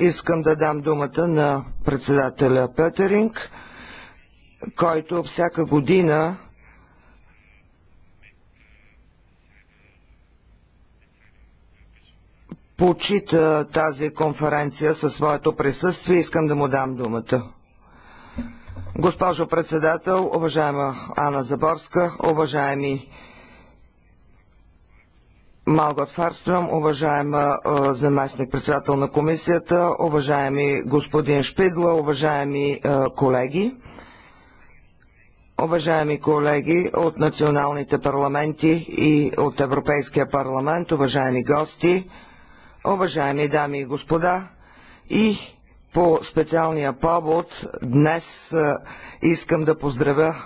Искам да дам думата на председателя Петеринг, който всяка година почита тази конференция със своето присъствие. Искам да му дам думата. Госпожо председател, уважаема Ана Заборска, уважаеми Малгот Фарстрам, уважаема заместник-председател на комисията, уважаеми господин Шпидла, уважаеми колеги. Уважаеми колеги от националните парламенти и от Европейския парламент, уважаеми гости, уважаеми дами и господа, и по специалния повод днес искам да поздравя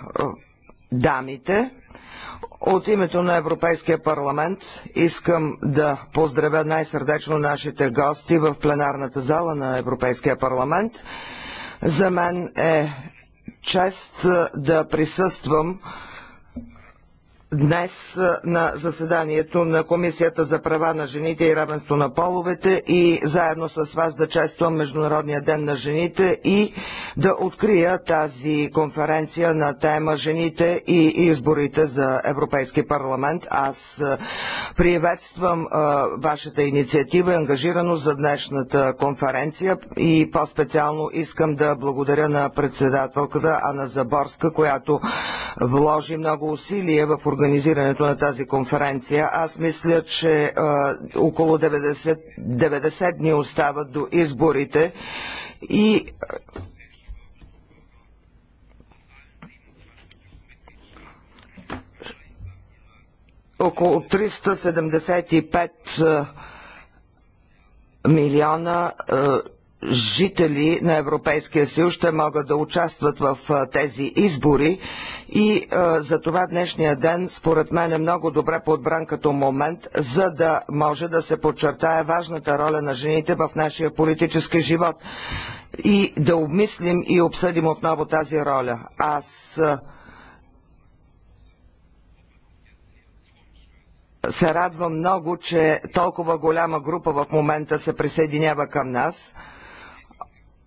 дамите, от името на Европейския парламент искам да поздравя най-сърдечно нашите гости в пленарната зала на Европейския парламент. За мен е чест да присъствам днес на заседанието на Комисията за права на жените и равенство на половете и заедно с вас да чествам Международния ден на жените и да открия тази конференция на тема Жените и изборите за Европейски парламент. Аз приветствам вашата инициатива и ангажираност за днешната конференция и по-специално искам да благодаря на председателката Ана Заборска, която вложи много усилия в организацията организирането на тази конференция. Аз мисля, че а, около 90, 90 дни остават до изборите и около 375 милиона А, жители на Европейския съюз ще могат да участват в тези избори и за това днешния ден според мен е много добре подбран като момент, за да може да се подчертае важната роля на жените в нашия политически живот и да обмислим и обсъдим отново тази роля. Аз се радвам много, че толкова голяма група в момента се присъединява към нас –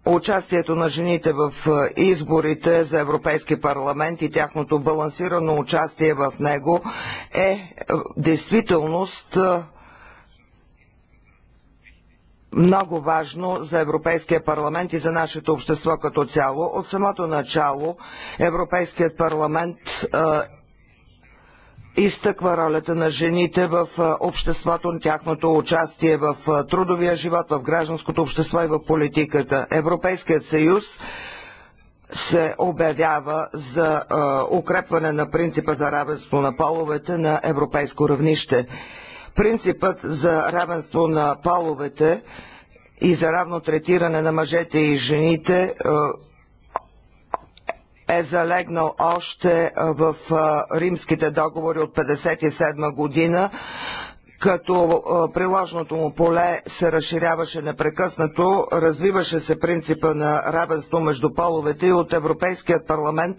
участието на жените в е, изборите за Европейски парламент и тяхното балансирано участие в него е, е действителност е, много важно за Европейския парламент и за нашето общество като цяло. От самото начало Европейският парламент е изтъква ролята на жените в обществото, тяхното участие в трудовия живот, в гражданското общество и в политиката. Европейският съюз се обявява за укрепване на принципа за равенство на половете на европейско равнище. Принципът за равенство на половете и за равно третиране на мъжете и жените е залегнал още в римските договори от 1957 година като приложното му поле се разширяваше непрекъснато, развиваше се принципа на равенство между половете и от Европейският парламент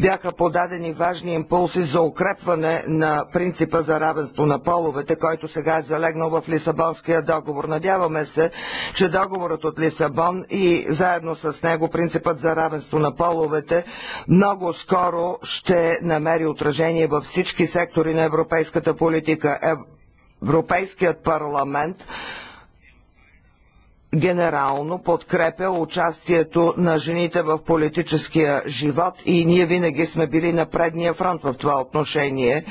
бяха подадени важни импулси за укрепване на принципа за равенство на половете, който сега е залегнал в Лисабонския договор. Надяваме се, че договорът от Лисабон и заедно с него принципът за равенство на половете много скоро ще намери отражение във всички сектори на европейската политика. Европейският парламент генерално подкрепя участието на жените в политическия живот и ние винаги сме били на предния фронт в това отношение.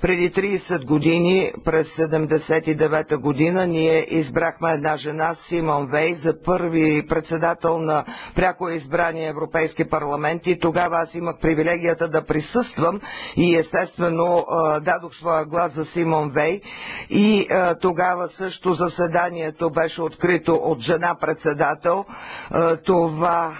Преди 30 години, през 79 та година, ние избрахме една жена, Симон Вей, за първи председател на пряко избрание Европейски парламент и тогава аз имах привилегията да присъствам и естествено дадох своя глас за Симон Вей и тогава също заседанието беше открито от жена председател. Това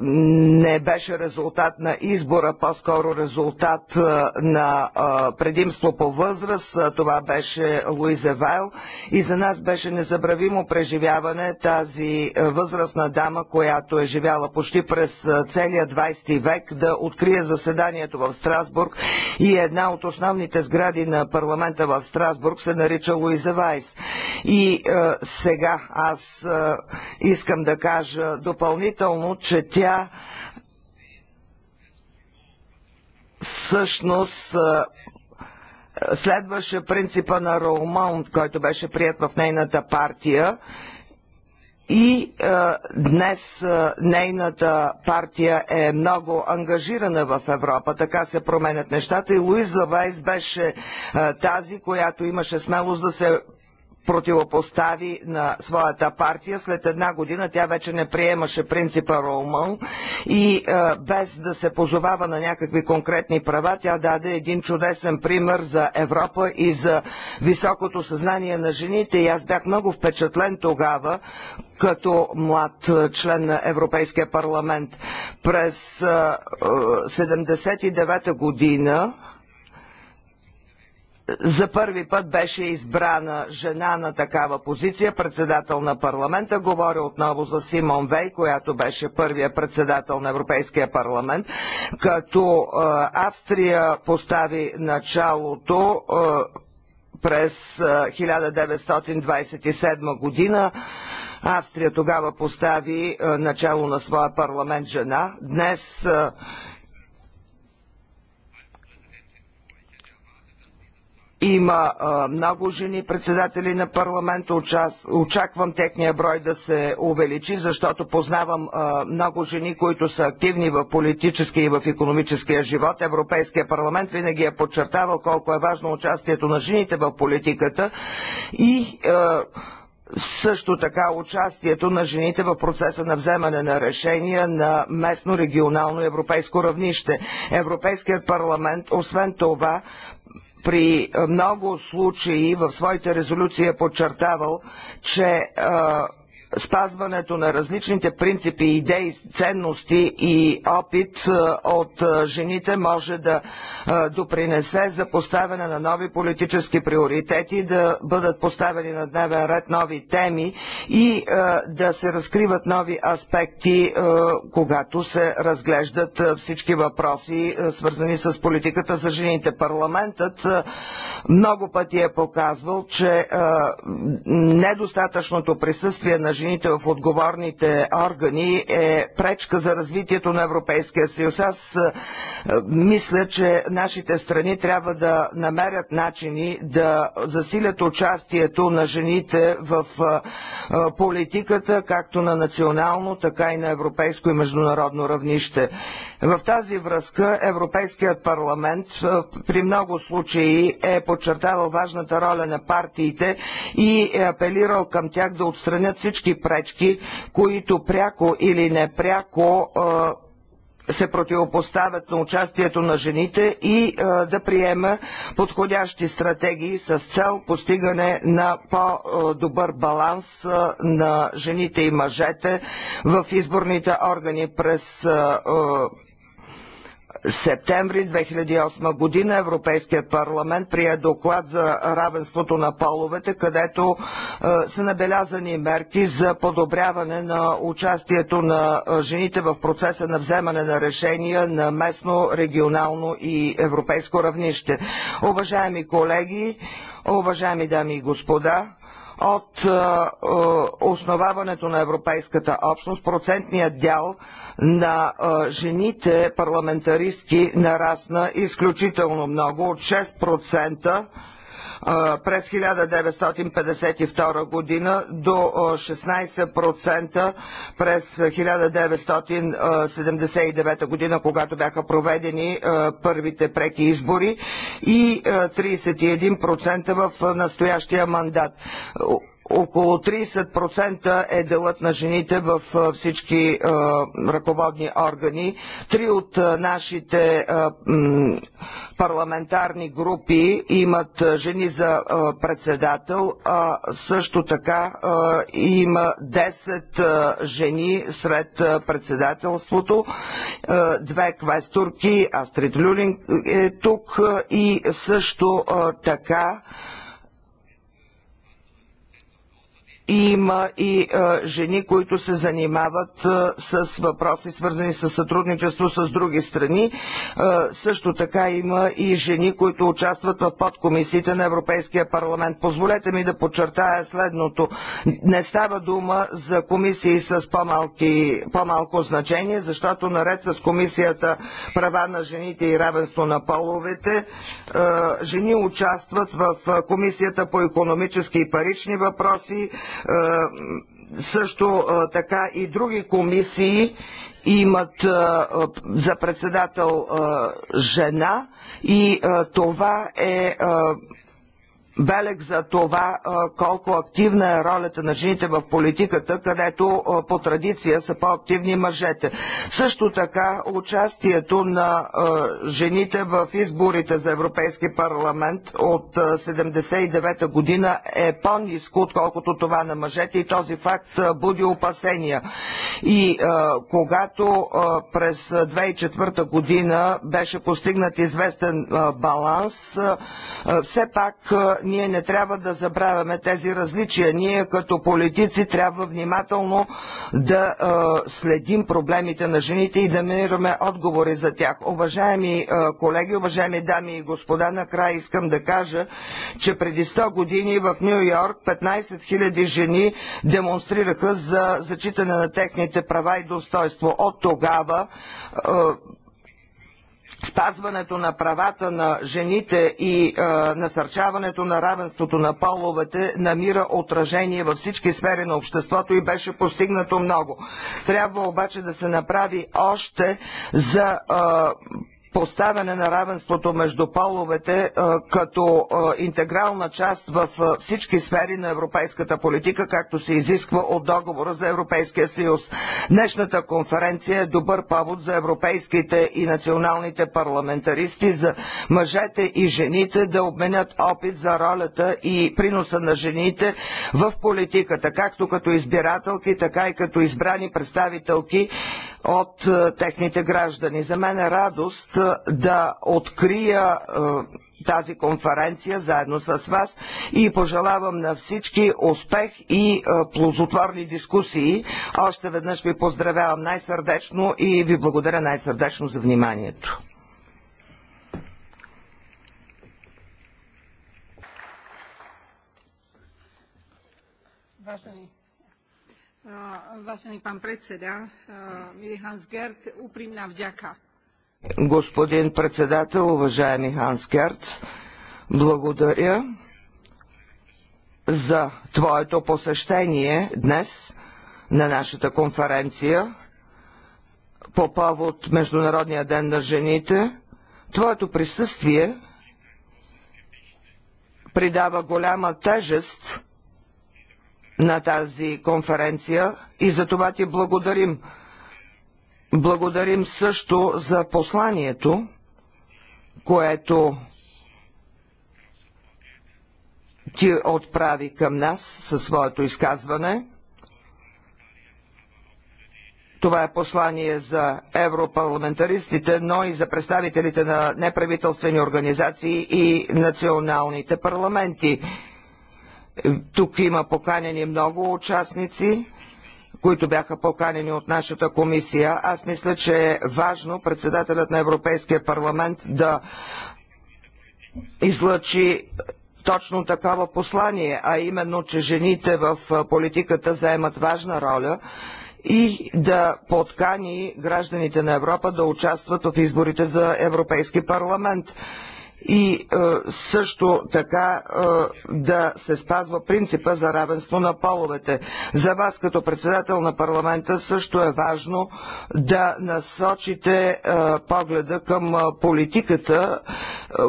не беше резултат на избора, по-скоро резултат на предимство по възраст. Това беше Луиза Вайл и за нас беше незабравимо преживяване тази възрастна дама, която е живяла почти през целия 20 век, да открие заседанието в Страсбург и една от основните сгради на парламента в Страсбург се нарича Луиза Вайс. И е, сега аз аз искам да кажа допълнително, че тя всъщност следваше принципа на Роумонт, който беше прият в нейната партия и е, днес е, нейната партия е много ангажирана в Европа. Така се променят нещата и Луиза Вайс беше е, тази, която имаше смелост да се противопостави на своята партия. След една година тя вече не приемаше принципа Роумъл и е, без да се позовава на някакви конкретни права, тя даде един чудесен пример за Европа и за високото съзнание на жените. И аз бях много впечатлен тогава, като млад е, член на Европейския парламент. През 79-та е, година за първи път беше избрана жена на такава позиция, председател на парламента. Говоря отново за Симон Вей, която беше първия председател на Европейския парламент, като Австрия постави началото през 1927 година. Австрия тогава постави начало на своя парламент жена. Днес Има а, много жени председатели на парламента. очаквам техния брой да се увеличи, защото познавам а, много жени, които са активни в политическия и в економическия живот. Европейския парламент винаги е подчертавал колко е важно участието на жените в политиката и а, също така участието на жените в процеса на вземане на решения на местно, регионално и европейско равнище. Европейският парламент, освен това, при много случаи в своите резолюции е подчертавал, че а, спазването на различните принципи, идеи, ценности и опит е, от е, жените може да е, допринесе за поставяне на нови политически приоритети, да бъдат поставени на дневен ред нови теми и да се разкриват нови аспекти, когато се разглеждат всички въпроси, свързани с политиката за жените. Парламентът много пъти е показвал, че недостатъчното присъствие на жените жените в отговорните органи е пречка за развитието на Европейския съюз. Аз е, мисля, че нашите страни трябва да намерят начини да засилят участието на жените в е, е, политиката, както на национално, така и на европейско и международно равнище. В тази връзка Европейският парламент при много случаи е подчертавал важната роля на партиите и е апелирал към тях да отстранят всички всички пречки, които пряко или непряко се противопоставят на участието на жените и да приема подходящи стратегии с цел постигане на по-добър баланс на жените и мъжете в изборните органи през септември 2008 година Европейският парламент прие доклад за равенството на половете, където е, са набелязани мерки за подобряване на участието на е, жените в процеса на вземане на решения на местно, регионално и европейско равнище. Уважаеми колеги, уважаеми дами и господа, от основаването на Европейската общност процентният дял на жените парламентаристки нарасна изключително много от 6% през 1952 година до 16% през 1979 година, когато бяха проведени първите преки избори и 31% в настоящия мандат около 30% е делът на жените в всички е, ръководни органи. Три от нашите е, парламентарни групи имат жени за председател, а също така има 10 жени сред председателството, две квесторки, Астрид Люлин е тук и също така Има и жени, които се занимават с въпроси, свързани с сътрудничество с други страни. също така има и жени, които участват в подкомисиите на Европейския парламент. Позволете ми да подчертая следното. Не става дума за комисии с по-малки, по-малко значение, защото наред с комисията права на жените и равенство на половете, жени участват в комисията по економически и парични въпроси, е, също е, така и други комисии имат е, за председател жена и това е белег за това колко активна е ролята на жените в политиката, където по традиция са по-активни мъжете. Също така участието на жените в изборите за Европейски парламент от 79-та година е по-низко, отколкото това на мъжете и този факт буди опасения. И когато през 2004 година беше постигнат известен баланс, все пак ние не трябва да забравяме тези различия. Ние като политици трябва внимателно да е, следим проблемите на жените и да намираме отговори за тях. Уважаеми е, колеги, уважаеми дами и господа, накрая искам да кажа, че преди 100 години в Нью Йорк 15 000 жени демонстрираха за зачитане на техните права и достоинство. От тогава е, спазването на правата на жените и е, насърчаването на равенството на половете намира отражение във всички сфери на обществото и беше постигнато много. Трябва обаче да се направи още за е, поставяне на равенството между половете като интегрална част в всички сфери на европейската политика, както се изисква от договора за Европейския съюз. Днешната конференция е добър повод за европейските и националните парламентаристи, за мъжете и жените да обменят опит за ролята и приноса на жените в политиката, както като избирателки, така и като избрани представителки от техните граждани. За мен е радост, да открия е, тази конференция заедно с вас и пожелавам на всички успех и е, плозотворни дискусии. Още веднъж ви поздравявам най-сърдечно и ви благодаря най-сърдечно за вниманието. Vážený pán predseda, milý Hans Gert, úprimná vďaka господин председател, уважаеми Ханс Керц. Благодаря за твоето посещение днес на нашата конференция по повод Международния ден на жените. Твоето присъствие придава голяма тежест на тази конференция и за това ти благодарим – Благодарим също за посланието, което ти отправи към нас със своето изказване. Това е послание за европарламентаристите, но и за представителите на неправителствени организации и националните парламенти. Тук има поканени много участници които бяха поканени от нашата комисия. Аз мисля, че е важно председателят на Европейския парламент да излъчи точно такова послание, а именно, че жените в политиката заемат важна роля и да подкани гражданите на Европа да участват в изборите за Европейски парламент и е, също така е, да се спазва принципа за равенство на половете. За вас като председател на парламента също е важно да насочите е, погледа към е, политиката е,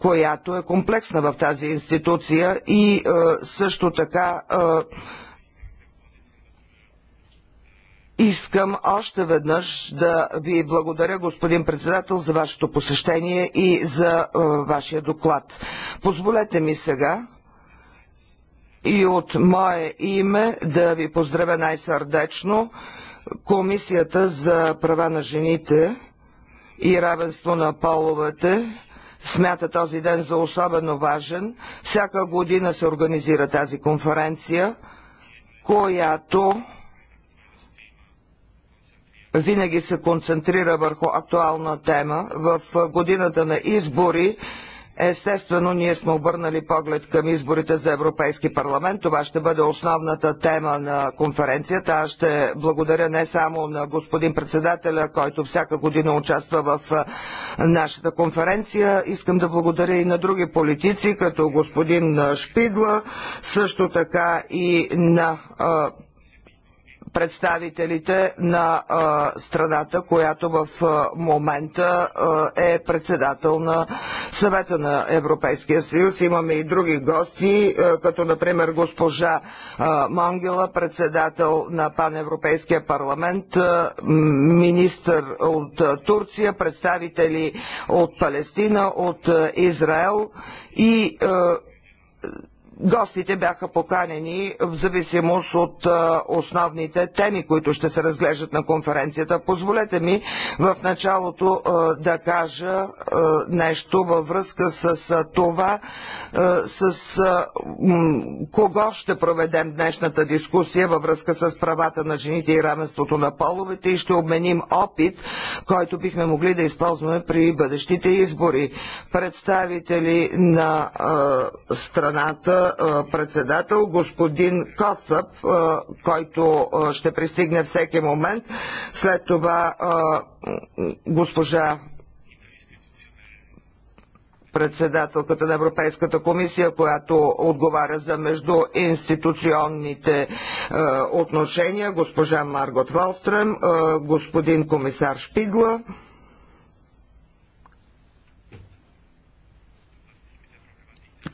която е комплексна в тази институция и е, също така е, Искам още веднъж да ви благодаря, господин председател, за вашето посещение и за е, вашия доклад. Позволете ми сега и от мое име да ви поздравя най-сърдечно Комисията за права на жените и равенство на половете смята този ден за особено важен. Всяка година се организира тази конференция, която винаги се концентрира върху актуална тема. В годината на избори Естествено, ние сме обърнали поглед към изборите за Европейски парламент. Това ще бъде основната тема на конференцията. Аз ще благодаря не само на господин председателя, който всяка година участва в нашата конференция. Искам да благодаря и на други политици, като господин Шпидла, също така и на представителите на страната, която в момента е председател на съвета на Европейския съюз. Имаме и други гости, като например госпожа Монгела, председател на Паневропейския парламент, министър от Турция, представители от Палестина, от Израел и Гостите бяха поканени в зависимост от основните теми, които ще се разглеждат на конференцията. Позволете ми в началото да кажа нещо във връзка с това, с кого ще проведем днешната дискусия във връзка с правата на жените и равенството на половете и ще обменим опит, който бихме могли да използваме при бъдещите избори. Представители на страната председател, господин Коцъп, който ще пристигне всеки момент. След това госпожа председателката на Европейската комисия, която отговаря за междуинституционните е, отношения, госпожа Маргот Валстрем, е, господин комисар Шпигла.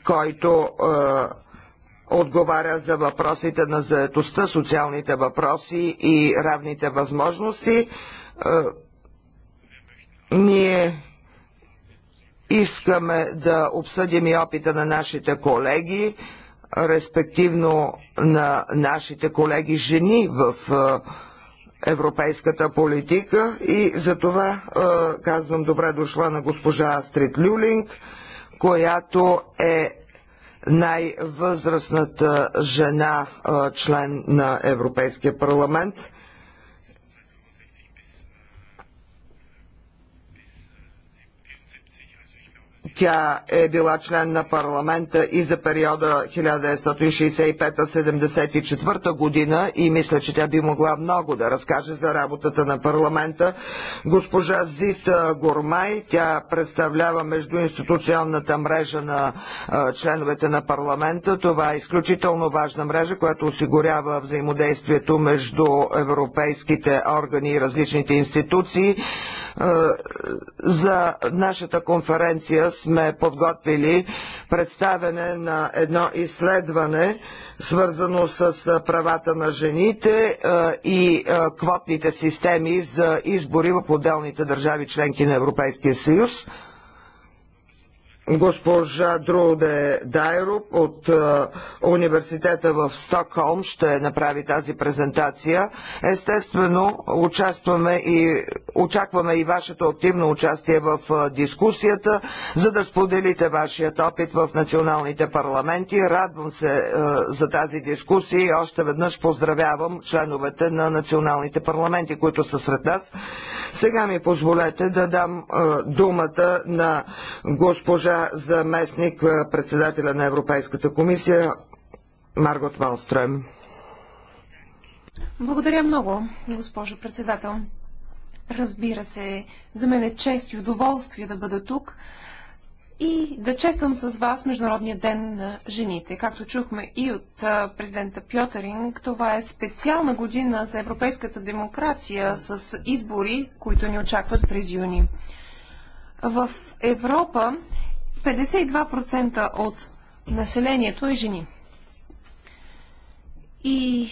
който отговаря за въпросите на заетостта, социалните въпроси и равните възможности. Ние искаме да обсъдим и опита на нашите колеги, респективно на нашите колеги жени в европейската политика и за това казвам добре дошла на госпожа Астрид Люлинг, която е най-възрастната жена член на Европейския парламент. Тя е била член на парламента и за периода 1965 1974 година и мисля, че тя би могла много да разкаже за работата на парламента. Госпожа Зита Гормай, тя представлява междуинституционната мрежа на членовете на парламента. Това е изключително важна мрежа, която осигурява взаимодействието между европейските органи и различните институции за нашата конференция сме подготвили представяне на едно изследване, свързано с правата на жените и квотните системи за избори в отделните държави членки на Европейския съюз. Госпожа Друде Дайруп от е, университета в Стокхолм ще направи тази презентация. Естествено, участваме и, очакваме и вашето активно участие в е, дискусията, за да споделите вашият опит в националните парламенти. Радвам се е, за тази дискусия и още веднъж поздравявам членовете на националните парламенти, които са сред нас. Сега ми позволете да дам думата на госпожа госпожа заместник председателя на Европейската комисия Маргот Валстрем. Благодаря много, госпожо председател. Разбира се, за мен е чест и удоволствие да бъда тук и да чествам с вас Международния ден на жените. Както чухме и от президента Пьотеринг, това е специална година за европейската демокрация с избори, които ни очакват през юни. В Европа 52% от населението е жени. И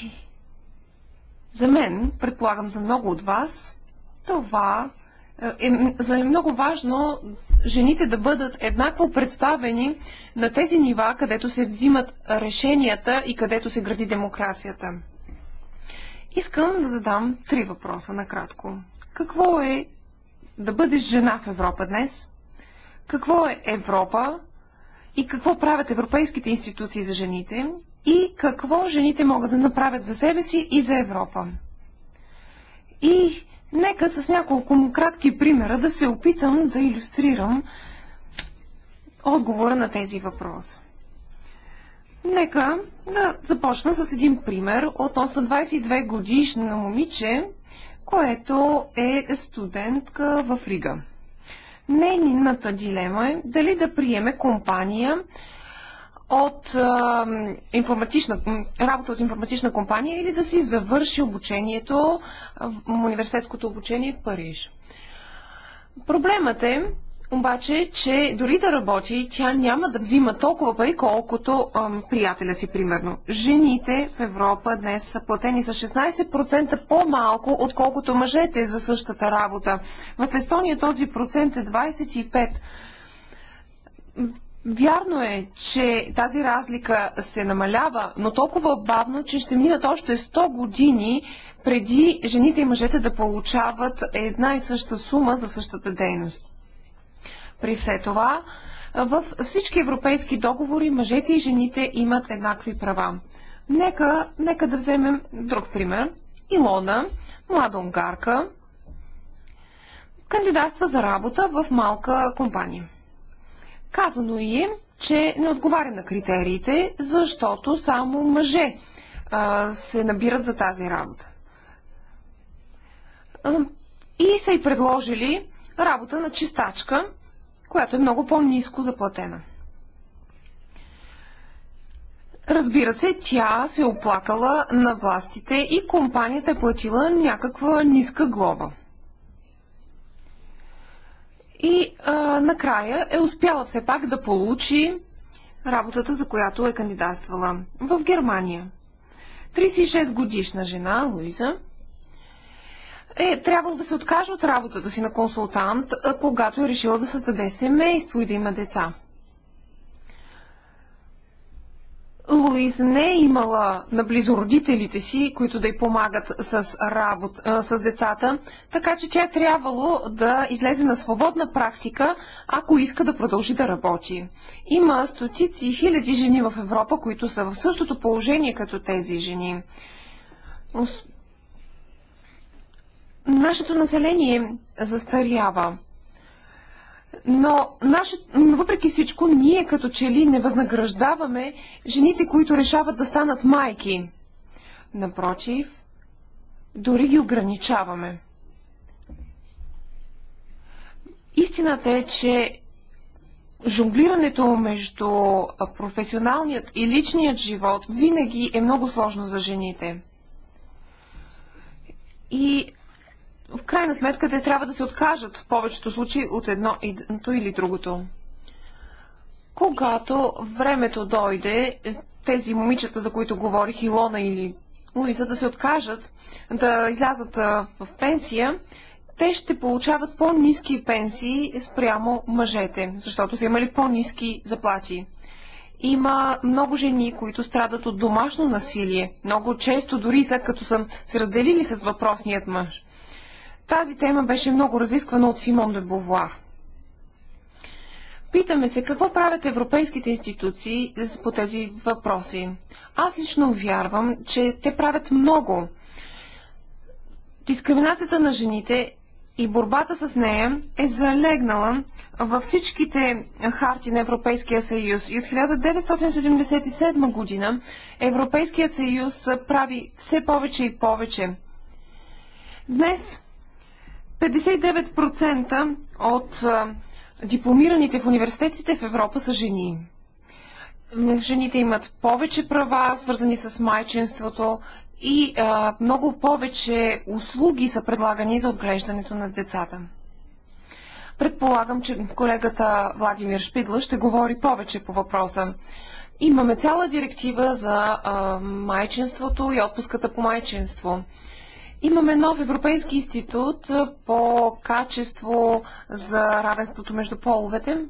за мен, предполагам за много от вас, това е, за е много важно жените да бъдат еднакво представени на тези нива, където се взимат решенията и където се гради демокрацията. Искам да задам три въпроса накратко. Какво е да бъдеш жена в Европа днес? какво е Европа и какво правят европейските институции за жените и какво жените могат да направят за себе си и за Европа. И нека с няколко му кратки примера да се опитам да иллюстрирам отговора на тези въпроси. Нека да започна с един пример относно 22 годишно момиче, което е студентка в Рига. Нейната дилема е дали да приеме компания от а, информатична, работа от информатична компания или да си завърши обучението, университетското обучение в Париж. Проблемът е, обаче, че дори да работи, тя няма да взима толкова пари, колкото ам, приятеля си, примерно. Жените в Европа днес са платени с 16% по-малко, отколкото мъжете за същата работа. В Естония този процент е 25%. Вярно е, че тази разлика се намалява, но толкова бавно, че ще минат още 100 години преди жените и мъжете да получават една и съща сума за същата дейност. При все това, в всички европейски договори мъжете и жените имат еднакви права. Нека, нека да вземем друг пример. Илона, млада унгарка, кандидатства за работа в малка компания. Казано и е, че не отговаря на критериите, защото само мъже а, се набират за тази работа. И са й предложили работа на чистачка която е много по-низко заплатена. Разбира се, тя се е оплакала на властите и компанията е платила някаква ниска глоба. И а, накрая е успяла все пак да получи работата, за която е кандидатствала в Германия. 36 годишна жена, Луиза, е трябвало да се откаже от работата си на консултант, когато е решила да създаде семейство и да има деца. Луиз не е имала наблизо родителите си, които да й помагат с, работ, а, с децата, така че тя е трябвало да излезе на свободна практика, ако иска да продължи да работи. Има стотици и хиляди жени в Европа, които са в същото положение като тези жени. Нашето население застарява. Но наше, въпреки всичко, ние като че ли не възнаграждаваме жените, които решават да станат майки. Напротив, дори ги ограничаваме. Истината е, че жонглирането между професионалният и личният живот винаги е много сложно за жените. И в крайна сметка те трябва да се откажат в повечето случаи от едно или другото. Когато времето дойде, тези момичета, за които говорих, Илона или Луиза, да се откажат да излязат в пенсия, те ще получават по-низки пенсии спрямо мъжете, защото са имали по-низки заплати. Има много жени, които страдат от домашно насилие. Много често, дори след като са се разделили с въпросният мъж. Тази тема беше много разисквана от Симон де Бовуар. Питаме се какво правят европейските институции по тези въпроси. Аз лично вярвам, че те правят много. Дискриминацията на жените и борбата с нея е залегнала във всичките харти на Европейския съюз. И от 1977 година Европейският съюз прави все повече и повече. Днес 59% от дипломираните в университетите в Европа са жени. Жените имат повече права, свързани с майчинството и а, много повече услуги са предлагани за отглеждането на децата. Предполагам, че колегата Владимир Шпидла ще говори повече по въпроса. Имаме цяла директива за а, майчинството и отпуската по майчинство. Имаме нов Европейски институт по качество за равенството между половете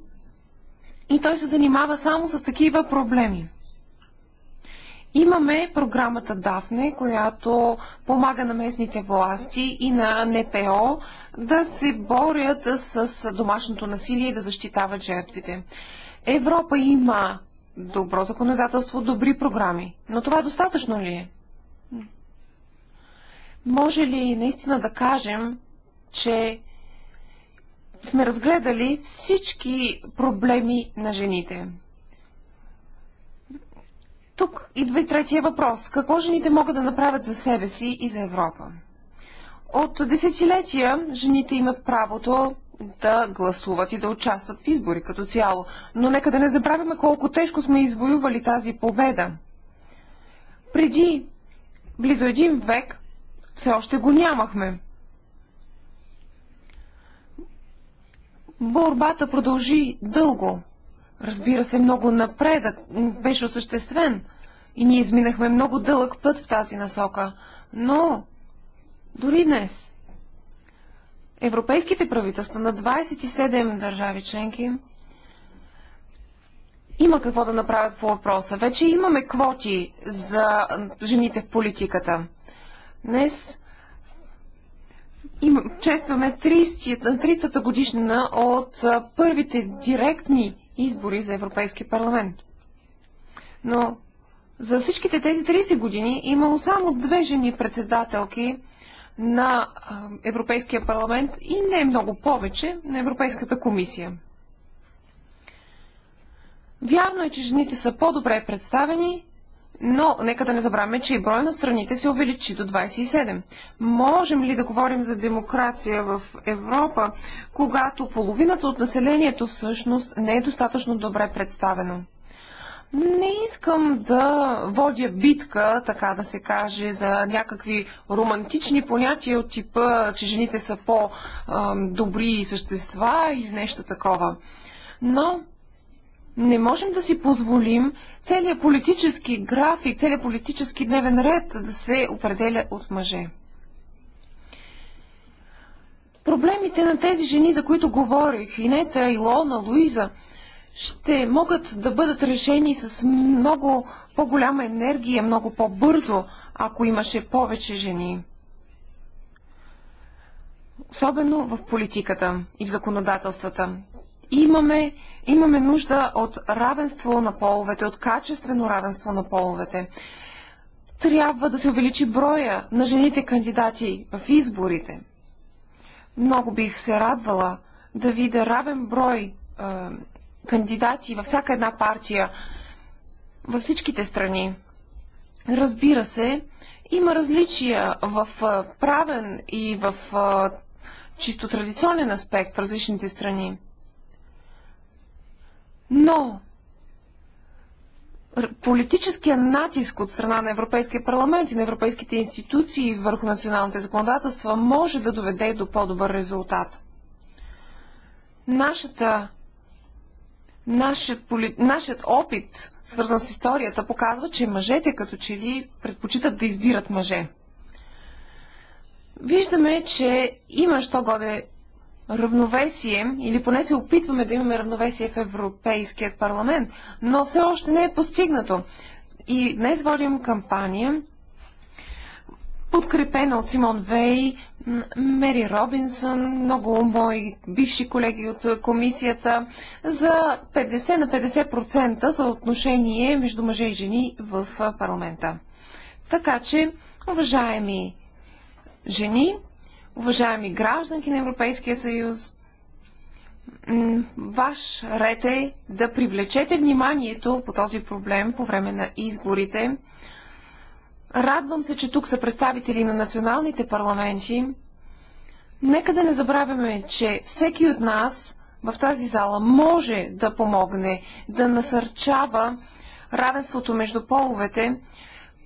и той се занимава само с такива проблеми. Имаме програмата Дафне, която помага на местните власти и на НПО да се борят с домашното насилие и да защитават жертвите. Европа има добро законодателство, добри програми, но това достатъчно ли е? Може ли наистина да кажем, че сме разгледали всички проблеми на жените? Тук идва и третия въпрос. Какво жените могат да направят за себе си и за Европа? От десетилетия жените имат правото да гласуват и да участват в избори като цяло. Но нека да не забравяме колко тежко сме извоювали тази победа. Преди близо един век все още го нямахме. Борбата продължи дълго. Разбира се, много напредък беше осъществен и ние изминахме много дълъг път в тази насока. Но дори днес европейските правителства на 27 държави членки има какво да направят по въпроса. Вече имаме квоти за жените в политиката – Днес им, честваме 300-та годишнина от първите директни избори за Европейски парламент. Но за всичките тези 30 години имало само две жени председателки на Европейския парламент и не много повече на Европейската комисия. Вярно е, че жените са по-добре представени, но нека да не забравяме, че и брой на страните се увеличи до 27. Можем ли да говорим за демокрация в Европа, когато половината от населението всъщност не е достатъчно добре представено? Не искам да водя битка, така да се каже, за някакви романтични понятия от типа, че жените са по-добри същества или нещо такова. Но не можем да си позволим целият политически график, целият политически дневен ред да се определя от мъже. Проблемите на тези жени, за които говорих, Инета, Илона, Луиза, ще могат да бъдат решени с много по-голяма енергия, много по-бързо, ако имаше повече жени. Особено в политиката и в законодателствата. Имаме Имаме нужда от равенство на половете, от качествено равенство на половете. Трябва да се увеличи броя на жените кандидати в изборите. Много бих се радвала да видя равен брой е, кандидати във всяка една партия във всичките страни. Разбира се, има различия в правен и в чисто традиционен аспект в различните страни. Но политическия натиск от страна на Европейския парламент и на европейските институции върху националните законодателства може да доведе до по-добър резултат. Нашата, нашият, поли, нашият опит, свързан с историята, показва, че мъжете като че ли предпочитат да избират мъже. Виждаме, че има що годе равновесие, или поне се опитваме да имаме равновесие в Европейският парламент, но все още не е постигнато. И днес водим кампания, подкрепена от Симон Вей, Мери Робинсън, много мои бивши колеги от комисията, за 50 на 50% съотношение между мъже и жени в парламента. Така че, уважаеми жени, Уважаеми гражданки на Европейския съюз, ваш ред е да привлечете вниманието по този проблем по време на изборите. Радвам се, че тук са представители на националните парламенти. Нека да не забравяме, че всеки от нас в тази зала може да помогне, да насърчава равенството между половете,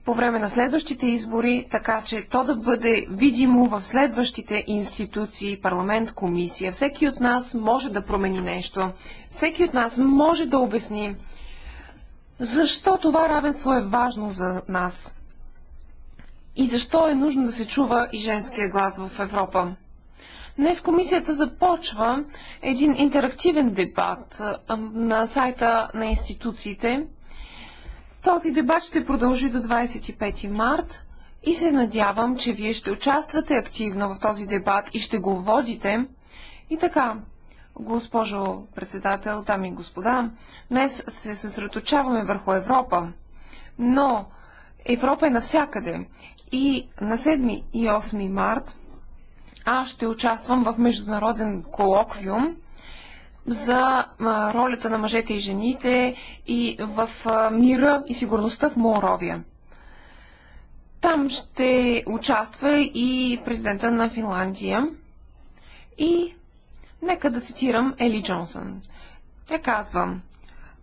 по време на следващите избори, така че то да бъде видимо в следващите институции, парламент, комисия. Всеки от нас може да промени нещо. Всеки от нас може да обясни защо това равенство е важно за нас и защо е нужно да се чува и женския глас в Европа. Днес комисията започва един интерактивен дебат на сайта на институциите този дебат ще продължи до 25 март и се надявам, че вие ще участвате активно в този дебат и ще го водите. И така, госпожо председател, дами и господа, днес се съсредоточаваме върху Европа, но Европа е навсякъде. И на 7 и 8 март аз ще участвам в международен колоквиум за ролята на мъжете и жените и в мира и сигурността в Моровия. Там ще участва и президента на Финландия. И нека да цитирам Ели Джонсън. Тя казва,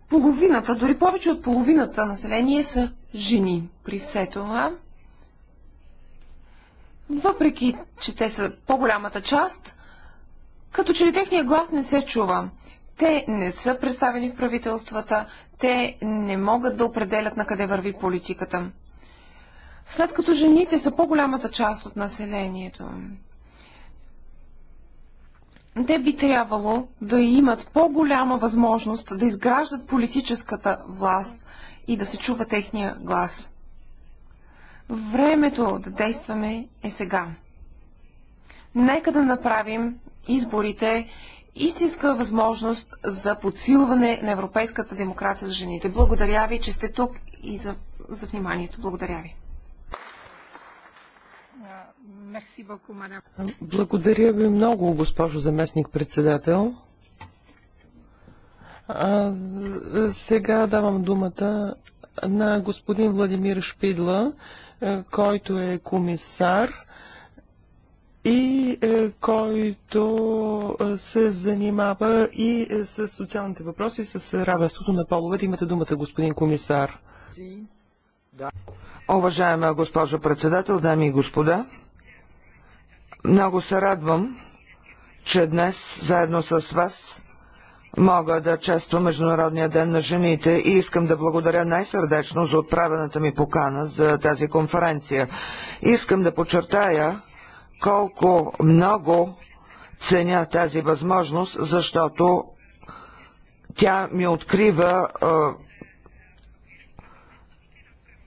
половината, дори повече от половината население са жени. При все това, въпреки, че те са по-голямата част, като че ли техния глас не се чува. Те не са представени в правителствата, те не могат да определят на къде върви политиката. След като жените са по-голямата част от населението, те би трябвало да имат по-голяма възможност да изграждат политическата власт и да се чува техния глас. Времето да действаме е сега. Нека да направим изборите истинска възможност за подсилване на европейската демокрация за жените. Благодаря ви, че сте тук и за, за вниманието. Благодаря ви. Благодаря ви много, госпожо заместник-председател. сега давам думата на господин Владимир Шпидла, който е комисар и е, който е, се занимава и е, с социалните въпроси, с равенството на половете. Имате думата, господин комисар. Да. Уважаема госпожо председател, дами и господа, много се радвам, че днес заедно с вас мога да чества Международния ден на жените и искам да благодаря най-сърдечно за отправената ми покана за тази конференция. Искам да подчертая, колко много ценя тази възможност, защото тя ми открива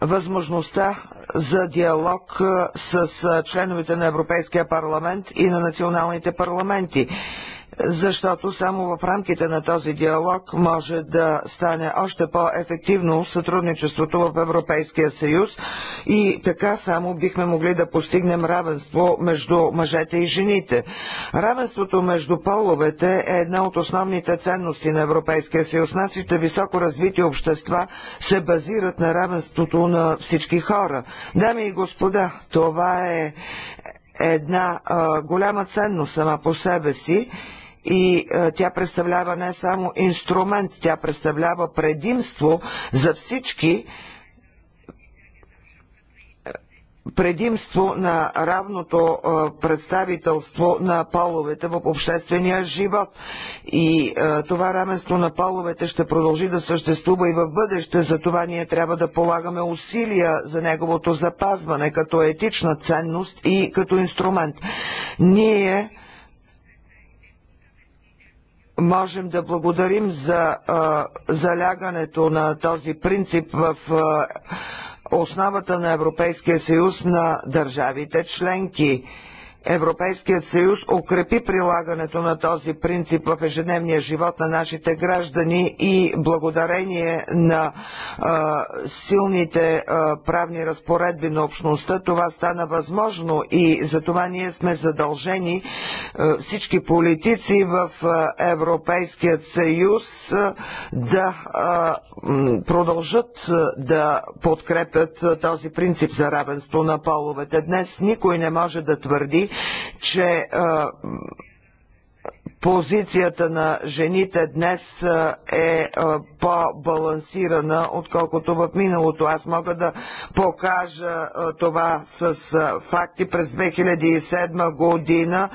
възможността за диалог с членовете на Европейския парламент и на националните парламенти защото само в рамките на този диалог може да стане още по-ефективно сътрудничеството в Европейския съюз и така само бихме могли да постигнем равенство между мъжете и жените. Равенството между половете е една от основните ценности на Европейския съюз. Нашите високо развити общества се базират на равенството на всички хора. Дами и господа, това е една а, голяма ценност сама по себе си и а, е, тя представлява не само инструмент, тя представлява предимство за всички, е, предимство на равното е, представителство на половете в обществения живот. И а, това равенство на половете ще продължи да съществува и в бъдеще, затова ние трябва да полагаме усилия за неговото запазване като етична ценност и като инструмент. Ние можем да благодарим за залягането на този принцип в основата на Европейския съюз на държавите членки. Европейският съюз укрепи прилагането на този принцип в ежедневния живот на нашите граждани и благодарение на а, силните а, правни разпоредби на общността това стана възможно и за това ние сме задължени а, всички политици в а, Европейският съюз а, да а, продължат а, да подкрепят а, този принцип за равенство на половете. Днес никой не може да твърди, че позицията на жените днес е по-балансирана, отколкото в миналото. Аз мога да покажа това с факти. През 2007 година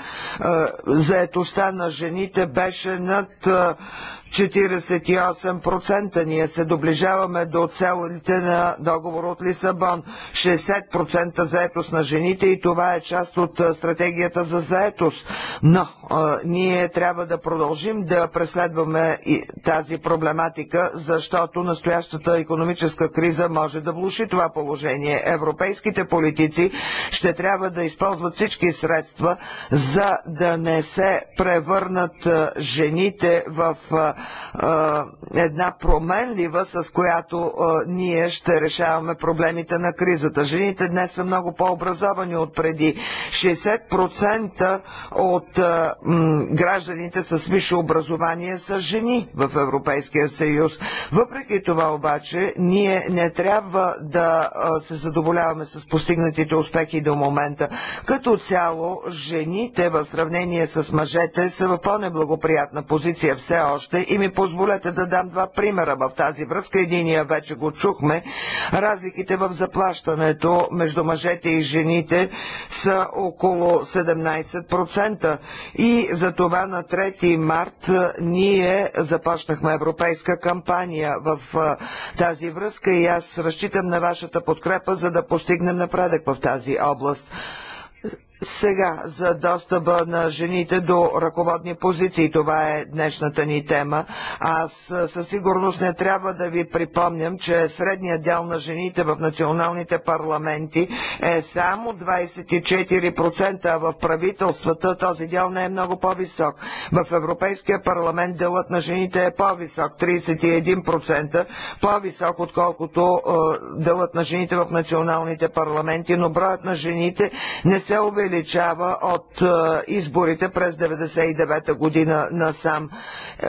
заетостта на жените беше над 48%. Ние се доближаваме до целите на договор от Лисабон. 60% заетост на жените и това е част от стратегията за заетост. Но а, ние трябва да продължим да преследваме и тази проблематика, защото настоящата економическа криза може да влуши това положение. Европейските политици ще трябва да използват всички средства, за да не се превърнат жените в а, е, една променлива, с която е, ние ще решаваме проблемите на кризата. Жените днес са много по-образовани от преди. 60% от е, гражданите с висше образование са жени в Европейския съюз. Въпреки това обаче, ние не трябва да се задоволяваме с постигнатите успехи до момента. Като цяло, жените в сравнение с мъжете са в по-неблагоприятна позиция все още и ми позволете да дам два примера в тази връзка. Единия вече го чухме. Разликите в заплащането между мъжете и жените са около 17% и за това на 3 март ние започнахме европейска кампания в тази връзка и аз разчитам на вашата подкрепа, за да постигнем напредък в тази област. Сега за достъпа на жените до ръководни позиции. Това е днешната ни тема. Аз със сигурност не трябва да ви припомням, че средният дял на жените в националните парламенти е само 24%, а в правителствата този дял не е много по-висок. В Европейския парламент делът на жените е по-висок, 31%, по-висок отколкото е, делът на жените в националните парламенти, но броят на жените не се увеличава увеличава от е, изборите през 99 година насам. Е,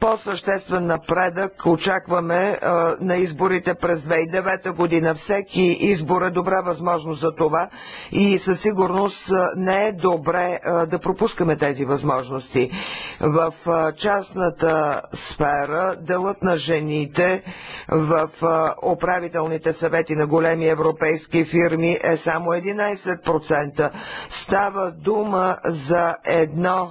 по-съществен напредък очакваме а, на изборите през 2009 година. Всеки избор е добра възможност за това и със сигурност не е добре а, да пропускаме тези възможности. В а, частната сфера делът на жените в управителните съвети на големи европейски фирми е само 11%. Става дума за едно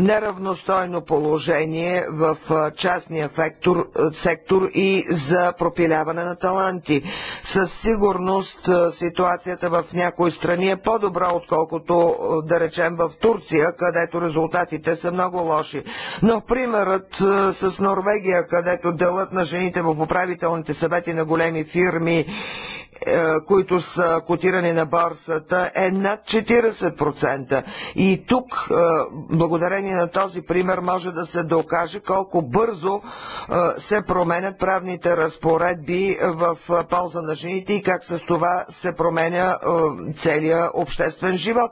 неравностойно положение в частния фектор, сектор и за пропиляване на таланти. Със сигурност ситуацията в някои страни е по-добра, отколкото да речем в Турция, където резултатите са много лоши. Но примерът с Норвегия, където делът на жените в управителните съвети на големи фирми е, които са котирани на борсата, е над 40%. И тук, е, благодарение на този пример, може да се докаже колко бързо е, се променят правните разпоредби в полза на жените и как с това се променя целият обществен живот.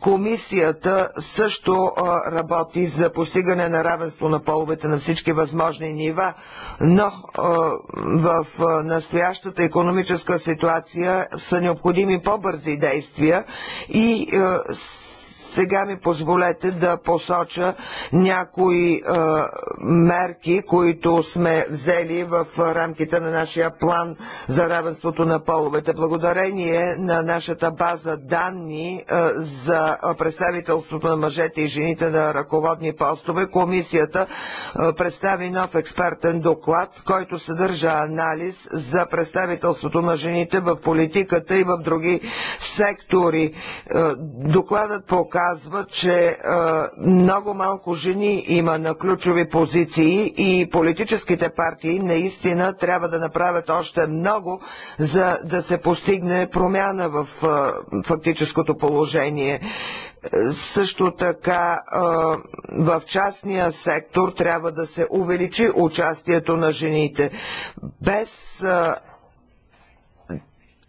Комисията също работи за постигане на равенство на половете на всички възможни нива, но в настоящата економическа ситуация са необходими по-бързи действия и сега ми позволете да посоча някои е, мерки, които сме взели в рамките на нашия план за равенството на половете. Благодарение на нашата база данни е, за представителството на мъжете и жените на ръководни постове, комисията е, представи нов експертен доклад, който съдържа анализ за представителството на жените в политиката и в други сектори. Докладът показва, показва, че е, много малко жени има на ключови позиции и политическите партии наистина трябва да направят още много, за да се постигне промяна в е, фактическото положение. Е, също така в частния сектор трябва да се увеличи участието на жените. Без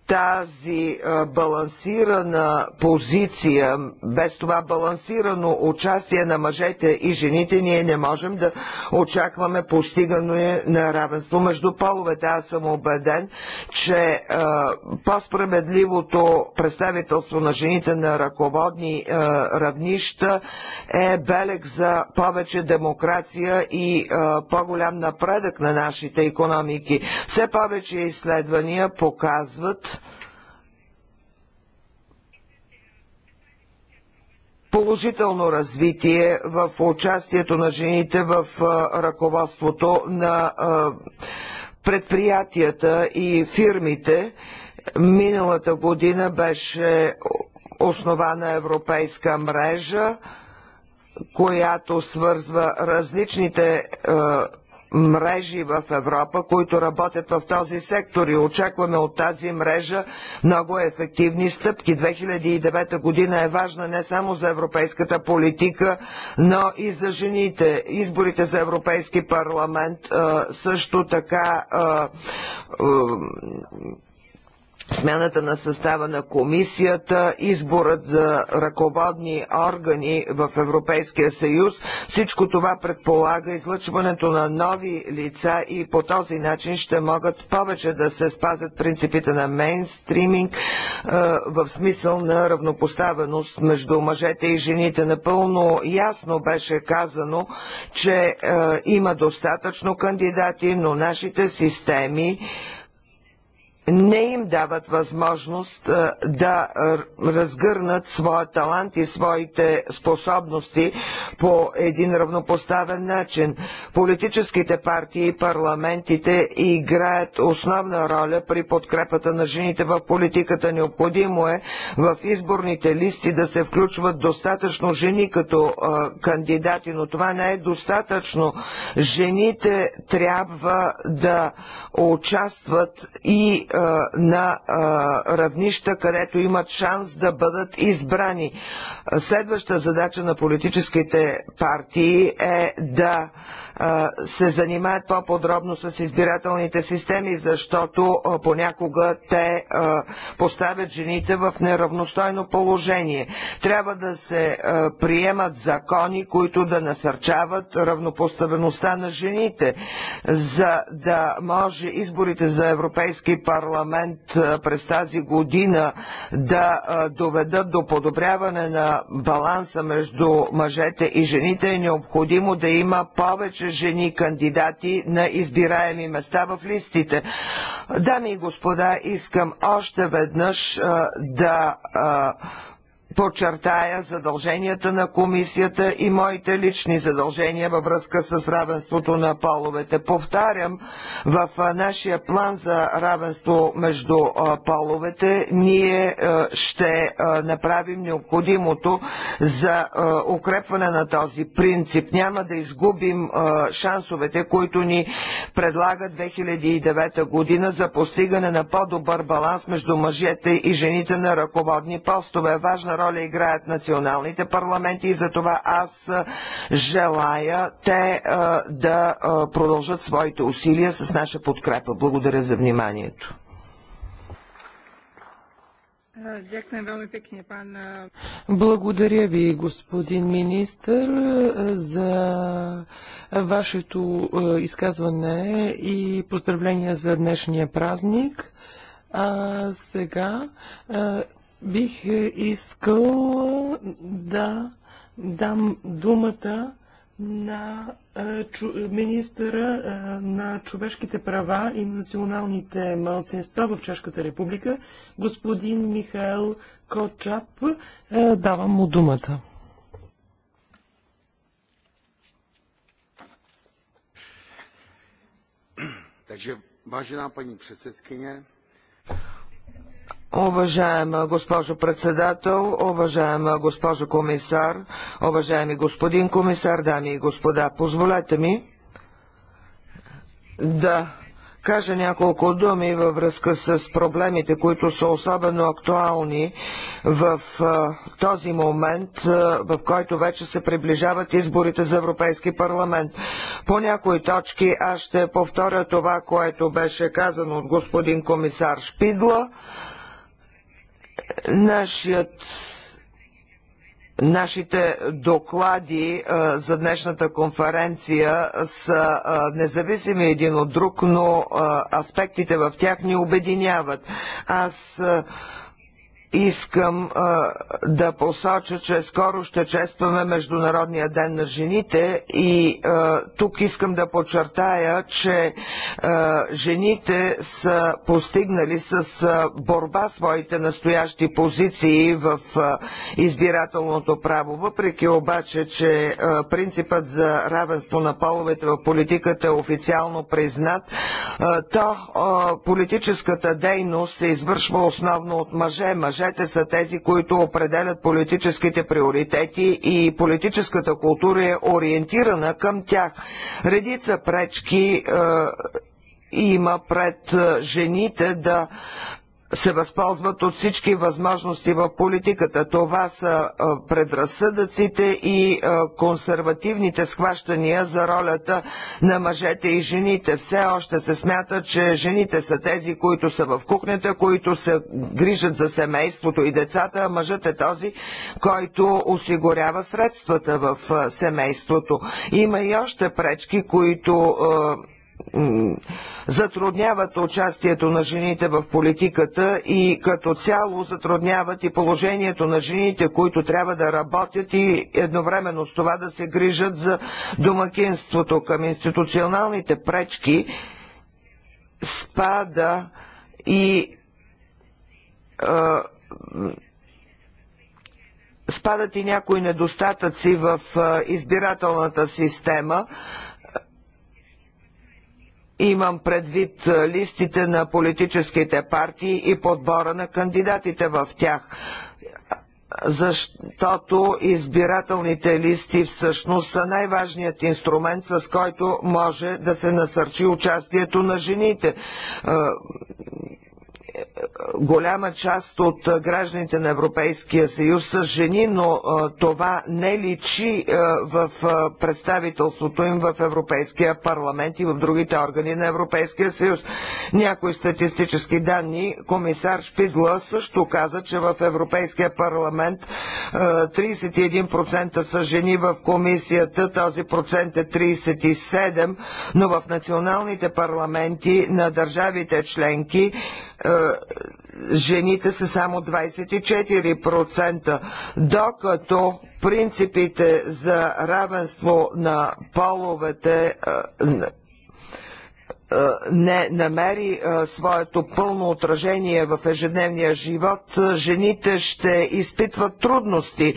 тази балансирана позиция, без това балансирано участие на мъжете и жените, ние не можем да очакваме постигане на равенство между половете. Аз съм убеден, че по-справедливото представителство на жените на ръководни равнища е белег за повече демокрация и по-голям напредък на нашите економики. Все повече изследвания показват, положително развитие в участието на жените в ръководството на предприятията и фирмите. Миналата година беше основана европейска мрежа, която свързва различните мрежи в Европа, които работят в този сектор и очакваме от тази мрежа много ефективни стъпки. 2009 година е важна не само за европейската политика, но и за жените. Изборите за Европейски парламент също така смяната на състава на комисията, изборът за ръководни органи в Европейския съюз. Всичко това предполага излъчването на нови лица и по този начин ще могат повече да се спазят принципите на мейнстриминг е, в смисъл на равнопоставеност между мъжете и жените. Напълно ясно беше казано, че е, има достатъчно кандидати, но нашите системи не им дават възможност да разгърнат своя талант и своите способности по един равнопоставен начин. Политическите партии и парламентите играят основна роля при подкрепата на жените в политиката. Необходимо е в изборните листи да се включват достатъчно жени като кандидати, но това не е достатъчно. Жените трябва да участват и на равнища, където имат шанс да бъдат избрани. Следваща задача на политическите партии е да се занимаят по-подробно с избирателните системи, защото понякога те поставят жените в неравностойно положение. Трябва да се приемат закони, които да насърчават равнопоставеността на жените, за да може изборите за Европейски парламент през тази година да доведат до подобряване на баланса между мъжете и жените, е необходимо да има повече повече жени кандидати на избираеми места в листите. Дами и господа, искам още веднъж да подчертая задълженията на комисията и моите лични задължения във връзка с равенството на половете. Повтарям, в нашия план за равенство между половете ние ще направим необходимото за укрепване на този принцип. Няма да изгубим шансовете, които ни предлага 2009 година за постигане на по-добър баланс между мъжете и жените на ръководни постове. Важна роля играят националните парламенти и за това аз желая те да продължат своите усилия с наша подкрепа. Благодаря за вниманието. Благодаря ви, господин министр, за вашето изказване и поздравления за днешния празник. А сега Бих е, искал да дам думата на е, министъра е, на човешките права и националните малцинства в Чешката република, господин Михаил Кочап. Давам му думата. Takže vážená paní předsedkyně, Уважаема госпожо председател, уважаема госпожо комисар, уважаеми господин комисар, дами и господа, позволете ми да кажа няколко думи във връзка с проблемите, които са особено актуални в този момент, в който вече се приближават изборите за Европейски парламент. По някои точки аз ще повторя това, което беше казано от господин комисар Шпидла. Нашият Нашите доклади а, за днешната конференция са а, независими един от друг, но а, аспектите в тях ни обединяват. Аз искам а, да посоча, че скоро ще честваме Международния ден на жените и а, тук искам да подчертая, че а, жените са постигнали с а, борба своите настоящи позиции в а, избирателното право, въпреки обаче, че а, принципът за равенство на половете в политиката е официално признат, а, то а, политическата дейност се извършва основно от мъже. Мъже мъжете са тези, които определят политическите приоритети и политическата култура е ориентирана към тях. Редица пречки е, има пред е, жените да се възползват от всички възможности в политиката. Това са предразсъдъците и консервативните схващания за ролята на мъжете и жените. Все още се смята, че жените са тези, които са в кухнята, които се грижат за семейството и децата, а мъжът е този, който осигурява средствата в семейството. Има и още пречки, които затрудняват участието на жените в политиката и като цяло затрудняват и положението на жените, които трябва да работят и едновременно с това да се грижат за домакинството. Към институционалните пречки спада и а, спадат и някои недостатъци в избирателната система. А, Имам предвид листите на политическите партии и подбора на кандидатите в тях защото избирателните листи всъщност са най-важният инструмент, с който може да се насърчи участието на жените голяма част от гражданите на Европейския съюз са жени, но това не личи в представителството им в Европейския парламент и в другите органи на Европейския съюз. Някои статистически данни, комисар Шпидла също каза, че в Европейския парламент 31% са жени в комисията, този процент е 37%, но в националните парламенти на държавите членки е, жените са само 24%, докато принципите за равенство на половете е, е, не намери своето пълно отражение в ежедневния живот, жените ще изпитват трудности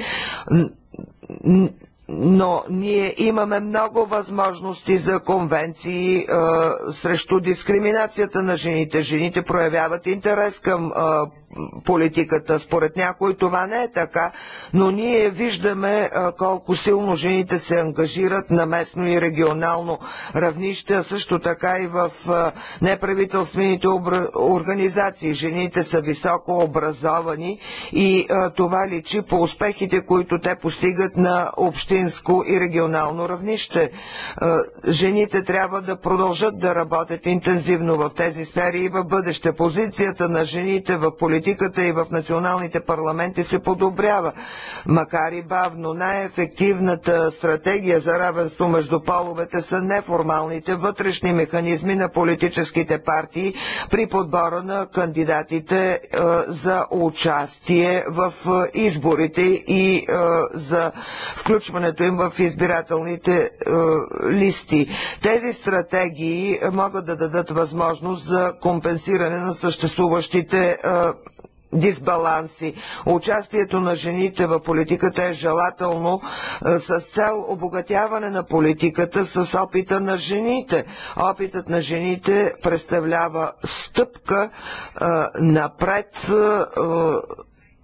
но ние имаме много възможности за конвенции а, е, срещу дискриминацията на жените. Жените проявяват интерес към а, е, политиката. Според някои това не е така, но ние виждаме колко силно жените се ангажират на местно и регионално равнище, а също така и в неправителствените организации. Жените са високо образовани и това личи по успехите, които те постигат на общинско и регионално равнище. Жените трябва да продължат да работят интензивно в тези сфери и в бъдеще. Позицията на жените в политиката политиката и в националните парламенти се подобрява. Макар и бавно, най-ефективната стратегия за равенство между половете са неформалните вътрешни механизми на политическите партии при подбора на кандидатите е, за участие в е, изборите и е, за включването им в избирателните листи. Тези стратегии могат да дадат възможност за компенсиране на съществуващите дисбаланси. Участието на жените в политиката е желателно е, с цел обогатяване на политиката с опита на жените. Опитът на жените представлява стъпка е, напред е,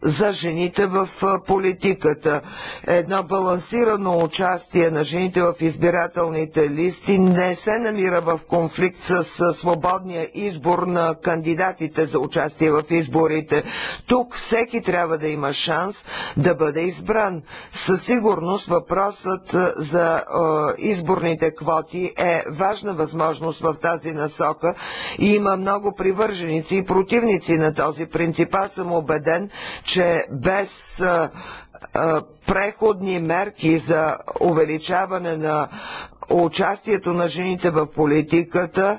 за жените в политиката. Едно балансирано участие на жените в избирателните листи не се намира в конфликт с свободния избор на кандидатите за участие в изборите. Тук всеки трябва да има шанс да бъде избран. Със сигурност въпросът за изборните квоти е важна възможност в тази насока и има много привърженици и противници на този принцип. Аз съм убеден, че че без преходни мерки за увеличаване на участието на жените в политиката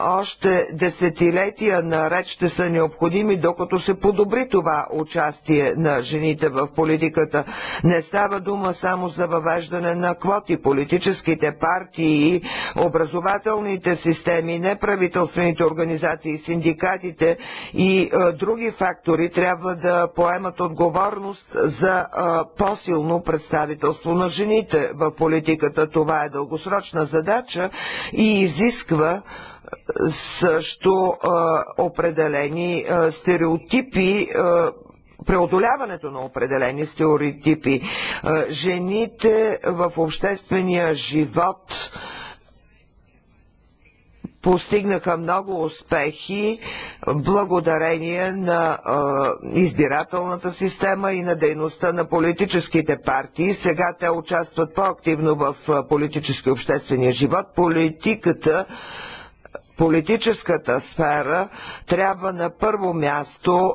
още десетилетия наред ще са необходими, докато се подобри това участие на жените в политиката. Не става дума само за въвеждане на квоти. Политическите партии, образователните системи, неправителствените организации, синдикатите и а, е, други фактори трябва да поемат отговорност за е, по-силно представителство на жените в политиката. Това е дългосрочна задача и изисква също определени стереотипи преодоляването на определени стереотипи. Жените в обществения живот постигнаха много успехи благодарение на избирателната система и на дейността на политическите партии. Сега те участват по-активно в политически обществения живот. Политиката политическата сфера трябва на първо място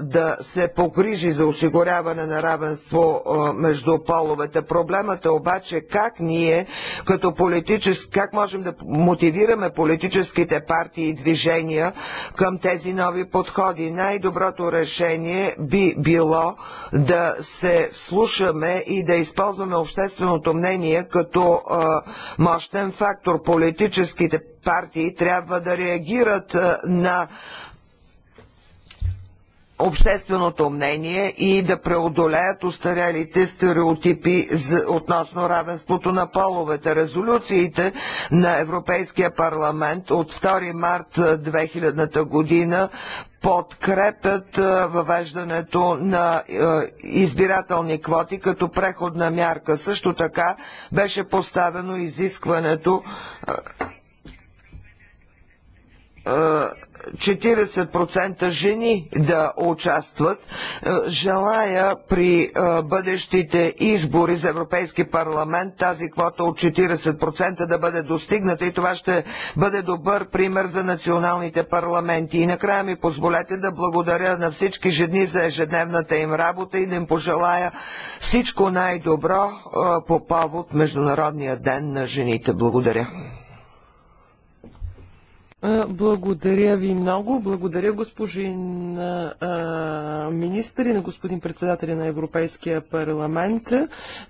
да се погрижи за осигуряване на равенство между половете. Проблемът е обаче как ние като политически, как можем да мотивираме политическите партии и движения към тези нови подходи. Най-доброто решение би било да се слушаме и да използваме общественото мнение като мощен фактор. Политическите партии трябва да реагират на общественото мнение и да преодолеят устарелите стереотипи относно равенството на половете. Резолюциите на Европейския парламент от 2 март 2000 година подкрепят въвеждането на избирателни квоти като преходна мярка. Също така беше поставено изискването 40% жени да участват. Е, желая при е, бъдещите избори за Европейски парламент тази квота от 40% да бъде достигната и това ще бъде добър пример за националните парламенти. И накрая ми позволете да благодаря на всички жени за ежедневната им работа и да им пожелая всичко най-добро е, по повод Международния ден на жените. Благодаря. Благодаря ви много. Благодаря господин министър и на господин председателя на Европейския парламент.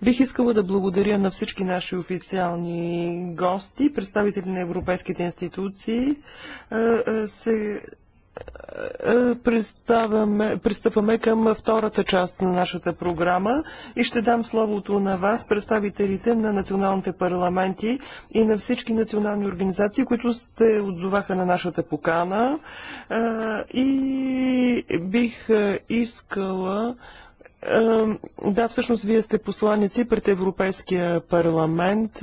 Бих искала да благодаря на всички наши официални гости, представители на европейските институции. Се е, пристъпваме към втората част на нашата програма и ще дам словото на вас, представителите на националните парламенти и на всички национални организации, които сте отзоваха на нашата покана. Е, и бих е, искала да, всъщност вие сте посланици пред Европейския парламент.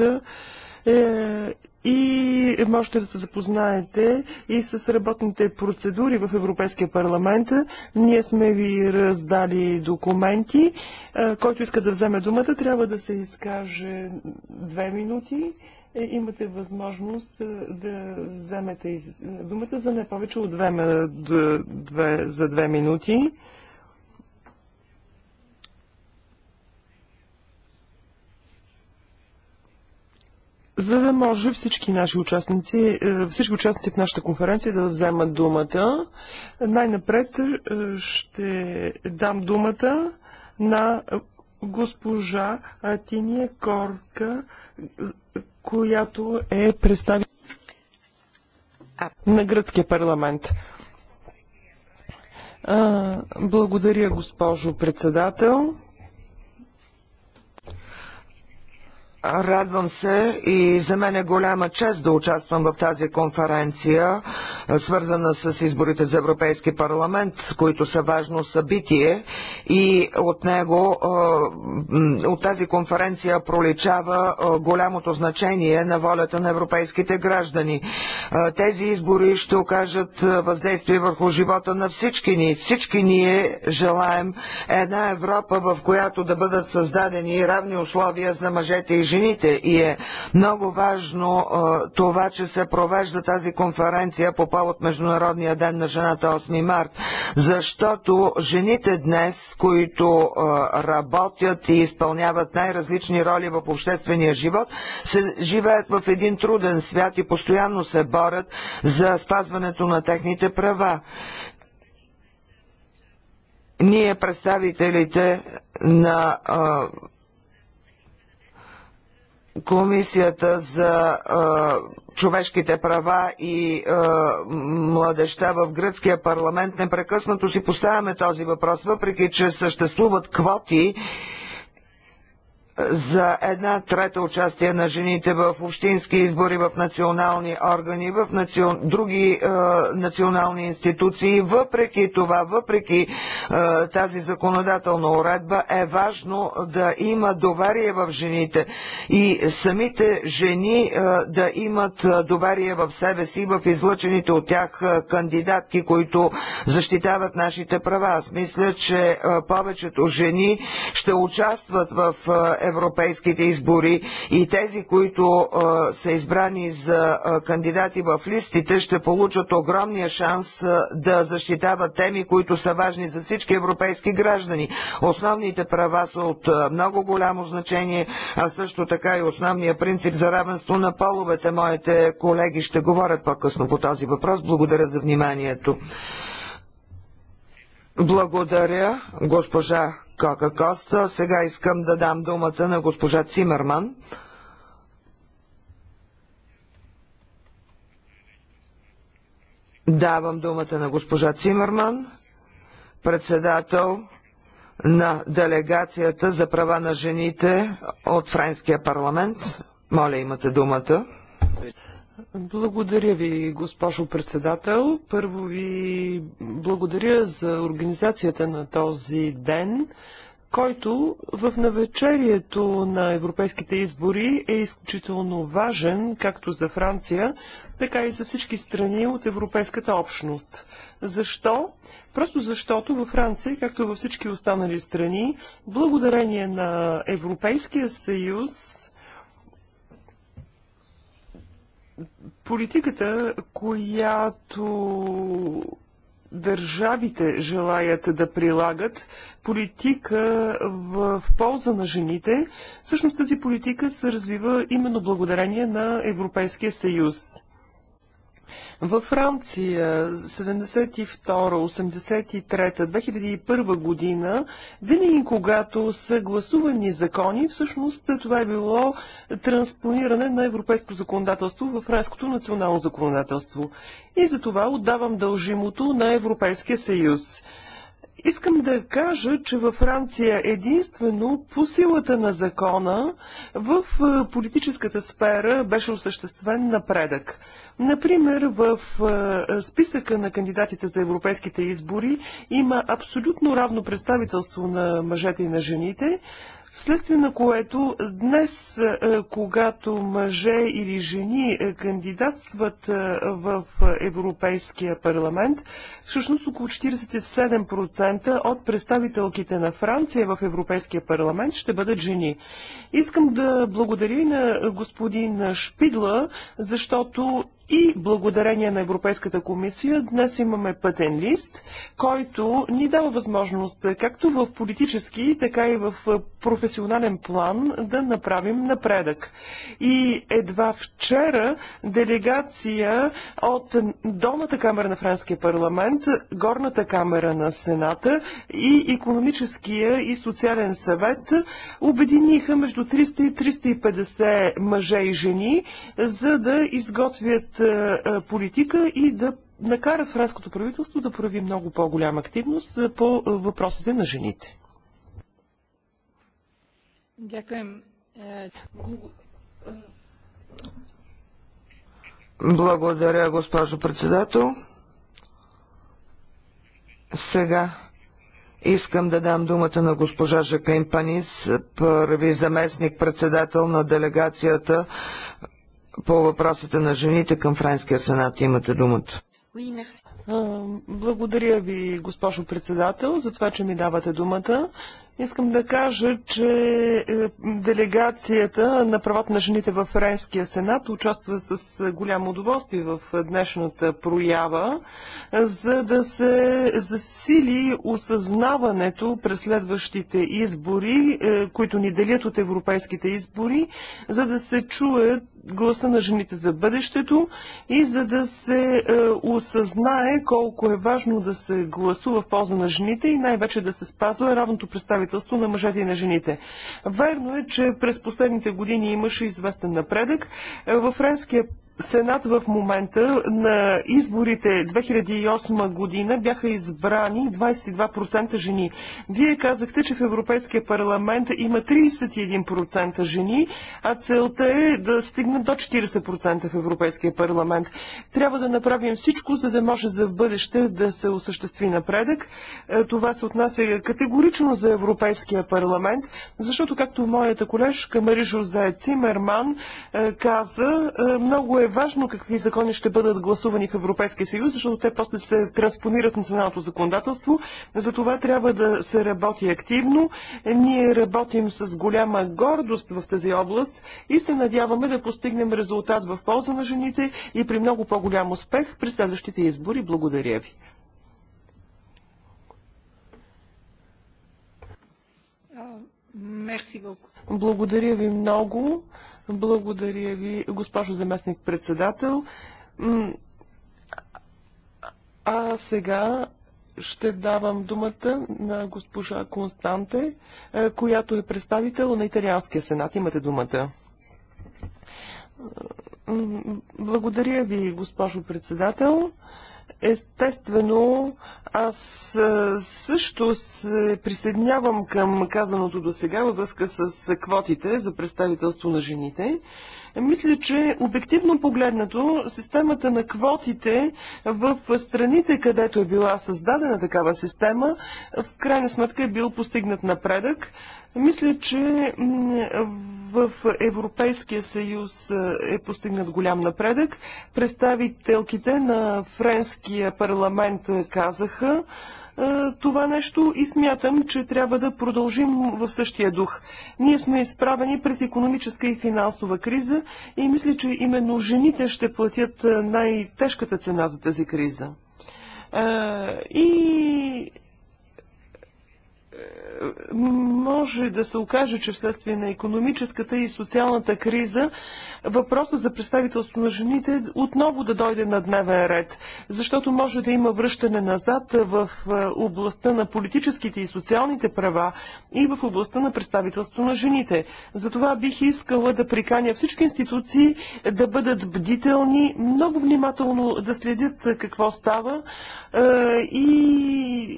Е, и можете да се запознаете и с работните процедури в Европейския парламент. Ние сме ви раздали документи. Е, който иска да вземе думата, трябва да се изкаже две минути. Е, имате възможност да вземете думата за не повече от две, за две минути. за да може всички наши участници, е, всички участници в нашата конференция да вземат думата. Най-напред е, ще дам думата на госпожа Атиния Корка, която е представител на гръцкия парламент. Благодаря, госпожо председател. Радвам се и за мен е голяма чест да участвам в тази конференция, свързана с изборите за Европейски парламент, които са важно събитие и от него, от тази конференция проличава голямото значение на волята на европейските граждани. Тези избори ще окажат въздействие върху живота на всички ни. Всички ние желаем една Европа, в която да бъдат създадени равни условия за мъжете и жените жените и е много важно това, че се провежда тази конференция по повод Международния ден на жената 8 март, защото жените днес, които работят и изпълняват най-различни роли в обществения живот, се живеят в един труден свят и постоянно се борят за спазването на техните права. Ние представителите на а, Комисията за човешките права и е, младеща в гръцкия парламент непрекъснато си поставяме този въпрос, въпреки че съществуват квоти за една трета участие на жените в общински избори, в национални органи, в наци... други е, национални институции. Въпреки това, въпреки е, тази законодателна уредба, е важно да има доверие в жените и самите жени е, да имат доверие в себе си, в излъчените от тях кандидатки, които защитават нашите права. Аз мисля, че е, повечето жени ще участват в е, европейските избори и тези, които са избрани за кандидати в листите, ще получат огромния шанс да защитават теми, които са важни за всички европейски граждани. Основните права са от много голямо значение, а също така и основния принцип за равенство на половете. Моите колеги ще говорят по-късно по този въпрос. Благодаря за вниманието. Благодаря, госпожа Кока Коста. Сега искам да дам думата на госпожа Цимерман. Давам думата на госпожа Цимерман, председател на делегацията за права на жените от Френския парламент. Моля, имате думата. Благодаря ви, госпожо председател. Първо ви благодаря за организацията на този ден, който в навечерието на европейските избори е изключително важен, както за Франция, така и за всички страни от Европейската общност. Защо? Просто защото във Франция, както във всички останали страни, благодарение на Европейския съюз, Политиката, която държавите желаят да прилагат политика в полза на жените, всъщност тази политика се развива именно благодарение на Европейския съюз. Във Франция 72-83-2001 година, винаги когато са гласувани закони, всъщност това е било транспониране на европейско законодателство в френското национално законодателство. И за това отдавам дължимото на Европейския съюз. Искам да кажа, че във Франция единствено по силата на закона в политическата сфера беше осъществен напредък. Например, в списъка на кандидатите за европейските избори има абсолютно равно представителство на мъжете и на жените, Вследствие на което днес, когато мъже или жени кандидатстват в Европейския парламент, всъщност около 47% от представителките на Франция в Европейския парламент ще бъдат жени. Искам да благодаря на господин Шпидла, защото и благодарение на Европейската комисия днес имаме пътен лист, който ни дава възможност както в политически, така и в професионален план да направим напредък. И едва вчера делегация от долната камера на Франския парламент, горната камера на Сената и економическия и социален съвет обединиха между 300 и 350 мъже и жени, за да изготвят е, е, политика и да накарат френското правителство да прояви много по-голяма активност по е, въпросите на жените. Дякуем. Благодаря, госпожо председател. Сега искам да дам думата на госпожа Жаклин Панис, първи заместник председател на делегацията по въпросите на жените към Френския сенат. Имате думата. Благодаря ви, госпожо председател, за това, че ми давате думата. Искам да кажа, че е, делегацията на правата на жените в Френския сенат участва с голямо удоволствие в днешната проява, за да се засили осъзнаването през следващите избори, е, които ни делят от европейските избори, за да се чуят гласа на жените за бъдещето и за да се е, осъзнае колко е важно да се гласува в полза на жените и най-вече да се спазва равното представителство на мъжете и на жените. Верно е, че през последните години имаше известен напредък. Е, във френския Сенат в момента на изборите 2008 година бяха избрани 22% жени. Вие казахте, че в Европейския парламент има 31% жени, а целта е да стигнат до 40% в Европейския парламент. Трябва да направим всичко, за да може за в бъдеще да се осъществи напредък. Е, това се отнася категорично за Европейския парламент, защото както моята колежка Мари Жозе Цимерман е, каза, е, много е е важно какви закони ще бъдат гласувани в Европейския съюз, защото те после се транспонират в националното законодателство. За това трябва да се работи активно. Ние работим с голяма гордост в тази област и се надяваме да постигнем резултат в полза на жените и при много по-голям успех при следващите избори. Благодаря ви. Благодаря ви много. Благодаря ви, госпожо заместник председател. А сега ще давам думата на госпожа Константе, е, която е представител на Италианския сенат. Имате думата. Благодаря ви, госпожо председател. Естествено, аз също се присъединявам към казаното до сега във връзка с квотите за представителство на жените. Мисля, че обективно погледнато, системата на квотите в страните, където е била създадена такава система, в крайна сметка е бил постигнат напредък. Мисля, че в Европейския съюз е, е постигнат голям напредък. Представителките на френския парламент казаха е, това нещо и смятам, че трябва да продължим в същия дух. Ние сме изправени пред економическа и финансова криза и мисля, че именно жените ще платят е, най-тежката цена за тази криза. И може да се окаже, че вследствие на економическата и социалната криза въпроса за представителство на жените отново да дойде на дневен ред, защото може да има връщане назад в е, областта на политическите и социалните права и в областта на представителство на жените. Затова бих искала да приканя всички институции да бъдат бдителни, много внимателно да следят какво става е, и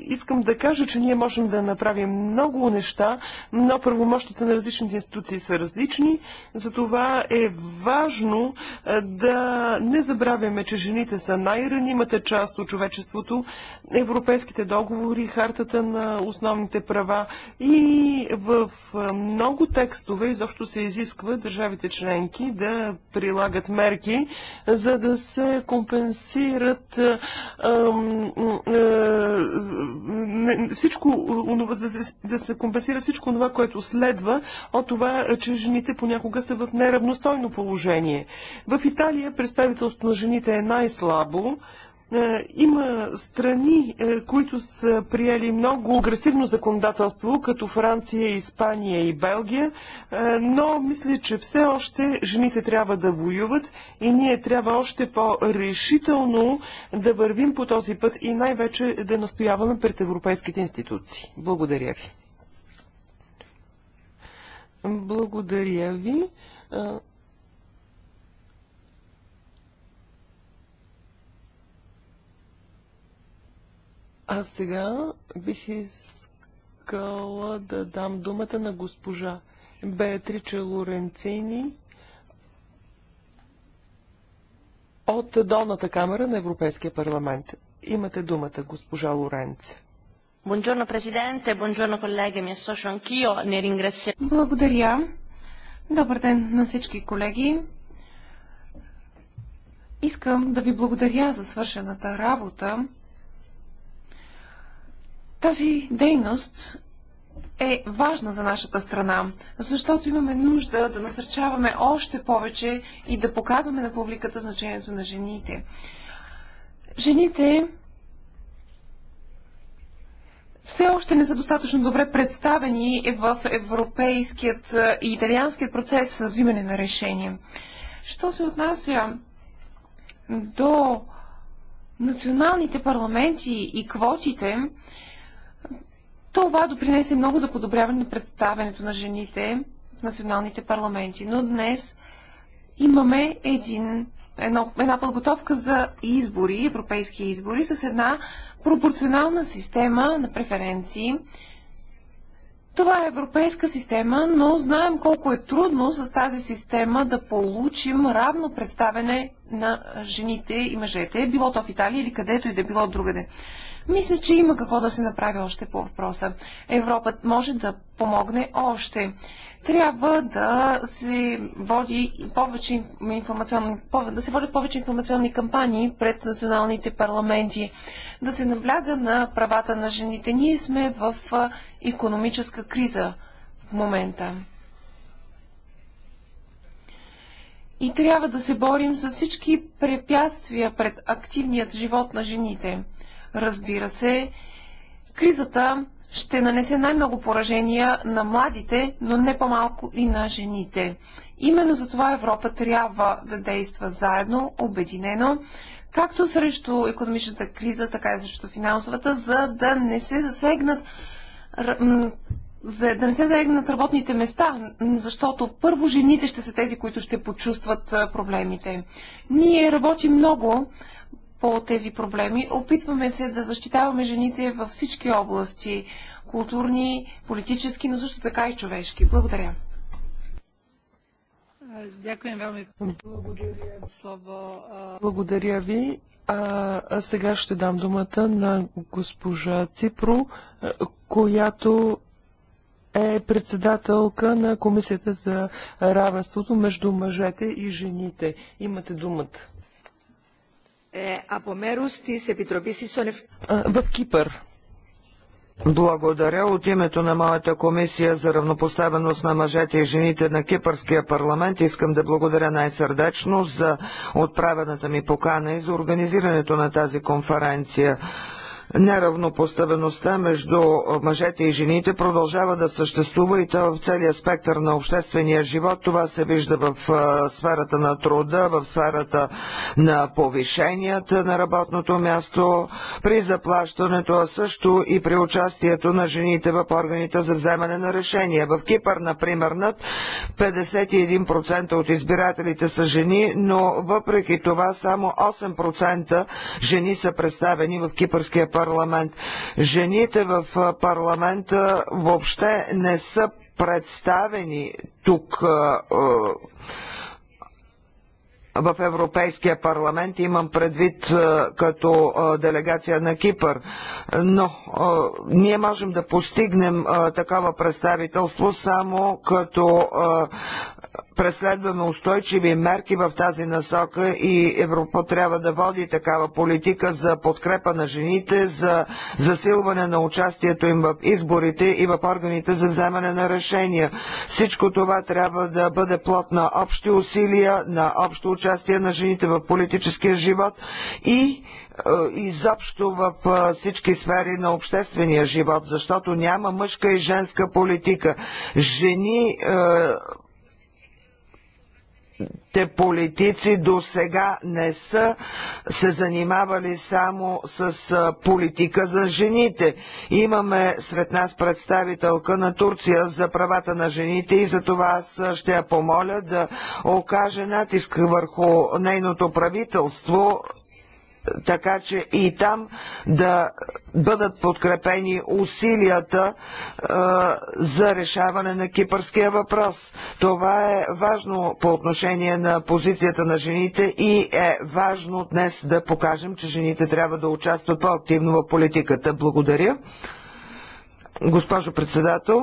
искам да кажа, че ние можем да направим много неща, но правомощите на различните институции са различни. Затова е важно е, да не забравяме, че жените са най-ранимата част от човечеството. Европейските договори, хартата на основните права и в е, много текстове изобщо се изисква държавите членки да прилагат мерки, за да се компенсират е, всичко, да се, да се компенсира всичко това, което следва от това, че жените понякога са в неравностойно положение положение. В Италия представителството на жените е най-слабо. Е, има страни, е, които са приели много агресивно законодателство, като Франция, Испания и Белгия, е, но мисля, че все още жените трябва да воюват и ние трябва още по-решително да вървим по този път и най-вече да настояваме пред европейските институции. Благодаря ви. Благодаря ви. А сега бих искала да дам думата на госпожа Беатриче Лоренцини от долната камера на Европейския парламент. Имате думата, госпожа Лоренце. Buongiorno президенте, buongiorno колеги mi associo Кио, не ringrazio. Благодаря. Добър ден на всички колеги. Искам да ви благодаря за свършената работа тази дейност е важна за нашата страна, защото имаме нужда да насърчаваме още повече и да показваме на публиката значението на жените. Жените все още не са достатъчно добре представени в европейският и италианският процес за взимане на решение. Що се отнася до националните парламенти и квотите, това допринесе много за подобряване на представянето на жените в националните парламенти. Но днес имаме един, едно, една подготовка за избори, европейски избори, с една пропорционална система на преференции, това е европейска система, но знаем колко е трудно с тази система да получим равно представене на жените и мъжете, било то в Италия или където и да било другаде. Мисля, че има какво да се направи още по въпроса. Европа може да помогне още трябва да се води повече информационни, да се водят повече информационни кампании пред националните парламенти, да се набляга на правата на жените. Ние сме в економическа криза в момента. И трябва да се борим с всички препятствия пред активният живот на жените. Разбира се, кризата ще нанесе най-много поражения на младите, но не по-малко и на жените. Именно за това Европа трябва да действа заедно, обединено, както срещу економичната криза, така и срещу финансовата, за да не се засегнат за да не се заегнат работните места, защото първо жените ще са тези, които ще почувстват проблемите. Ние работим много, по тези проблеми. Опитваме се да защитаваме жените във всички области културни, политически, но също така и човешки. Благодаря. Благодаря ви. А, а сега ще дам думата на госпожа Ципро, която е председателка на Комисията за равенството между мъжете и жените. Имате думата. Е, е, в Кипър. Благодаря от името на моята комисия за равнопоставеност на мъжете и жените на Кипърския парламент. Искам да благодаря най-сърдечно за отправената ми покана и за организирането на тази конференция неравнопоставеността между мъжете и жените продължава да съществува и то в целия спектър на обществения живот. Това се вижда в сферата на труда, в сферата на повишенията на работното място, при заплащането, а също и при участието на жените в органите за вземане на решения. В Кипър, например, над 51% от избирателите са жени, но въпреки това само 8% жени са представени в Кипърския парламент парламент. Жените в парламента въобще не са представени тук в Европейския парламент, имам предвид като делегация на Кипър, но ние можем да постигнем такава представителство само като преследваме устойчиви мерки в тази насока и Европа трябва да води такава политика за подкрепа на жените, за засилване на участието им в изборите и в органите за вземане на решения. Всичко това трябва да бъде плод на общи усилия, на общо участие на жените в политическия живот и е, изобщо в е, всички сфери на обществения живот, защото няма мъжка и женска политика. Жени е, те политици до сега не са се занимавали само с политика за жените. Имаме сред нас представителка на Турция за правата на жените и за това аз ще я помоля да окаже натиск върху нейното правителство така че и там да бъдат подкрепени усилията а, е, за решаване на кипърския въпрос. Това е важно по отношение на позицията на жените и е важно днес да покажем, че жените трябва да участват по-активно в политиката. Благодаря. Госпожо председател,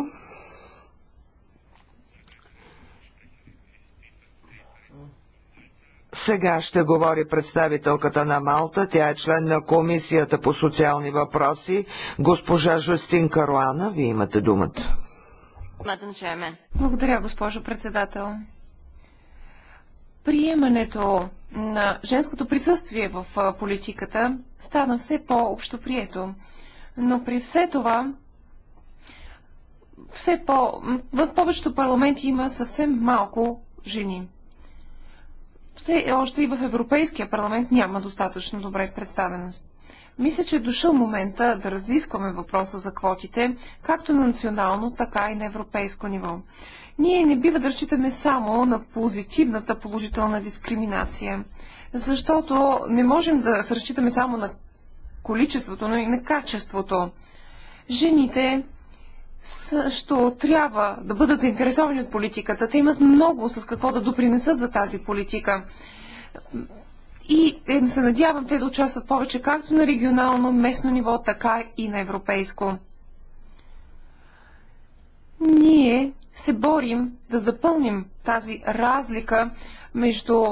Сега ще говори представителката на Малта. Тя е член на Комисията по социални въпроси. Госпожа Жустин Каруана, вие имате думата. Благодаря, госпожо председател. Приемането на женското присъствие в политиката стана все по-общоприето. Но при все това, все по... в повечето парламенти има съвсем малко жени все още и в Европейския парламент няма достатъчно добре представеност. Мисля, че е дошъл момента да разискваме въпроса за квотите, както на национално, така и на европейско ниво. Ние не бива да разчитаме само на позитивната положителна дискриминация, защото не можем да се разчитаме само на количеството, но и на качеството. Жените също трябва да бъдат заинтересовани от политиката. Те имат много с какво да допринесат за тази политика. И е, се надявам те да участват повече както на регионално, местно ниво, така и на европейско. Ние се борим да запълним тази разлика между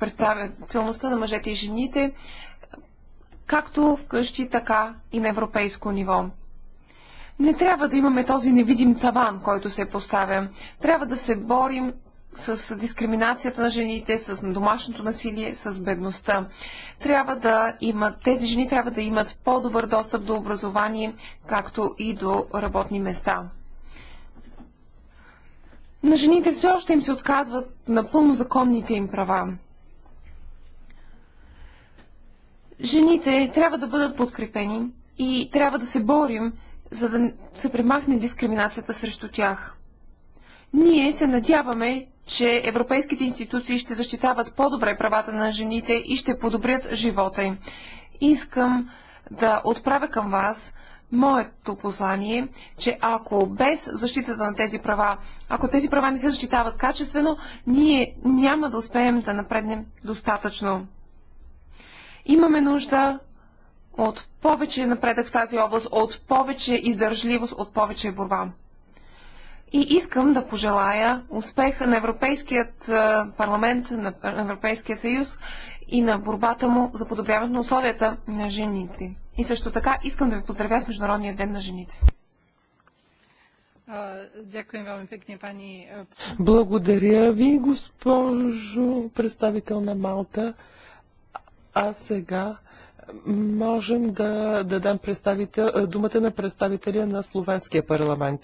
представителността на мъжете и жените, както вкъщи, така и на европейско ниво. Не трябва да имаме този невидим таван, който се поставя. Трябва да се борим с дискриминацията на жените, с домашното насилие, с бедността. Трябва да имат, тези жени трябва да имат по-добър достъп до образование, както и до работни места. На жените все още им се отказват напълно законните им права. Жените трябва да бъдат подкрепени и трябва да се борим за да се премахне дискриминацията срещу тях. Ние се надяваме, че европейските институции ще защитават по-добре правата на жените и ще подобрят живота им. Искам да отправя към вас моето послание, че ако без защитата на тези права, ако тези права не се защитават качествено, ние няма да успеем да напреднем достатъчно. Имаме нужда от повече напредък в тази област, от повече издържливост, от повече борба. И искам да пожелая успех на Европейският парламент, на Европейския съюз и на борбата му за подобряването на условията на жените. И също така искам да ви поздравя с Международния ден на жените. Благодаря ви, госпожо представител на Малта. А сега можем да дадем е, думата на представителя на Словенския парламент.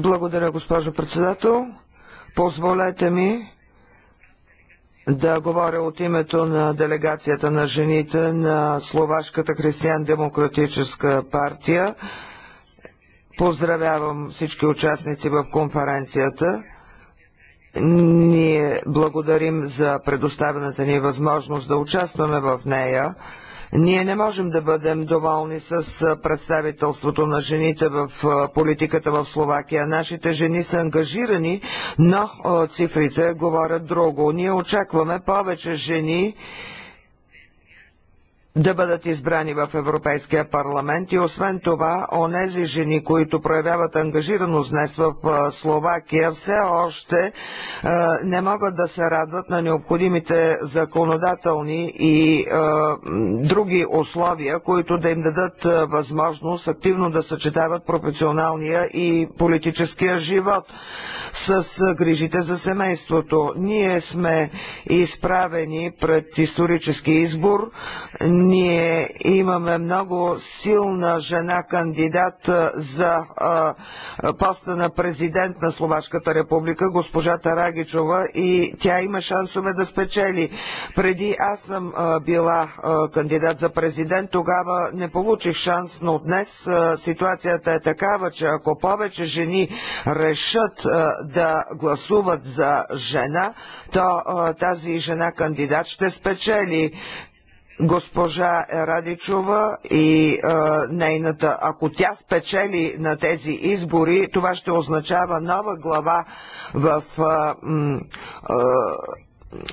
Благодаря, госпожо председател. Позволете ми да говоря от името на делегацията на жените на Словашката християн-демократическа партия. Поздравявам всички участници в конференцията. Ние благодарим за предоставената ни възможност да участваме в нея. Ние не можем да бъдем доволни с представителството на жените в политиката в Словакия. Нашите жени са ангажирани, но цифрите говорят друго. Ние очакваме повече жени да бъдат избрани в Европейския парламент и освен това, онези жени, които проявяват ангажираност днес в Словакия, все още не могат да се радват на необходимите законодателни и други условия, които да им дадат възможност активно да съчетават професионалния и политическия живот с грижите за семейството. Ние сме изправени пред исторически избор. Ние имаме много силна жена кандидат за поста на президент на Словашката република, госпожа Тарагичова, и тя има шансове да спечели. Преди аз съм била кандидат за президент, тогава не получих шанс, но днес ситуацията е такава, че ако повече жени решат да гласуват за жена, то тази жена кандидат ще спечели госпожа Радичова и а, нейната, ако тя спечели на тези избори, това ще означава нова глава в а, м, а,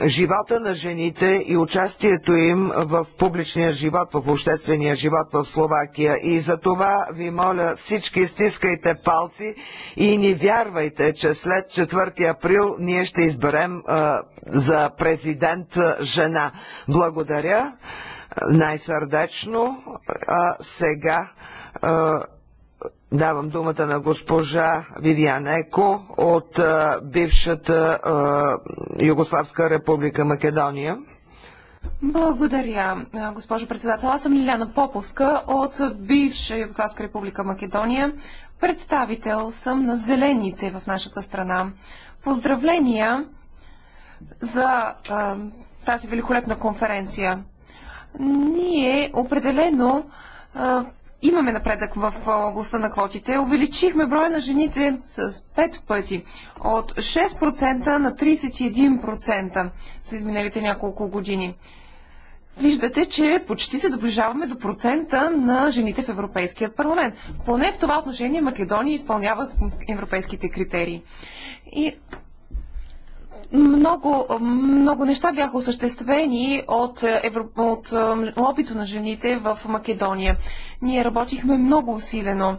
живота на жените и участието им в публичния живот, в обществения живот в Словакия. И за това ви моля всички стискайте палци и ни вярвайте, че след 4 април ние ще изберем а, за президент жена. Благодаря най-сърдечно. А сега а, Давам думата на госпожа Вивиана Еко от а, бившата а, Югославска република Македония. Благодаря, госпожо председател. Аз съм Лиляна Поповска от бивша Югославска република Македония. Представител съм на зелените в нашата страна. Поздравления за а, тази великолепна конференция. Ние определено имаме напредък в областта на квотите. Увеличихме броя на жените с 5 пъти. От 6% на 31% са изминалите няколко години. Виждате, че почти се доближаваме до процента на жените в Европейският парламент. Поне в това отношение Македония изпълнява европейските критерии. И много, много неща бяха осъществени от, Европ... от лобито на жените в Македония. Ние работихме много усилено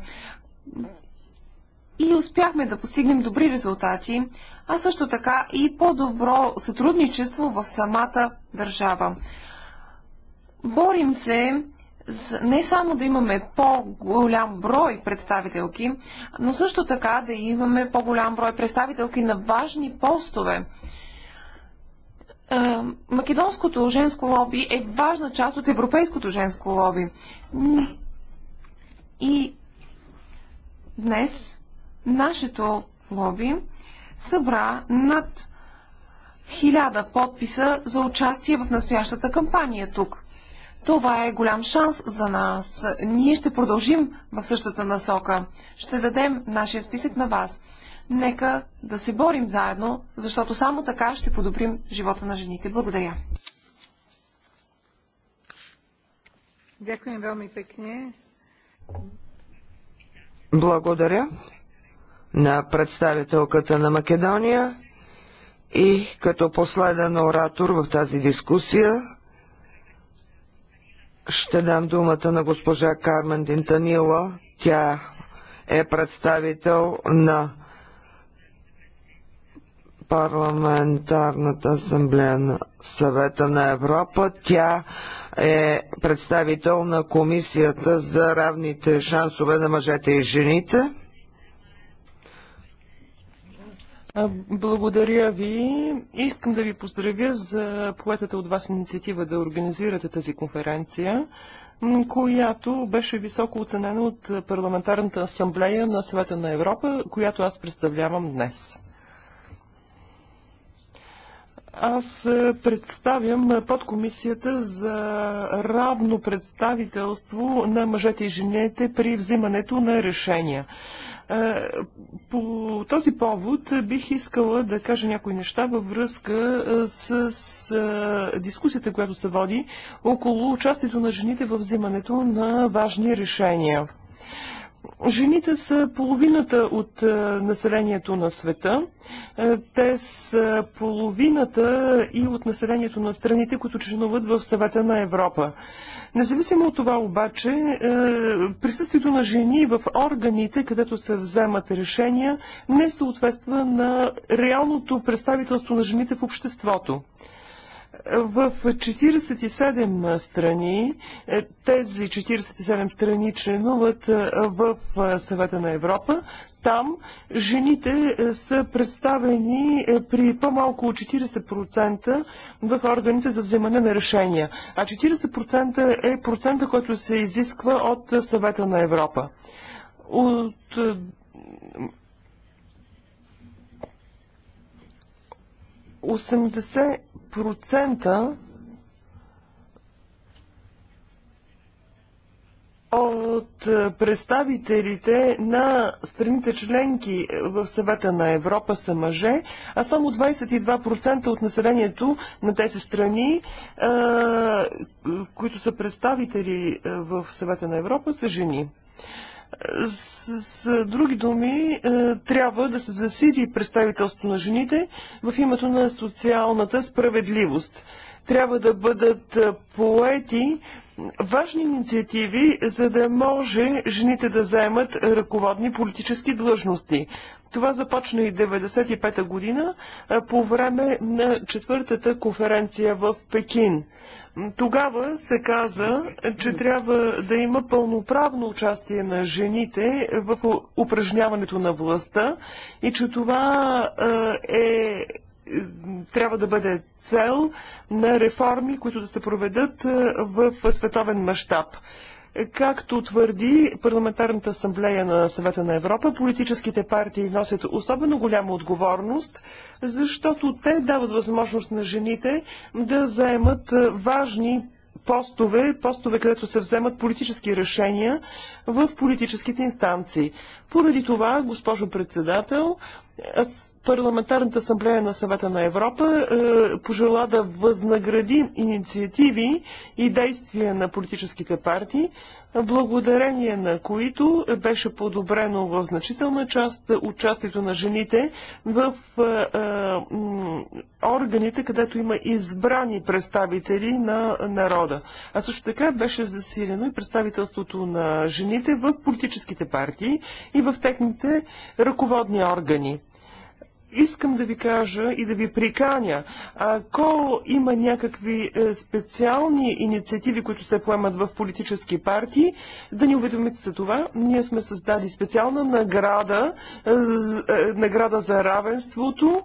и успяхме да постигнем добри резултати, а също така и по-добро сътрудничество в самата държава. Борим се не само да имаме по-голям брой представителки, но също така да имаме по-голям брой представителки на важни постове. Е, македонското женско лоби е важна част от европейското женско лоби. И днес нашето лоби събра над хиляда подписа за участие в настоящата кампания тук. Това е голям шанс за нас. Ние ще продължим в същата насока. Ще дадем нашия списък на вас. Нека да се борим заедно, защото само така ще подобрим живота на жените. Благодаря. Дякуем veľmi пекне. Благодаря на представителката на Македония и като последен оратор в тази дискусия ще дам думата на госпожа Кармен Динтанила. Тя е представител на Парламентарната асамблея на съвета на Европа. Тя е представител на Комисията за равните шансове на мъжете и жените. Благодаря ви. Искам да ви поздравя за поетата от вас инициатива да организирате тази конференция, която беше високо оценена от Парламентарната асамблея на Съвета на Европа, която аз представлявам днес. Аз представям подкомисията за равно представителство на мъжете и жените при взимането на решения. Е, по този повод бих искала да кажа някои неща във връзка е, с, е, дискусията, която се води около участието на жените в взимането на важни решения. Жените са половината от е, населението на света. Е, те са половината и от населението на страните, които членуват в съвета на Европа. Независимо от това обаче, е, присъствието на жени в органите, където се вземат решения, не съответства на реалното представителство на жените в обществото. В 47 страни, е, тези 47 страни членуват е, в е, съвета на Европа. Там жените са представени при по-малко от 40% в органите за вземане на решения, а 40% е процента, който се изисква от съвета на Европа. От процента от е, представителите на страните членки в съвета на Европа са мъже, а само 22% от населението на тези страни, е, които са представители е, в съвета на Европа, са жени. С, с други думи, е, трябва да се засили представителство на жените в името на социалната справедливост. Трябва да бъдат е, поети важни инициативи, за да може жените да заемат ръководни политически длъжности. Това започна и 1995 година е, по време на четвъртата конференция в Пекин – тогава се каза, че трябва да има пълноправно участие на жените в упражняването на властта и че това е, трябва да бъде цел на реформи, които да се проведат в световен мащаб. Както твърди Парламентарната асамблея на Съвета на Европа, политическите партии носят особено голяма отговорност, защото те дават възможност на жените да заемат важни постове, постове, където се вземат политически решения в политическите инстанции. Поради това, госпожо председател, аз Парламентарната асамблея на съвета на Европа е, пожела да възнагради инициативи и действия на политическите партии, благодарение на които беше подобрено в значителна част участието на жените в е, е, органите, където има избрани представители на народа. А също така беше засилено и представителството на жените в политическите партии и в техните ръководни органи. Искам да ви кажа и да ви приканя, ако има някакви е, специални инициативи, които се поемат в политически партии, да ни уведомите за това. Ние сме създали специална награда, е, е, награда за равенството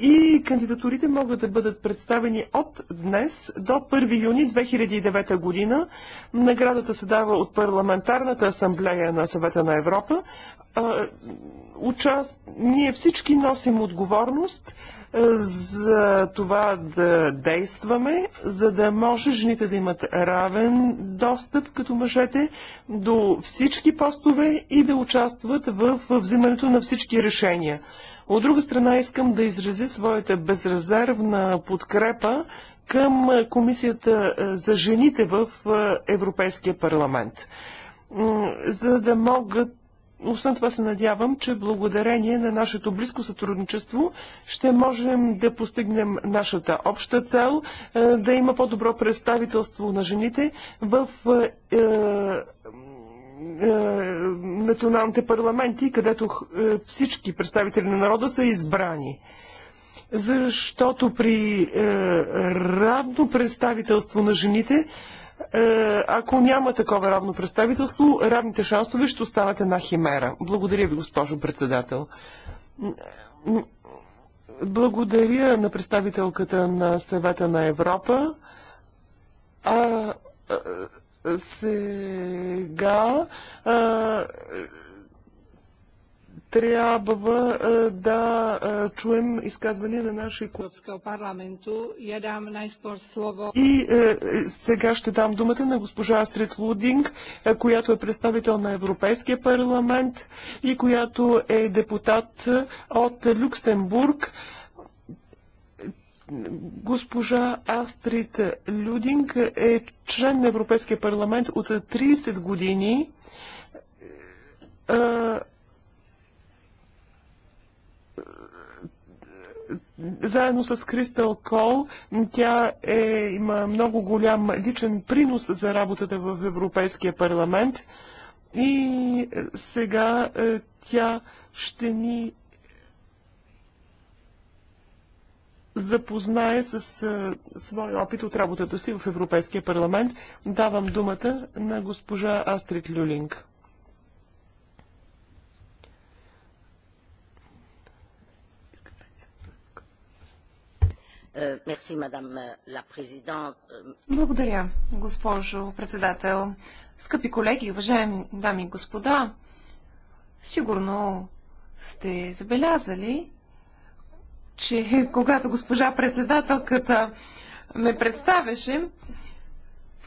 и кандидатурите могат да бъдат представени от днес до 1 юни 2009 година. Наградата се дава от Парламентарната асамблея на съвета на Европа участ... ние всички носим отговорност е, за това да действаме, за да може жените да имат равен достъп като мъжете до всички постове и да участват в взимането на всички решения. От друга страна искам да изрази своята безрезервна подкрепа към Комисията е, за жените в е, Европейския парламент, за да могат освен това се надявам, че благодарение на нашето близко сътрудничество ще можем да постигнем нашата обща цел, е, да има по-добро представителство на жените в е, е, националните парламенти, където всички представители на народа са избрани защото при е, равно представителство на жените е, ако няма такова равно представителство, равните шансове ще останат една химера. Благодаря ви, госпожо председател. Благодаря на представителката на съвета на Европа. А, а сега а, трябва е, да е, чуем изказвания на наши парламенту. Я дам най-спор слово. И е, сега ще дам думата на госпожа Астрид Лудинг, която е представител на Европейския парламент и която е депутат от Люксембург. Госпожа Астрид Людинг е член на Европейския парламент от 30 години Заедно с Кристал Кол, тя е, има много голям личен принос за работата в Европейския парламент и е, сега е, тя ще ни запознае с е, своя опит от работата си в Европейския парламент. Давам думата на госпожа Астрид Люлинг. Euh, Благодаря, госпожо председател. Скъпи колеги, уважаеми дами и господа, сигурно сте забелязали, че когато госпожа председателката ме представяше,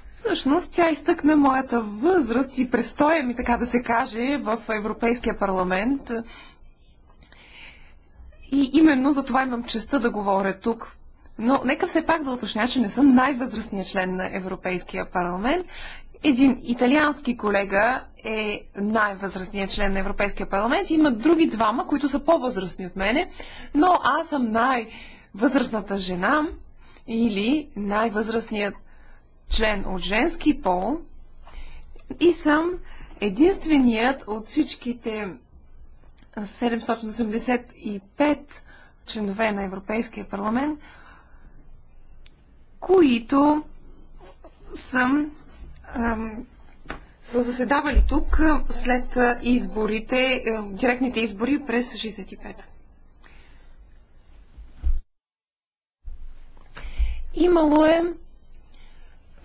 всъщност тя изтъкна моята възраст и престоя ми, така да се каже, в Европейския парламент. И именно за това имам честа да говоря тук но нека все пак да уточня, че не съм най-възрастният член на Европейския парламент. Един италиански колега е най-възрастният член на Европейския парламент. Има други двама, които са по-възрастни от мене, но аз съм най-възрастната жена или най-възрастният член от женски пол и съм единственият от всичките 785 членове на Европейския парламент, които са, са заседавали тук след изборите, директните избори през 65 Имало е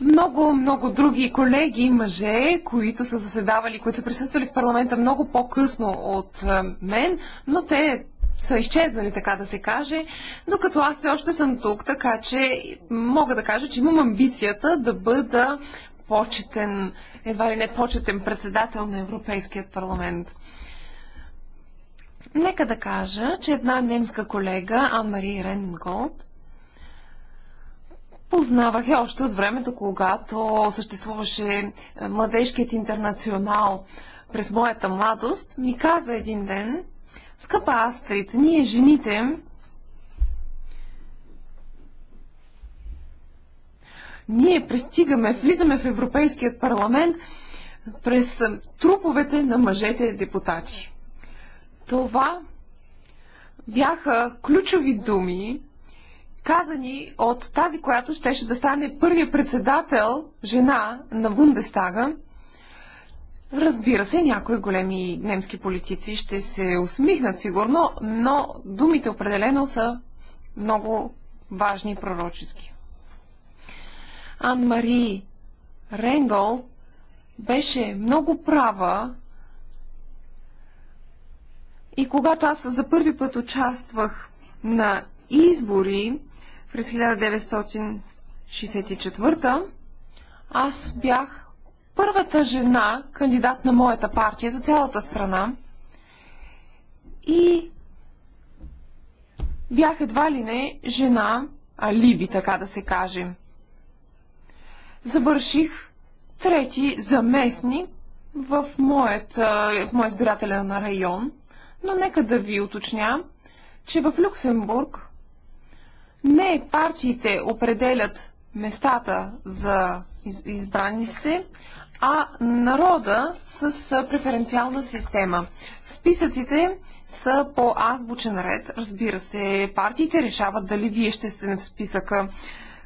много, много други колеги, мъже, които са заседавали, които са присъствали в парламента много по-късно от мен, но те са изчезнали, така да се каже, докато аз все още съм тук, така че мога да кажа, че имам амбицията да бъда почетен, едва ли не почетен председател на Европейският парламент. Нека да кажа, че една немска колега, Анмари Ренголд, познавах я още от времето, когато съществуваше е, младежкият интернационал през моята младост, ми каза един ден, Скъпа Астрид, ние жените ние пристигаме, влизаме в Европейският парламент през труповете на мъжете депутати. Това бяха ключови думи, казани от тази, която щеше да стане първия председател, жена на Бундестага, Разбира се, някои големи немски политици ще се усмихнат сигурно, но думите определено са много важни и пророчески. Ан-Мари Ренгол беше много права и когато аз за първи път участвах на избори през 1964, аз бях първата жена, кандидат на моята партия за цялата страна. И бях едва ли не жена, а либи, така да се каже. Завърших трети заместни в моят, в моят избирателен район, но нека да ви уточня, че в Люксембург не партиите определят местата за избраниците, а народа с преференциална система. Списъците са по азбучен ред. Разбира се, партиите решават дали вие ще сте в списъка,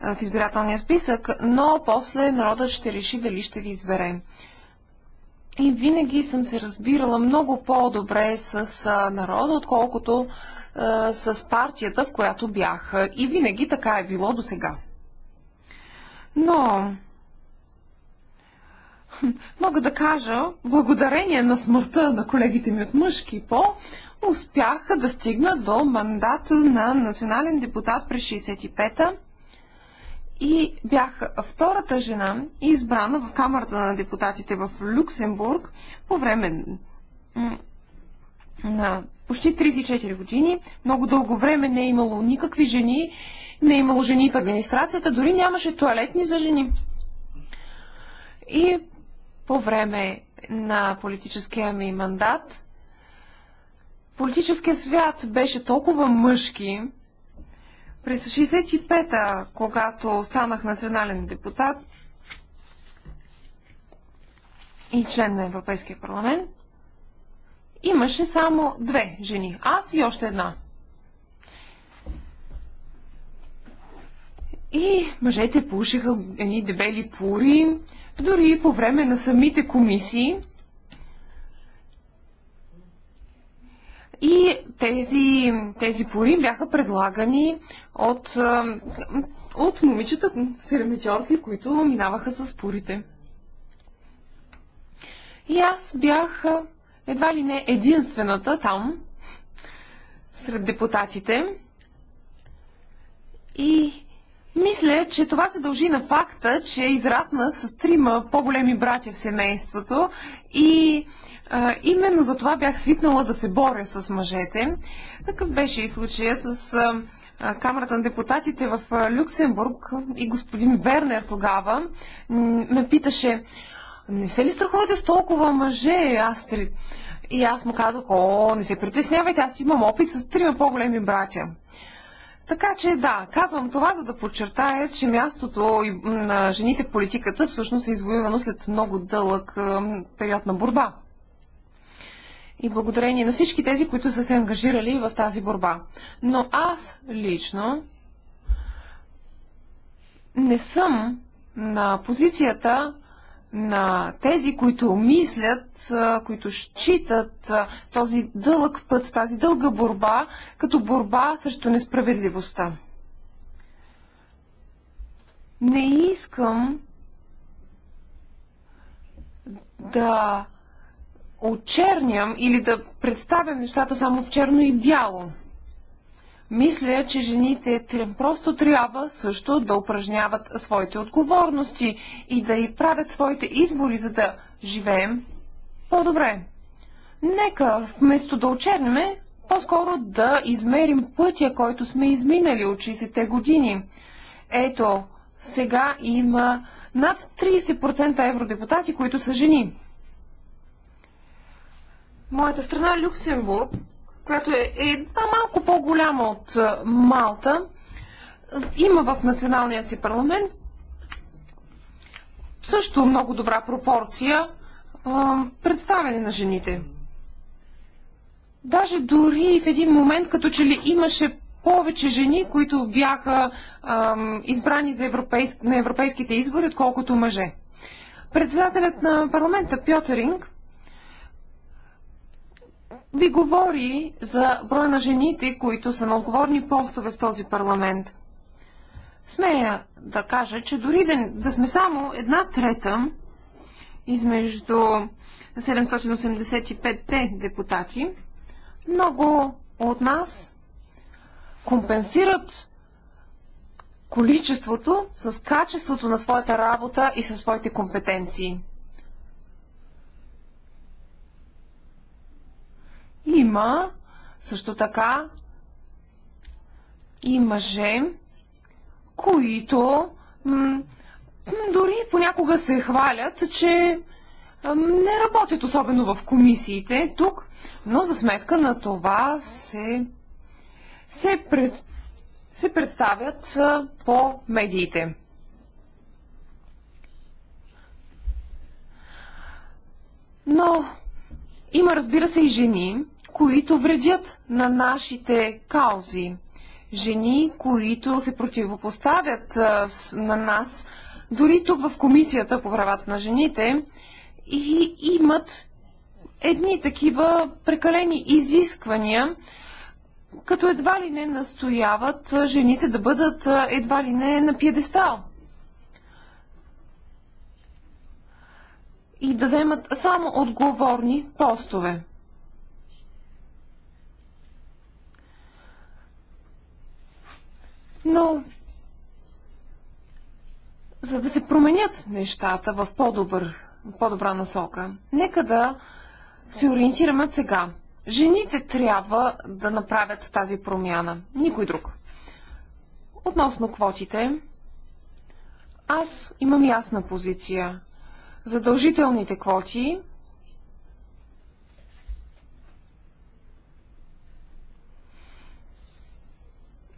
в избирателния списък, но после народът ще реши дали ще ви избере. И винаги съм се разбирала много по-добре с народа, отколкото е, с партията, в която бях. И винаги така е било до сега. Но мога да кажа, благодарение на смъртта на колегите ми от мъжки по, успяха да стигна до мандата на национален депутат през 65-та и бях втората жена, избрана в Камерата на депутатите в Люксембург по време на почти 34 години. Много дълго време не е имало никакви жени, не е имало жени в администрацията, дори нямаше туалетни за жени. И по време на политическия ми мандат, политическия свят беше толкова мъжки. През 65-та, когато станах национален депутат и член на Европейския парламент, имаше само две жени. Аз и още една. И мъжете пушиха едни дебели пури, дори и по време на самите комисии. И тези, тези пори бяха предлагани от, от момичета сереметьорки, които минаваха с порите. И аз бях едва ли не единствената там, сред депутатите. И мисля, че това се дължи на факта, че израснах с трима по-големи братя в семейството и а, именно за това бях свикнала да се боря с мъжете. Такъв беше и случая с а, Камерата на депутатите в Люксембург и господин Вернер тогава ме питаше, не се ли страхувате с толкова мъже, Астрид? И аз му казах, о, не се притеснявайте, аз имам опит с трима по-големи братя. Така че да, казвам това, за да подчертая, че мястото на жените в политиката всъщност е извоювано след много дълъг период на борба. И благодарение на всички тези, които са се ангажирали в тази борба. Но аз лично не съм на позицията на тези, които мислят, които считат този дълъг път, тази дълга борба, като борба срещу несправедливостта. Не искам да очерням или да представям нещата само в черно и бяло мисля, че жените просто трябва също да упражняват своите отговорности и да и правят своите избори, за да живеем по-добре. Нека вместо да очерняме, по-скоро да измерим пътя, който сме изминали от 60-те години. Ето, сега има над 30% евродепутати, които са жени. Моята страна Люксембург която е една малко по-голяма от Малта, има в националния си парламент също много добра пропорция представени на жените. Даже дори в един момент, като че ли имаше повече жени, които бяха ам, избрани за европейск, на европейските избори, отколкото мъже. Председателят на парламента Пьотеринг ви говори за броя на жените, които са на отговорни постове в този парламент. Смея да кажа, че дори да, да сме само една трета измежду 785-те депутати, много от нас компенсират количеството с качеството на своята работа и със своите компетенции. Има също така и мъже, които дори понякога се хвалят, че не работят особено в комисиите тук, но за сметка на това се, се, пред, се представят по медиите. Но има, разбира се, и жени, които вредят на нашите каузи. Жени, които се противопоставят на нас, дори тук в Комисията по правата на жените, и имат едни такива прекалени изисквания, като едва ли не настояват жените да бъдат едва ли не на пьедестал. И да вземат само отговорни постове. но за да се променят нещата в по добра по-добра насока, нека да се ориентираме сега. Жените трябва да направят тази промяна. Никой друг. Относно квотите, аз имам ясна позиция. Задължителните квоти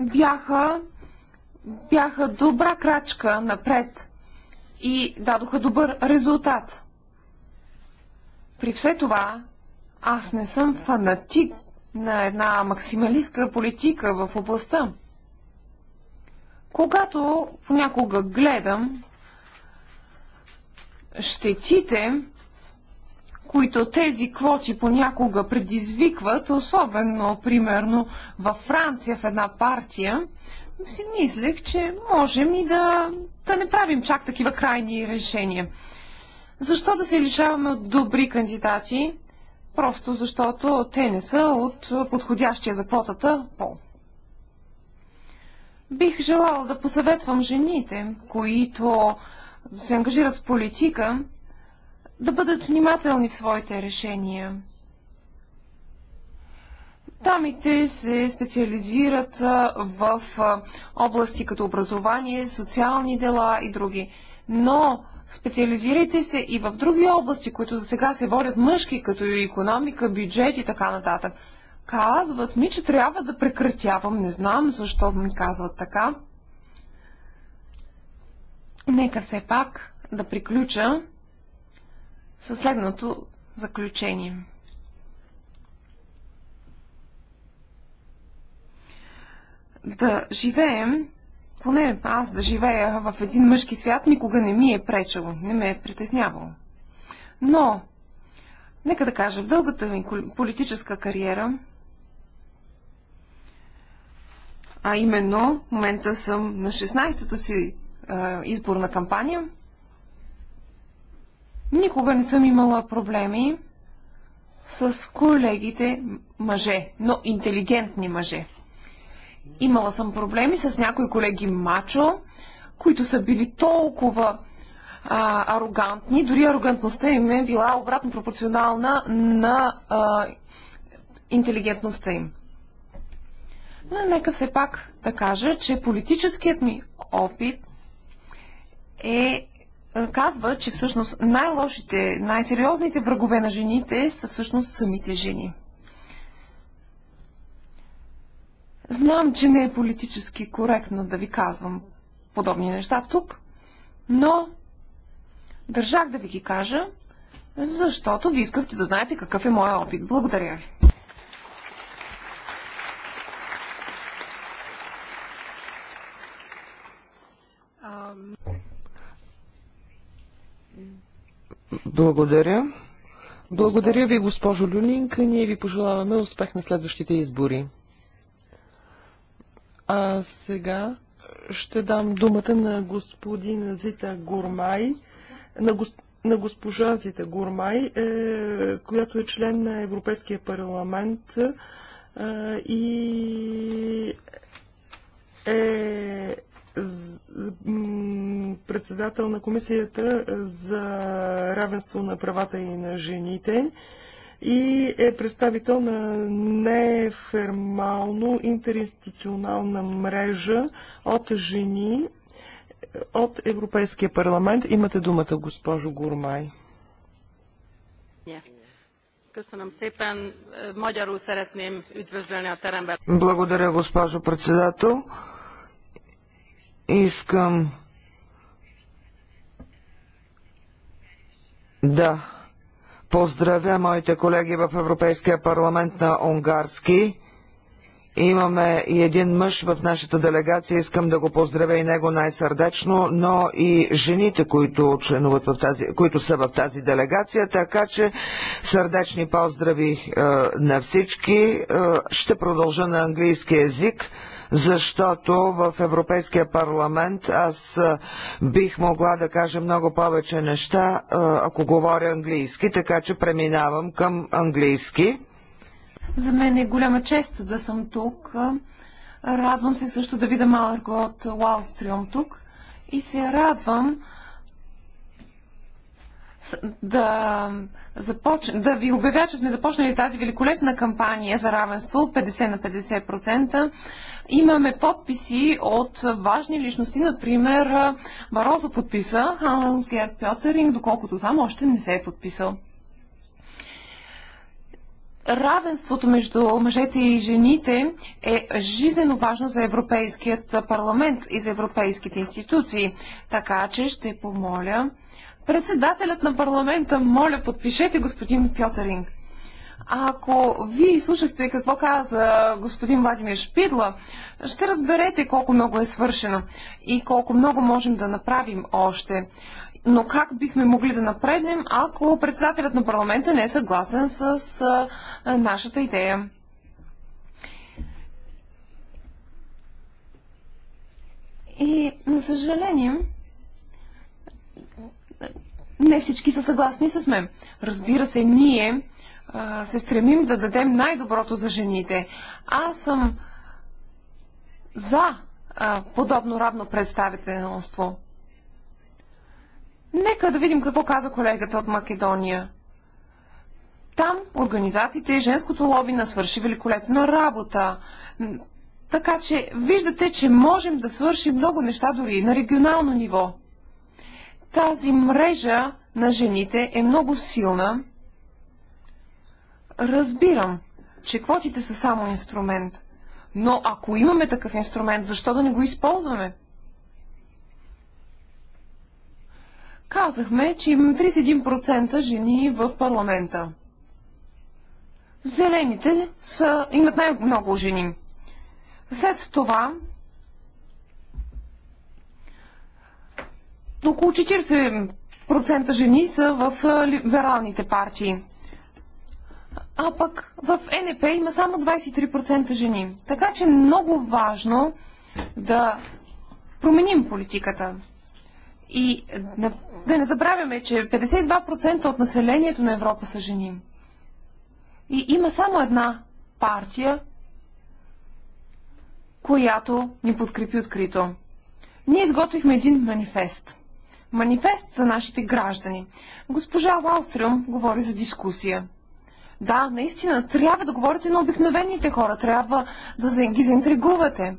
бяха бяха добра крачка напред и дадоха добър резултат. При все това, аз не съм фанатик на една максималистка политика в областта. Когато понякога гледам щетите, които тези квоти понякога предизвикват, особено, примерно, във Франция в една партия, си мислех, че можем и да, да не правим чак такива крайни решения. Защо да се лишаваме от добри кандидати? Просто защото те не са от подходящия за квотата пол. Бих желала да посъветвам жените, които се ангажират с политика, да бъдат внимателни в своите решения. Тамите се специализират в области като образование, социални дела и други. Но специализирайте се и в други области, които за сега се водят мъжки, като и економика, бюджет и така нататък. Казват ми, че трябва да прекратявам. Не знам защо ми казват така. Нека все пак да приключа със следното заключение. да живеем, поне аз да живея в един мъжки свят, никога не ми е пречело, не ме е притеснявало. Но, нека да кажа, в дългата ми политическа кариера, а именно, в момента съм на 16-та си е, изборна кампания, никога не съм имала проблеми с колегите мъже, но интелигентни мъже – Имала съм проблеми с някои колеги мачо, които са били толкова а, арогантни, дори арогантността им е била обратно пропорционална на а, интелигентността им. Но нека все пак да кажа, че политическият ми опит е, е казва, че всъщност най-лошите, най-сериозните врагове на жените са всъщност самите жени. Знам, че не е политически коректно да ви казвам подобни неща тук, но държах да ви ги кажа, защото ви искахте да знаете какъв е моя опит. Благодаря ви. Благодаря. Благодаря ви, госпожо Люнинка. Ние ви пожелаваме успех на следващите избори. А сега ще дам думата на господин Зита Гурмай, на, госп... на госпожа Зита Гурмай, е, която е член на Европейския парламент е, и е председател на Комисията за равенство на правата и на жените. Е, и е представител на неформално интеринституционална мрежа от жени от Европейския парламент. Имате думата, госпожо Гурмай. Благодаря, госпожо председател. Искам да Поздравя моите колеги в Европейския парламент на унгарски. Имаме и един мъж в нашата делегация, искам да го поздравя и него най-сърдечно, но и жените, които, членуват в тази, които са в тази делегация, така че сърдечни поздрави е, на всички. Е, ще продължа на английски язик защото в Европейския парламент аз бих могла да кажа много повече неща, ако говоря английски, така че преминавам към английски. За мен е голяма чест да съм тук. Радвам се също да видя Марго от Уалстрюм тук и се радвам, да, започ... да ви обявя, че сме започнали тази великолепна кампания за равенство 50 на 50%. Имаме подписи от важни личности, например Барозо подписа, Ханс Герд Пьотеринг, доколкото знам, още не се е подписал. Равенството между мъжете и жените е жизнено важно за Европейският парламент и за европейските институции, така че ще помоля Председателят на парламента, моля, подпишете господин Пьотеринг. Ако вие слушахте какво каза господин Владимир Шпидла, ще разберете колко много е свършено и колко много можем да направим още. Но как бихме могли да напреднем, ако председателят на парламента не е съгласен с нашата идея? И, на съжаление, не всички са съгласни с мен. Разбира се, ние а, се стремим да дадем най-доброто за жените. Аз съм за а, подобно равно представителство. Нека да видим какво каза колегата от Македония. Там организациите и женското лоби на свърши великолепна работа. Така че виждате, че можем да свършим много неща дори на регионално ниво. Тази мрежа на жените е много силна. Разбирам, че квотите са само инструмент, но ако имаме такъв инструмент, защо да не го използваме? Казахме, че имаме 31% жени в парламента. Зелените са, имат най-много жени. След това около 40% жени са в либералните партии. А пък в НП има само 23% жени. Така че е много важно да променим политиката. И да, да не забравяме, че 52% от населението на Европа са жени. И има само една партия, която ни подкрепи открито. Ние изготвихме един манифест манифест за нашите граждани. Госпожа Валстрюм говори за дискусия. Да, наистина, трябва да говорите на обикновените хора, трябва да ги заинтригувате.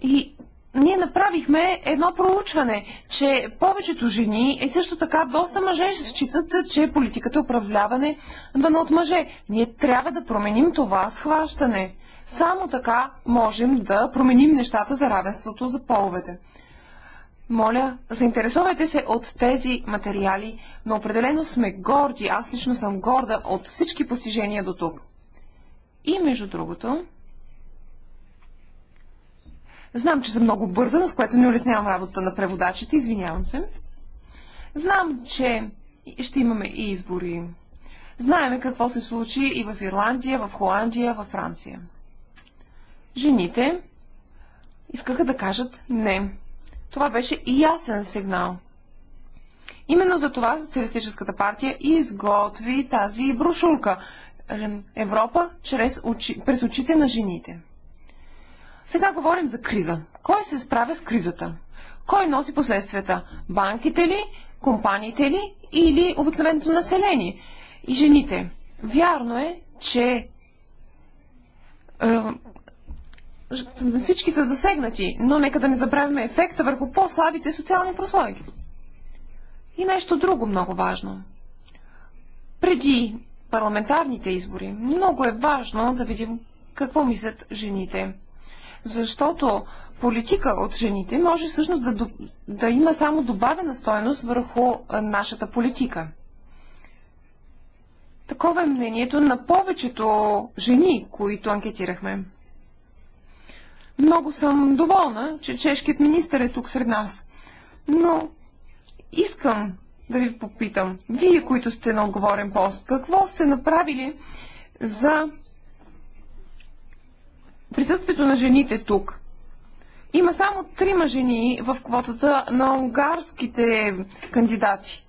И ние направихме едно проучване, че повечето жени и също така доста мъже ще считат, че политиката е управляване управляване не от мъже. Ние трябва да променим това схващане. Само така можем да променим нещата за равенството за половете. Моля, заинтересувайте се от тези материали, но определено сме горди, аз лично съм горда от всички постижения до тук. И между другото, знам, че съм много бърза, с което не улеснявам работата на преводачите, извинявам се. Знам, че ще имаме и избори. Знаеме какво се случи и в Ирландия, в Холандия, в Франция жените искаха да кажат не. Това беше и ясен сигнал. Именно за това Социалистическата партия изготви тази брошурка Европа чрез очи, през очите на жените. Сега говорим за криза. Кой се справя с кризата? Кой носи последствията? Банките ли? Компаниите ли? Или обикновеното население? И жените. Вярно е, че е, всички са засегнати, но нека да не забравяме ефекта върху по-слабите социални прослойки. И нещо друго много важно. Преди парламентарните избори много е важно да видим какво мислят жените. Защото политика от жените може всъщност да, да има само добавена стоеност върху нашата политика. Такова е мнението на повечето жени, които анкетирахме. Много съм доволна, че чешкият министр е тук сред нас. Но искам да ви попитам, вие, които сте на отговорен пост, какво сте направили за присъствието на жените тук? Има само трима жени в квотата на унгарските кандидати.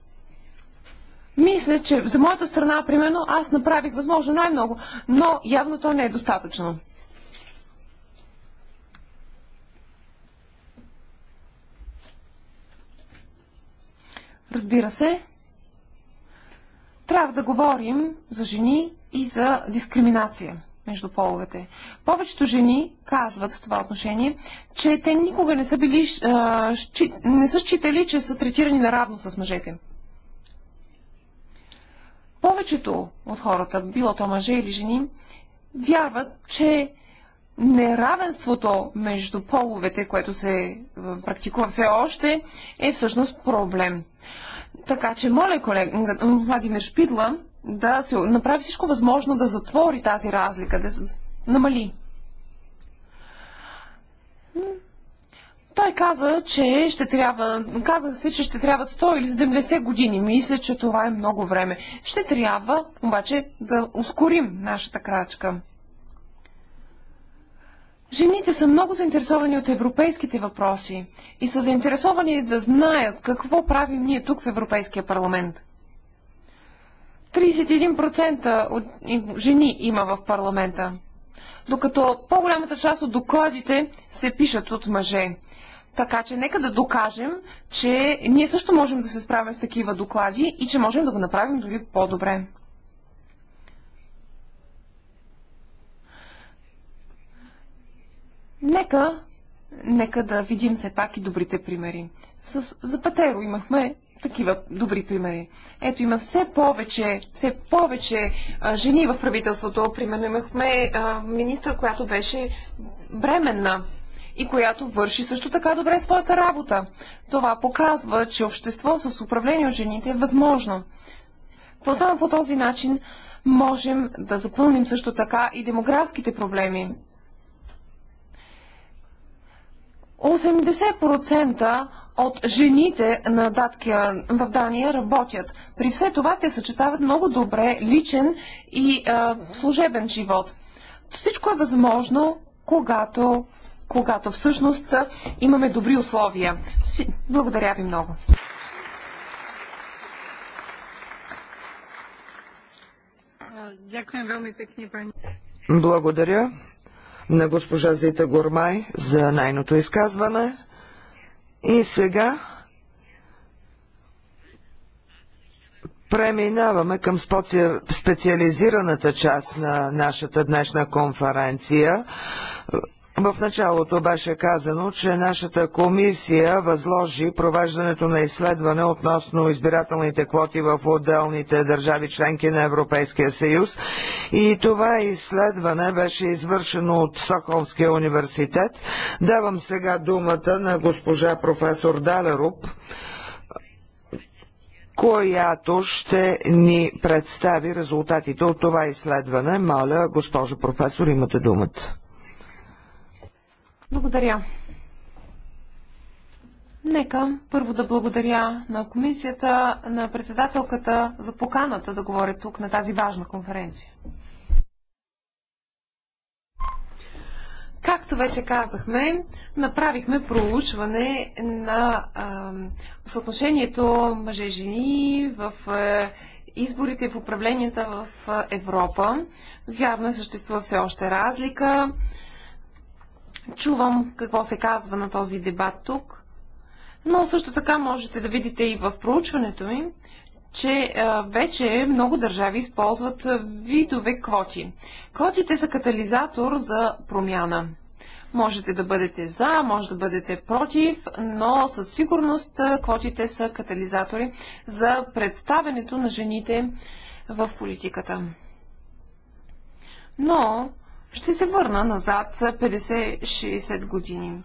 Мисля, че за моята страна, примерно, аз направих възможно най-много, но явно то не е достатъчно. Разбира се, трябва да говорим за жени и за дискриминация между половете. Повечето жени казват в това отношение, че те никога не са, били, а, не са считали, че са третирани наравно с мъжете. Повечето от хората, било то мъже или жени, вярват, че неравенството между половете, което се е, практикува все още, е всъщност проблем. Така че моля колега Владимир Шпидла да се направи всичко възможно да затвори тази разлика, да се намали. Той каза, че ще трябва, каза се, че ще трябва 100 или 70 години. Мисля, че това е много време. Ще трябва обаче да ускорим нашата крачка. Жените са много заинтересовани от европейските въпроси и са заинтересовани да знаят какво правим ние тук в Европейския парламент. 31% от жени има в парламента, докато по-голямата част от докладите се пишат от мъже. Така че нека да докажем, че ние също можем да се справим с такива доклади и че можем да го направим дори по-добре. Нека, нека да видим все пак и добрите примери. С Запатеро имахме такива добри примери. Ето има все повече, все повече а, жени в правителството. Примерно имахме а, министър, която беше бременна и която върши също така добре своята работа. Това показва, че общество с управление от жените е възможно. По само по този начин можем да запълним също така и демографските проблеми. 80% от жените на датския, в Дания работят. При все това те съчетават много добре личен и а, служебен живот. Всичко е възможно, когато, когато всъщност имаме добри условия. Благодаря ви много. Благодаря на госпожа Зита Гормай за нейното изказване. И сега преминаваме към специализираната част на нашата днешна конференция. В началото беше казано, че нашата комисия възложи провеждането на изследване относно избирателните квоти в отделните държави членки на Европейския съюз и това изследване беше извършено от Стокхолмския университет. Давам сега думата на госпожа професор Далеруп която ще ни представи резултатите от това изследване. Моля, госпожо професор, имате думата. Благодаря. Нека първо да благодаря на комисията, на председателката за поканата да говоря тук на тази важна конференция. Както вече казахме, направихме проучване на а, съотношението мъже-жени в а, изборите и в управленията в а, Европа. Вярно е, съществува все още разлика. Чувам какво се казва на този дебат тук, но също така можете да видите и в проучването ми, че вече много държави използват видове квоти. Квотите са катализатор за промяна. Можете да бъдете за, може да бъдете против, но със сигурност квотите са катализатори за представенето на жените в политиката. Но ще се върна назад 50-60 години.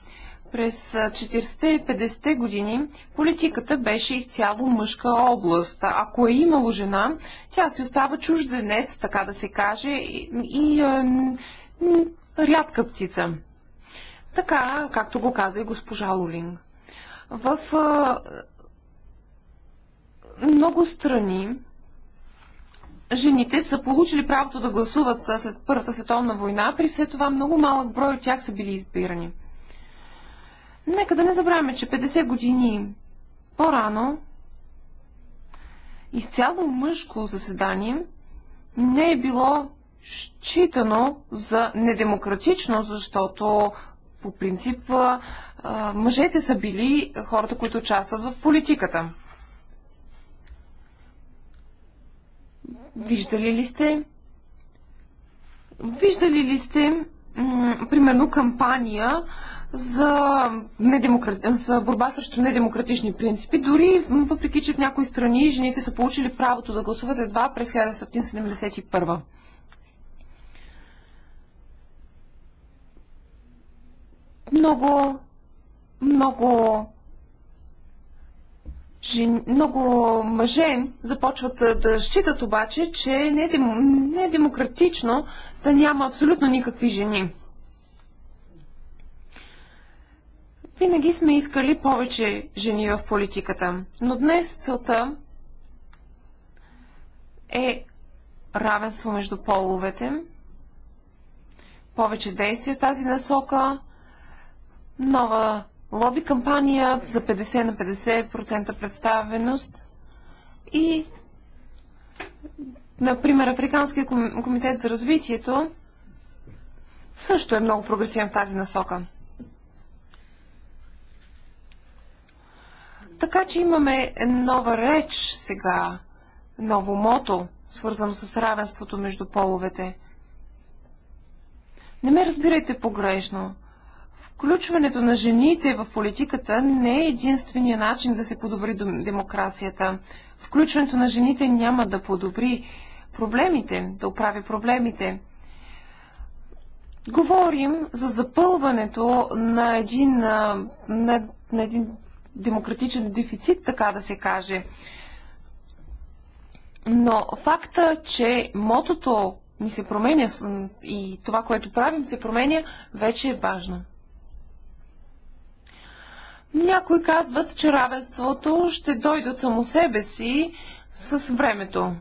През 40-те и 50-те години политиката беше изцяло мъжка област. Ако е имало жена, тя си остава чужденец, така да се каже, и, и е, рядка птица. Така, както го каза и госпожа Лолин. В е, много страни жените са получили правото да гласуват след Първата световна война, при все това много малък брой от тях са били избирани. Нека да не забравяме, че 50 години по-рано изцяло мъжко заседание не е било считано за недемократично, защото по принцип мъжете са били хората, които участват в политиката. Виждали ли сте? Виждали ли сте, примерно, кампания за, недемократ... за борба срещу недемократични принципи, дори въпреки, че в някои страни жените са получили правото да гласуват едва през 1971. Много, много жен... много мъже започват да считат обаче, че не е, дем... не е демократично да няма абсолютно никакви жени. Винаги сме искали повече жени в политиката, но днес целта е равенство между половете, повече действия в тази насока, нова лоби кампания за 50 на 50% представеност и например Африканския комитет за развитието също е много прогресивен в тази насока. Така че имаме нова реч сега, ново мото, свързано с равенството между половете. Не ме разбирайте погрешно – Включването на жените в политиката не е единствения начин да се подобри демокрацията. Включването на жените няма да подобри проблемите, да оправи проблемите. Говорим за запълването на един, на, на един демократичен дефицит, така да се каже. Но факта, че мотото ни се променя и това, което правим, се променя, вече е важно. Някои казват, че равенството ще дойде от само себе си с времето.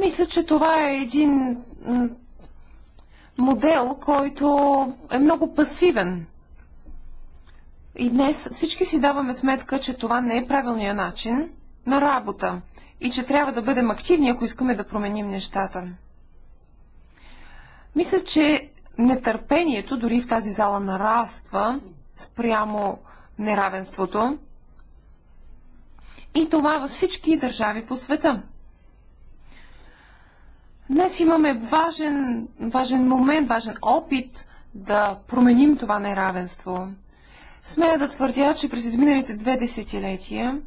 Мисля, че това е един модел, който е много пасивен. И днес всички си даваме сметка, че това не е правилният начин на работа и че трябва да бъдем активни, ако искаме да променим нещата. Мисля, че нетърпението дори в тази зала нараства спрямо неравенството. И това във всички държави по света. Днес имаме важен, важен момент, важен опит да променим това неравенство. Смея да твърдя, че през изминалите две десетилетия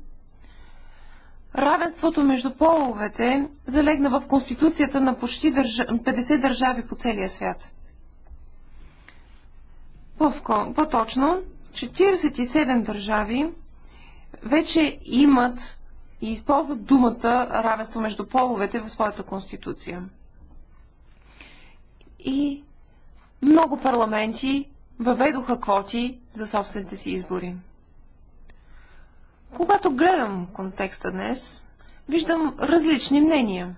равенството между половете залегна в конституцията на почти държа... 50 държави по целия свят. По-точно, 47 държави вече имат и използват думата равенство между половете в своята конституция. И много парламенти въведоха квоти за собствените си избори. Когато гледам контекста днес, виждам различни мнения.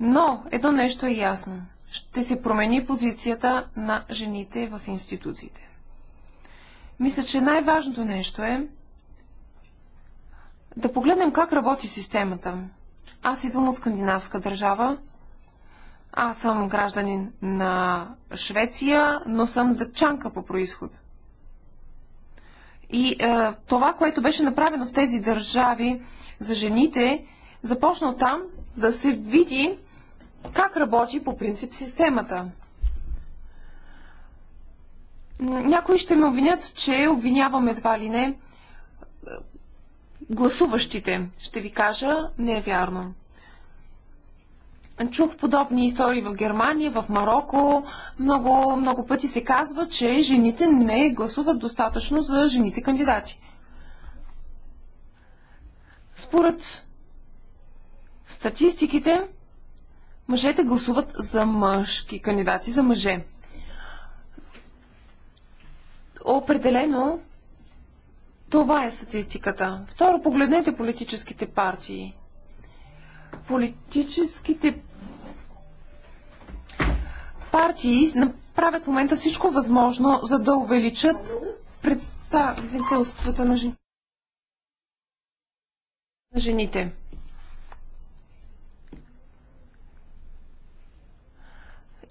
Но едно нещо е ясно – ще се промени позицията на жените в институциите. Мисля, че най-важното нещо е да погледнем как работи системата. Аз идвам от скандинавска държава. Аз съм гражданин на Швеция, но съм дъчанка по происход. И е, това, което беше направено в тези държави за жените, започна там да се види как работи по принцип системата. Някои ще ме обвинят, че обвиняваме едва ли не гласуващите. Ще ви кажа, не е вярно. Чух подобни истории в Германия, в Марокко. Много, много пъти се казва, че жените не гласуват достатъчно за жените кандидати. Според статистиките, мъжете гласуват за мъжки кандидати, за мъже. Определено това е статистиката. Второ, погледнете политическите партии. Политическите партии направят в момента всичко възможно, за да увеличат представителствата на жените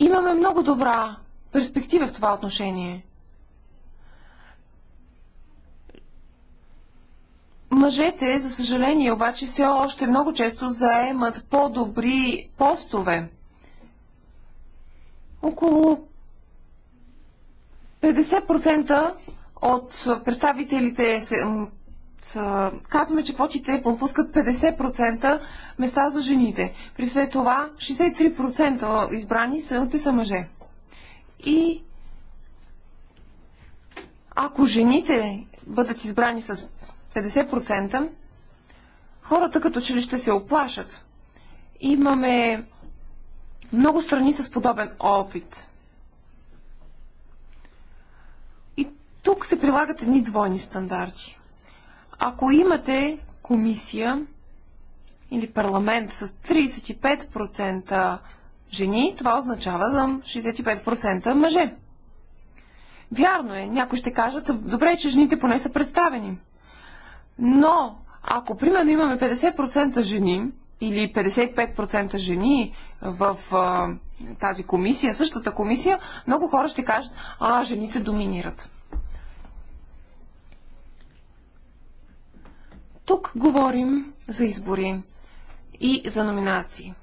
Имаме много добра перспектива в това отношение. Мъжете, за съжаление, обаче все още много често заемат по-добри постове. Около 50% от представителите казваме, че квотите пропускат 50% места за жените. При все това 63% избрани са, те са мъже. И ако жените бъдат избрани с 50%, хората като че ли ще се оплашат. Имаме много страни с подобен опит. И тук се прилагат едни двойни стандарти. Ако имате комисия или парламент с 35% жени, това означава 65% мъже. Вярно е, някои ще кажат, добре, че жените поне са представени. Но, ако примерно имаме 50% жени или 55% жени в а, тази комисия, същата комисия, много хора ще кажат, а, жените доминират. Тук говорим за избори и за номинации.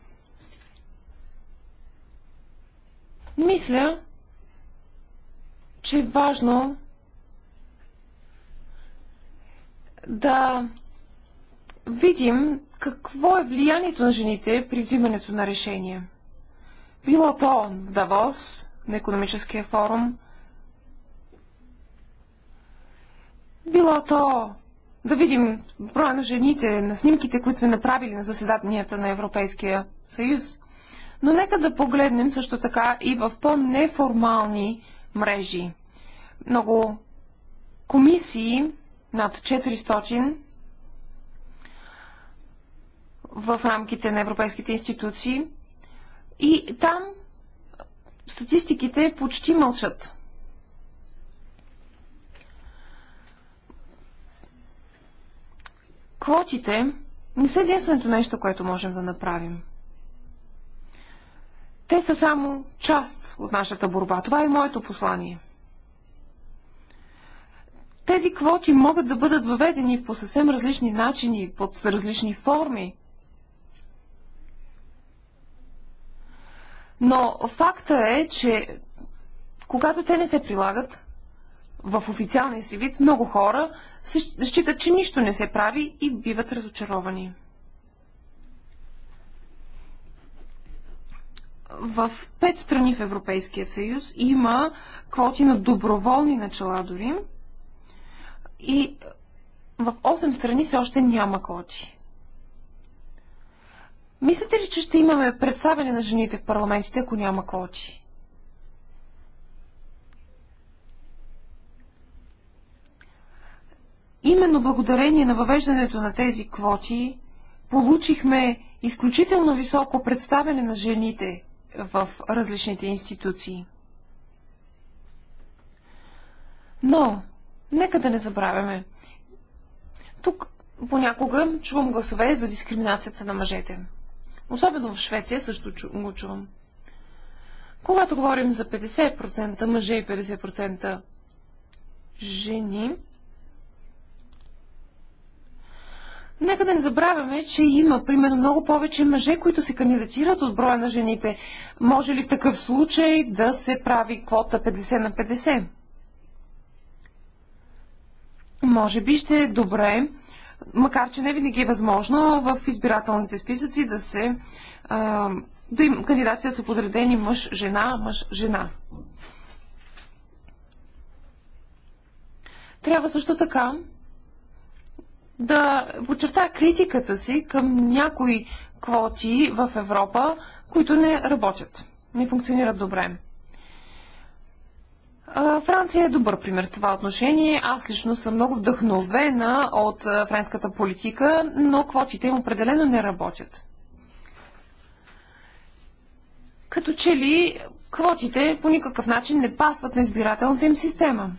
Мисля, че е важно да видим какво е влиянието на жените при взимането на решения. Било то Давос, на економическия форум, било то да видим броя на жените, на снимките, които сме направили на заседанията на Европейския съюз. Но нека да погледнем също така и в по-неформални мрежи. Много комисии, над 400, в рамките на европейските институции и там статистиките почти мълчат. Квотите не са единственото нещо, което можем да направим. Те са само част от нашата борба. Това е моето послание. Тези квоти могат да бъдат въведени по съвсем различни начини, под различни форми. Но факта е, че когато те не се прилагат в официалния си вид, много хора считат, че нищо не се прави и биват разочаровани. В пет страни в Европейския съюз има квоти на доброволни начала дори и в 8 страни все още няма квоти. Мислите ли, че ще имаме представяне на жените в парламентите, ако няма квоти? именно благодарение на въвеждането на тези квоти получихме изключително високо представяне на жените в различните институции. Но, нека да не забравяме. Тук понякога чувам гласове за дискриминацията на мъжете. Особено в Швеция също чу, го чувам. Когато говорим за 50% мъже и 50% жени, Нека да не забравяме, че има, примерно, много повече мъже, които се кандидатират от броя на жените. Може ли в такъв случай да се прави квота 50 на 50? Може би ще е добре, макар че не винаги е възможно в избирателните списъци да се да им кандидатите са подредени мъж-жена, мъж-жена. Трябва също така да подчертая критиката си към някои квоти в Европа, които не работят, не функционират добре. Франция е добър пример в това отношение. Аз лично съм много вдъхновена от френската политика, но квотите им определено не работят. Като че ли квотите по никакъв начин не пасват на избирателната им система.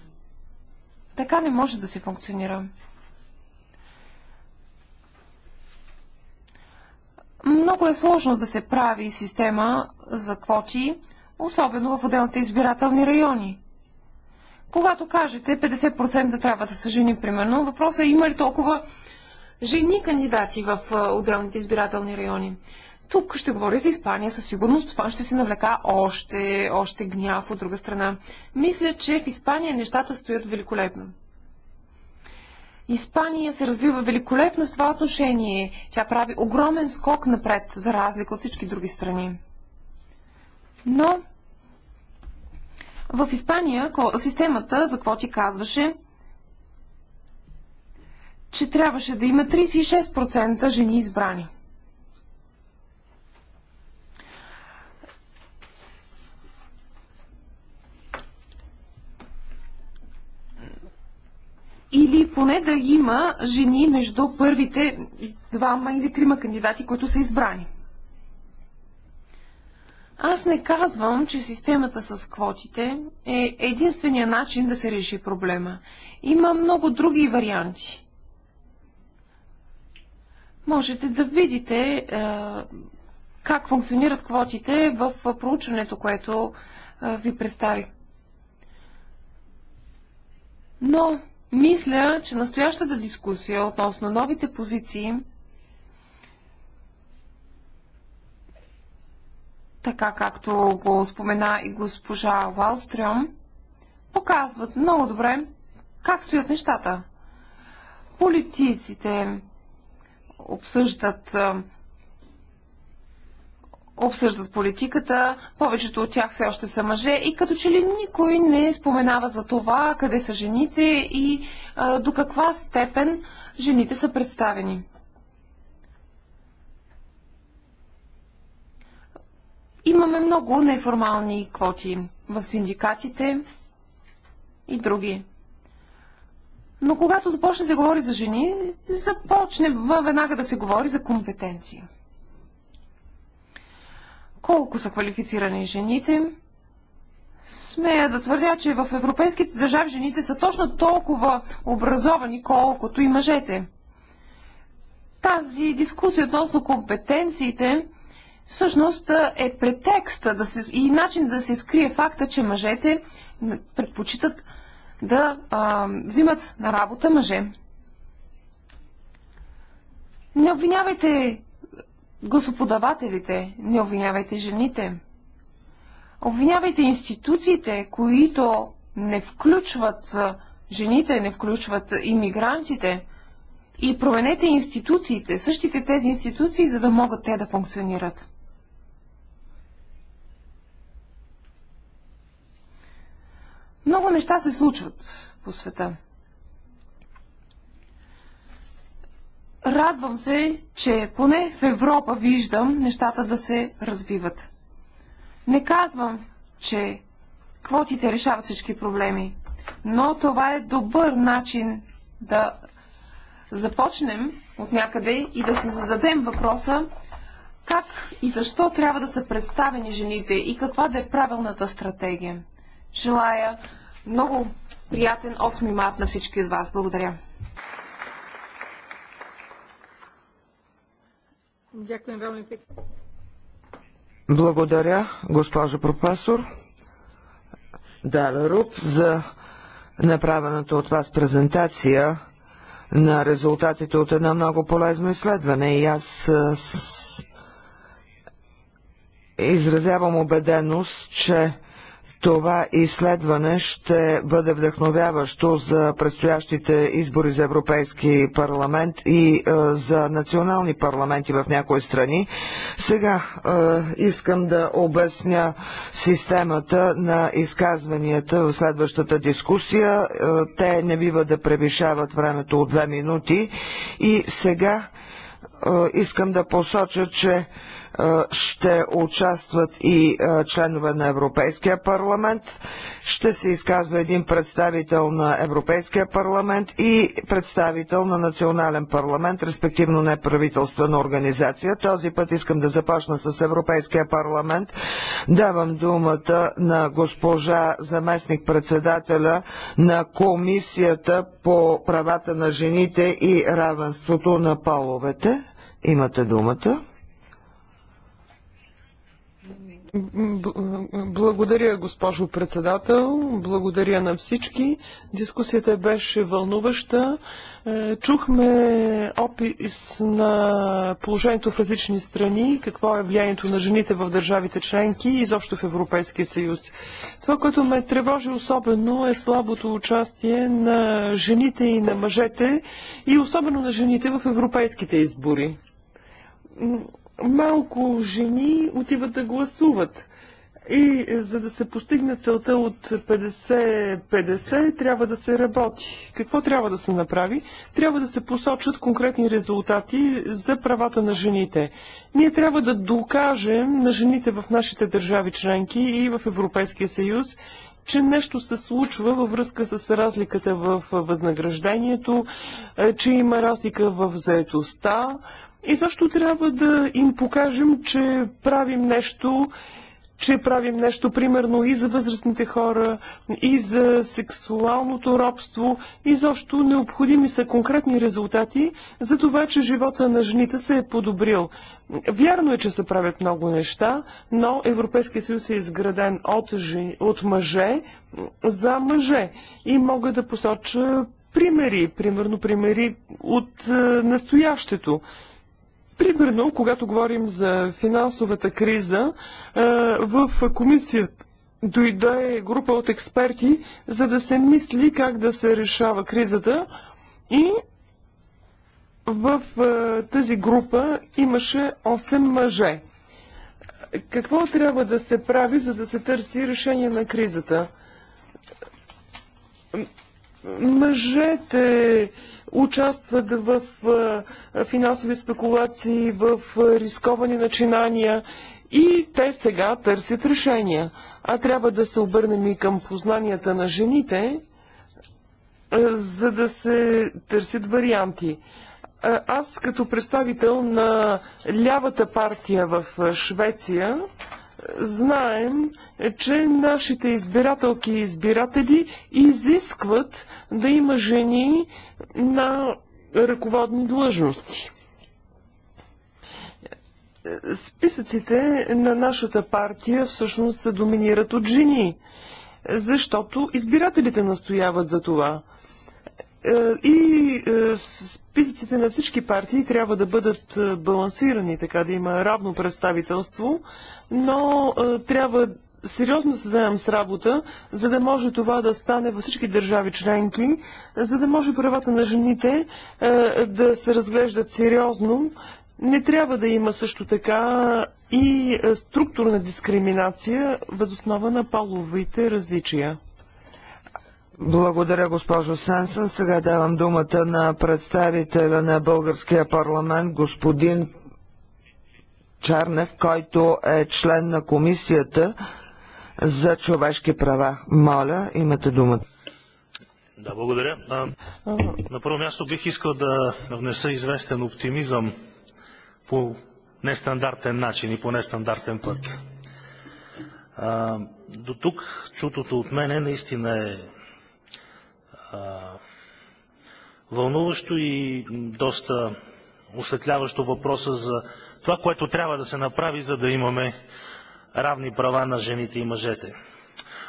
Така не може да се функционира. Много е сложно да се прави система за квоти, особено в отделните избирателни райони. Когато кажете 50% трябва да са жени, примерно, въпросът е има ли толкова жени кандидати в отделните избирателни райони. Тук ще говоря за Испания, със сигурност това ще се навлека още, още гняв от друга страна. Мисля, че в Испания нещата стоят великолепно. Испания се развива великолепно в това отношение. Тя прави огромен скок напред, за разлика от всички други страни. Но в Испания системата за квоти казваше, че трябваше да има 36% жени избрани. или поне да има жени между първите двама или трима кандидати, които са избрани. Аз не казвам, че системата с квотите е единствения начин да се реши проблема. Има много други варианти. Можете да видите е, как функционират квотите в проучването, което е, ви представих. Но мисля, че настоящата дискусия относно новите позиции така както го спомена и госпожа Валстрюм, показват много добре как стоят нещата. Политиците обсъждат обсъждат политиката, повечето от тях все още са мъже и като че ли никой не споменава за това къде са жените и а, до каква степен жените са представени. Имаме много неформални квоти в синдикатите и други. Но когато започне да се говори за жени, започне веднага да се говори за компетенции колко са квалифицирани жените. Смея да твърдя, че в европейските държави жените са точно толкова образовани, колкото и мъжете. Тази дискусия относно компетенциите всъщност е претекста да се, и начин да се скрие факта, че мъжете предпочитат да а, взимат на работа мъже. Не обвинявайте гласоподавателите, не обвинявайте жените. Обвинявайте институциите, които не включват жените, не включват иммигрантите. И променете институциите, същите тези институции, за да могат те да функционират. Много неща се случват по света. Радвам се, че поне в Европа виждам нещата да се развиват. Не казвам, че квотите решават всички проблеми, но това е добър начин да започнем от някъде и да се зададем въпроса как и защо трябва да са представени жените и каква да е правилната стратегия. Желая много приятен 8 март на всички от вас. Благодаря. Ďakujem veľmi pekne. Благодаря, госпожо професор Руб за направената от вас презентация на резултатите от едно много полезно изследване. И аз изразявам убеденост, че това изследване ще бъде вдъхновяващо за предстоящите избори за Европейски парламент и е, за национални парламенти в някои страни. Сега е, искам да обясня системата на изказванията в следващата дискусия. Е, те не бива да превишават времето от две минути. И сега искам да посоча, че е, ще участват и е, членове на Европейския парламент. Ще се изказва един представител на Европейския парламент и представител на Национален парламент, респективно неправителствена организация. Този път искам да започна с Европейския парламент. Давам думата на госпожа заместник-председателя на Комисията по правата на жените и равенството на половете. Имате думата. Благодаря, госпожо председател. Благодаря на всички. Дискусията беше вълнуваща. Е, чухме опис на положението в различни страни, какво е влиянието на жените в държавите членки и изобщо в Европейския съюз. Това, което ме тревожи особено е слабото участие на жените и на мъжете и особено на жените в европейските избори малко жени отиват да гласуват. И за да се постигне целта от 50-50, трябва да се работи. Какво трябва да се направи? Трябва да се посочат конкретни резултати за правата на жените. Ние трябва да докажем на жените в нашите държави членки и в Европейския съюз, че нещо се случва във връзка с разликата в възнаграждението, е, че има разлика в заетостта, и защо трябва да им покажем, че правим нещо, че правим нещо примерно и за възрастните хора, и за сексуалното робство, и защо необходими са конкретни резултати за това, че живота на жените се е подобрил. Вярно е, че се правят много неща, но Европейския съюз е изграден от, жи, от мъже за мъже. И мога да посоча примери, примерно примери от е, настоящето. Примерно, когато говорим за финансовата криза, е, в комисията дойде група от експерти, за да се мисли как да се решава кризата и в е, тази група имаше 8 мъже. Какво трябва да се прави, за да се търси решение на кризата? Мъжете участват в финансови спекулации, в рисковани начинания и те сега търсят решения. А трябва да се обърнем и към познанията на жените, за да се търсят варианти. Аз като представител на лявата партия в Швеция знаем, е, че нашите избирателки и избиратели изискват да има жени на ръководни длъжности. Списъците на нашата партия всъщност се доминират от жени, защото избирателите настояват за това. Е, и е, списъците на всички партии трябва да бъдат балансирани, така да има равно представителство, но а, е, трябва сериозно се заем с работа, за да може това да стане във всички държави членки, за да може правата на жените а, е, да се разглеждат сериозно. Не трябва да има също така и е, структурна дискриминация възоснова на половите различия. Благодаря, госпожо Сансън. Сега давам думата на представителя на Българския парламент, господин Чарнев, който е член на Комисията за човешки права. Моля, имате думата. Да, благодаря. На първо място бих искал да внеса известен оптимизъм по нестандартен начин и по нестандартен път. До тук чутото от мене наистина е а, вълнуващо и доста осветляващо въпроса за това, което трябва да се направи, за да имаме равни права на жените и мъжете.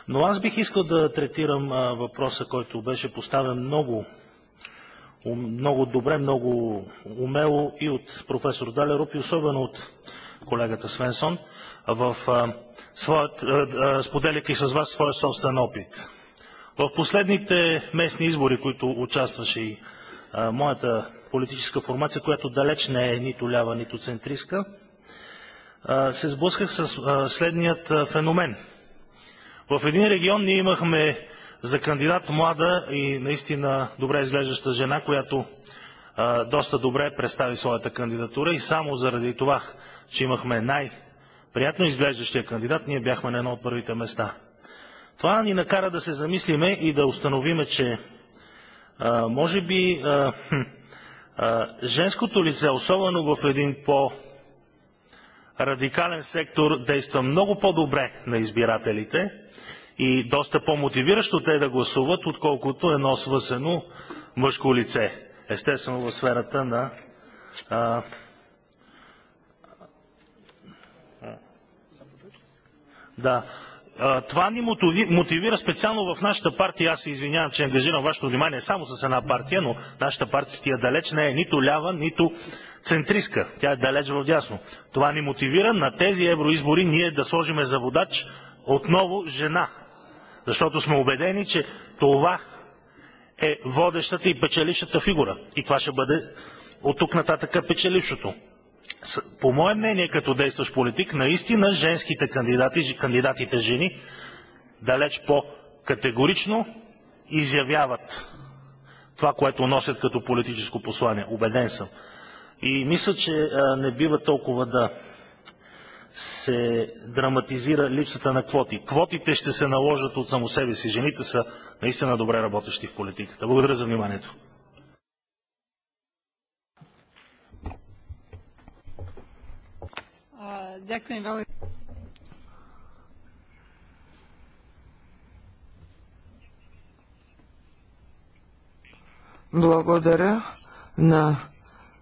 Но аз бих искал да третирам въпроса, който беше поставен много, много добре, много умело и от професор Далеруп, и особено от колегата Свенсон, в, своят, споделяки с вас своя собствен опит. В последните местни избори, които участваше и моята политическа формация, която далеч не е нито лява, нито центристка, се сблъсках с следният феномен. В един регион ние имахме за кандидат млада и наистина добре изглеждаща жена, която доста добре представи своята кандидатура и само заради това, че имахме най-приятно изглеждащия кандидат, ние бяхме на едно от първите места. Това ни накара да се замислиме и да установиме, че може би а, женското лице, особено в един по-радикален сектор, действа много по-добре на избирателите и доста по-мотивиращо те да гласуват, отколкото едно свъсено мъжко лице. Естествено в сферата на а, да, това ни мотивира специално в нашата партия. Аз се извинявам, че ангажирам вашето внимание само с една партия, но нашата партия далеч не е нито лява, нито центристка. Тя е далеч в дясно. Това ни мотивира на тези евроизбори ние да сложиме за водач отново жена. Защото сме убедени, че това е водещата и печелищата фигура. И това ще бъде от тук нататък печелищото по мое мнение, като действащ политик, наистина женските кандидати, кандидатите жени, далеч по-категорично изявяват това, което носят като политическо послание. Убеден съм. И мисля, че не бива толкова да се драматизира липсата на квоти. Квотите ще се наложат от само себе си. Жените са наистина добре работещи в политиката. Благодаря за вниманието. Ďakujem veľmi. Благодаря на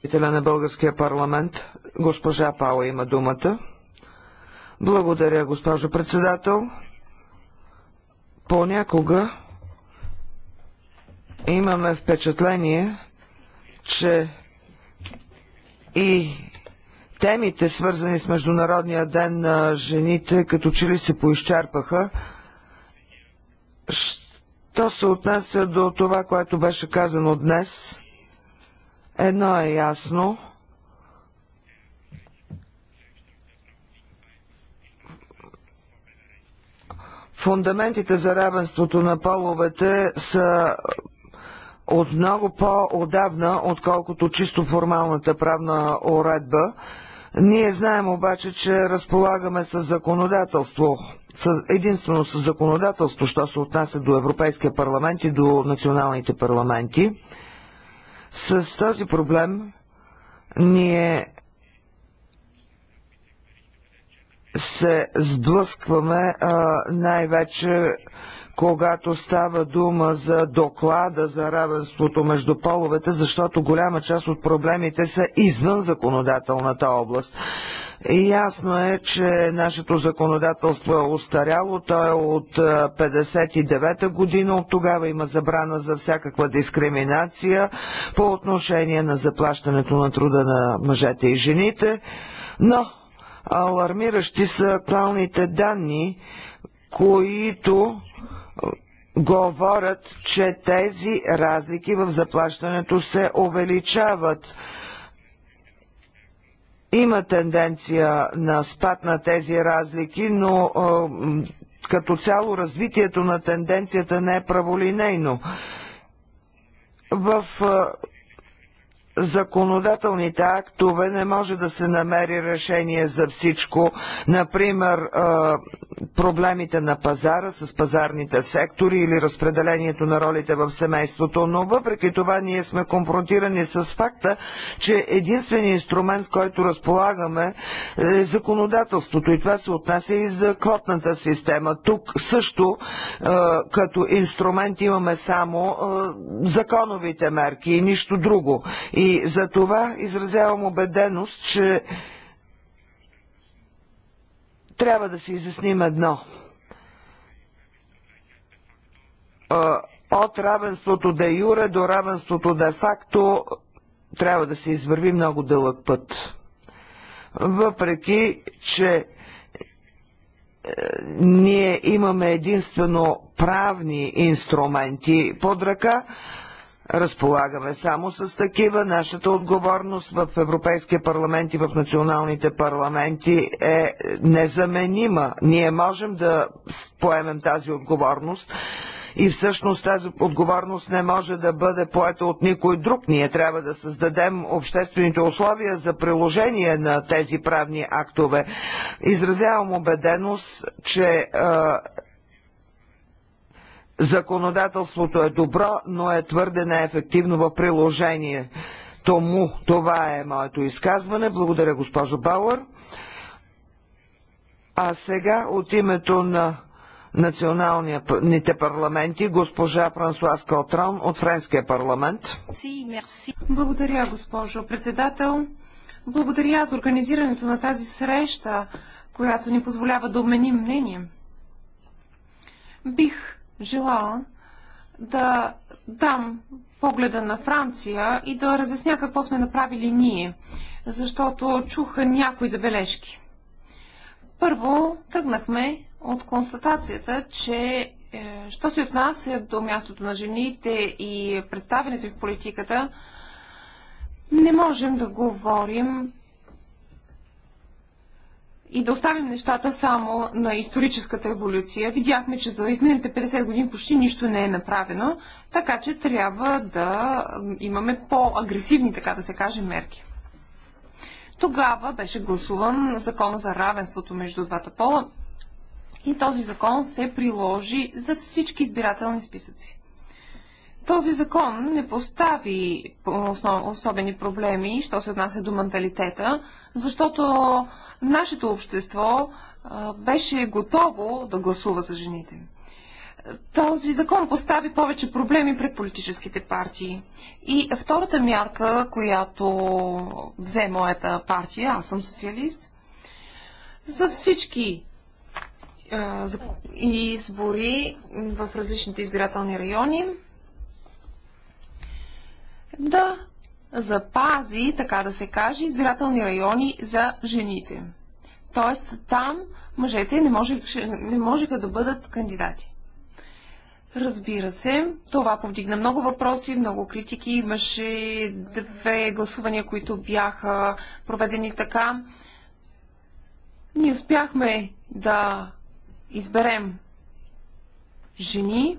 Италия на Българския парламент. Госпожа Пао има думата. Благодаря, госпожо председател. Понякога имаме впечатление, че и темите, свързани с Международния ден на жените, като че ли се поизчерпаха. Що се отнася до това, което беше казано днес, едно е ясно. Фундаментите за равенството на половете са от много по-отдавна, отколкото чисто формалната правна уредба. Ние знаем обаче, че разполагаме с законодателство, единствено с законодателство, що се отнася до Европейския парламент и до националните парламенти. С този проблем ние се сблъскваме най-вече когато става дума за доклада за равенството между половете, защото голяма част от проблемите са извън законодателната област. И ясно е, че нашето законодателство е устаряло. То е от 59-та година. От тогава има забрана за всякаква дискриминация по отношение на заплащането на труда на мъжете и жените. Но алармиращи са актуалните данни, които говорят, че тези разлики в заплащането се увеличават. Има тенденция на спад на тези разлики, но като цяло развитието на тенденцията не е праволинейно. В законодателните актове не може да се намери решение за всичко. Например, проблемите на пазара с пазарните сектори или разпределението на ролите в семейството, но въпреки това ние сме конфронтирани с факта, че единственият инструмент, с който разполагаме е законодателството и това се отнася и за квотната система. Тук също като инструмент имаме само законовите мерки и нищо друго. И и за това изразявам убеденост, че трябва да се изясним едно. От равенството де юре до равенството де факто трябва да се извърви много дълъг път. Въпреки, че е, ние имаме единствено правни инструменти под ръка, разполагаме само с такива. Нашата отговорност в Европейския парламент и в националните парламенти е незаменима. Ние можем да поемем тази отговорност и всъщност тази отговорност не може да бъде поета от никой друг. Ние трябва да създадем обществените условия за приложение на тези правни актове. Изразявам убеденост, че законодателството е добро, но е твърде неефективно в приложение. Тому това е моето изказване. Благодаря, госпожо Бауър. А сега от името на националните парламенти, госпожа Франсуас Калтрон от Френския парламент. Благодаря, госпожо председател. Благодаря за организирането на тази среща, която ни позволява да обменим мнение. Бих желала да дам погледа на Франция и да разясня какво сме направили ние, защото чуха някои забележки. Първо, тръгнахме от констатацията, че е, що се отнася до мястото на жените и представенето в политиката, не можем да говорим и да оставим нещата само на историческата еволюция. Видяхме, че за изминалите 50 години почти нищо не е направено, така че трябва да имаме по-агресивни, така да се каже, мерки. Тогава беше гласуван закона за равенството между двата пола и този закон се приложи за всички избирателни списъци. Този закон не постави особени проблеми, що се отнася до менталитета, защото нашето общество беше готово да гласува за жените. Този закон постави повече проблеми пред политическите партии. И втората мярка, която взе моята партия, аз съм социалист, за всички избори в различните избирателни райони да запази, така да се каже, избирателни райони за жените. Тоест там мъжете не, може, не можеха да бъдат кандидати. Разбира се, това повдигна много въпроси, много критики. Имаше две гласувания, които бяха проведени така. Ние успяхме да изберем жени,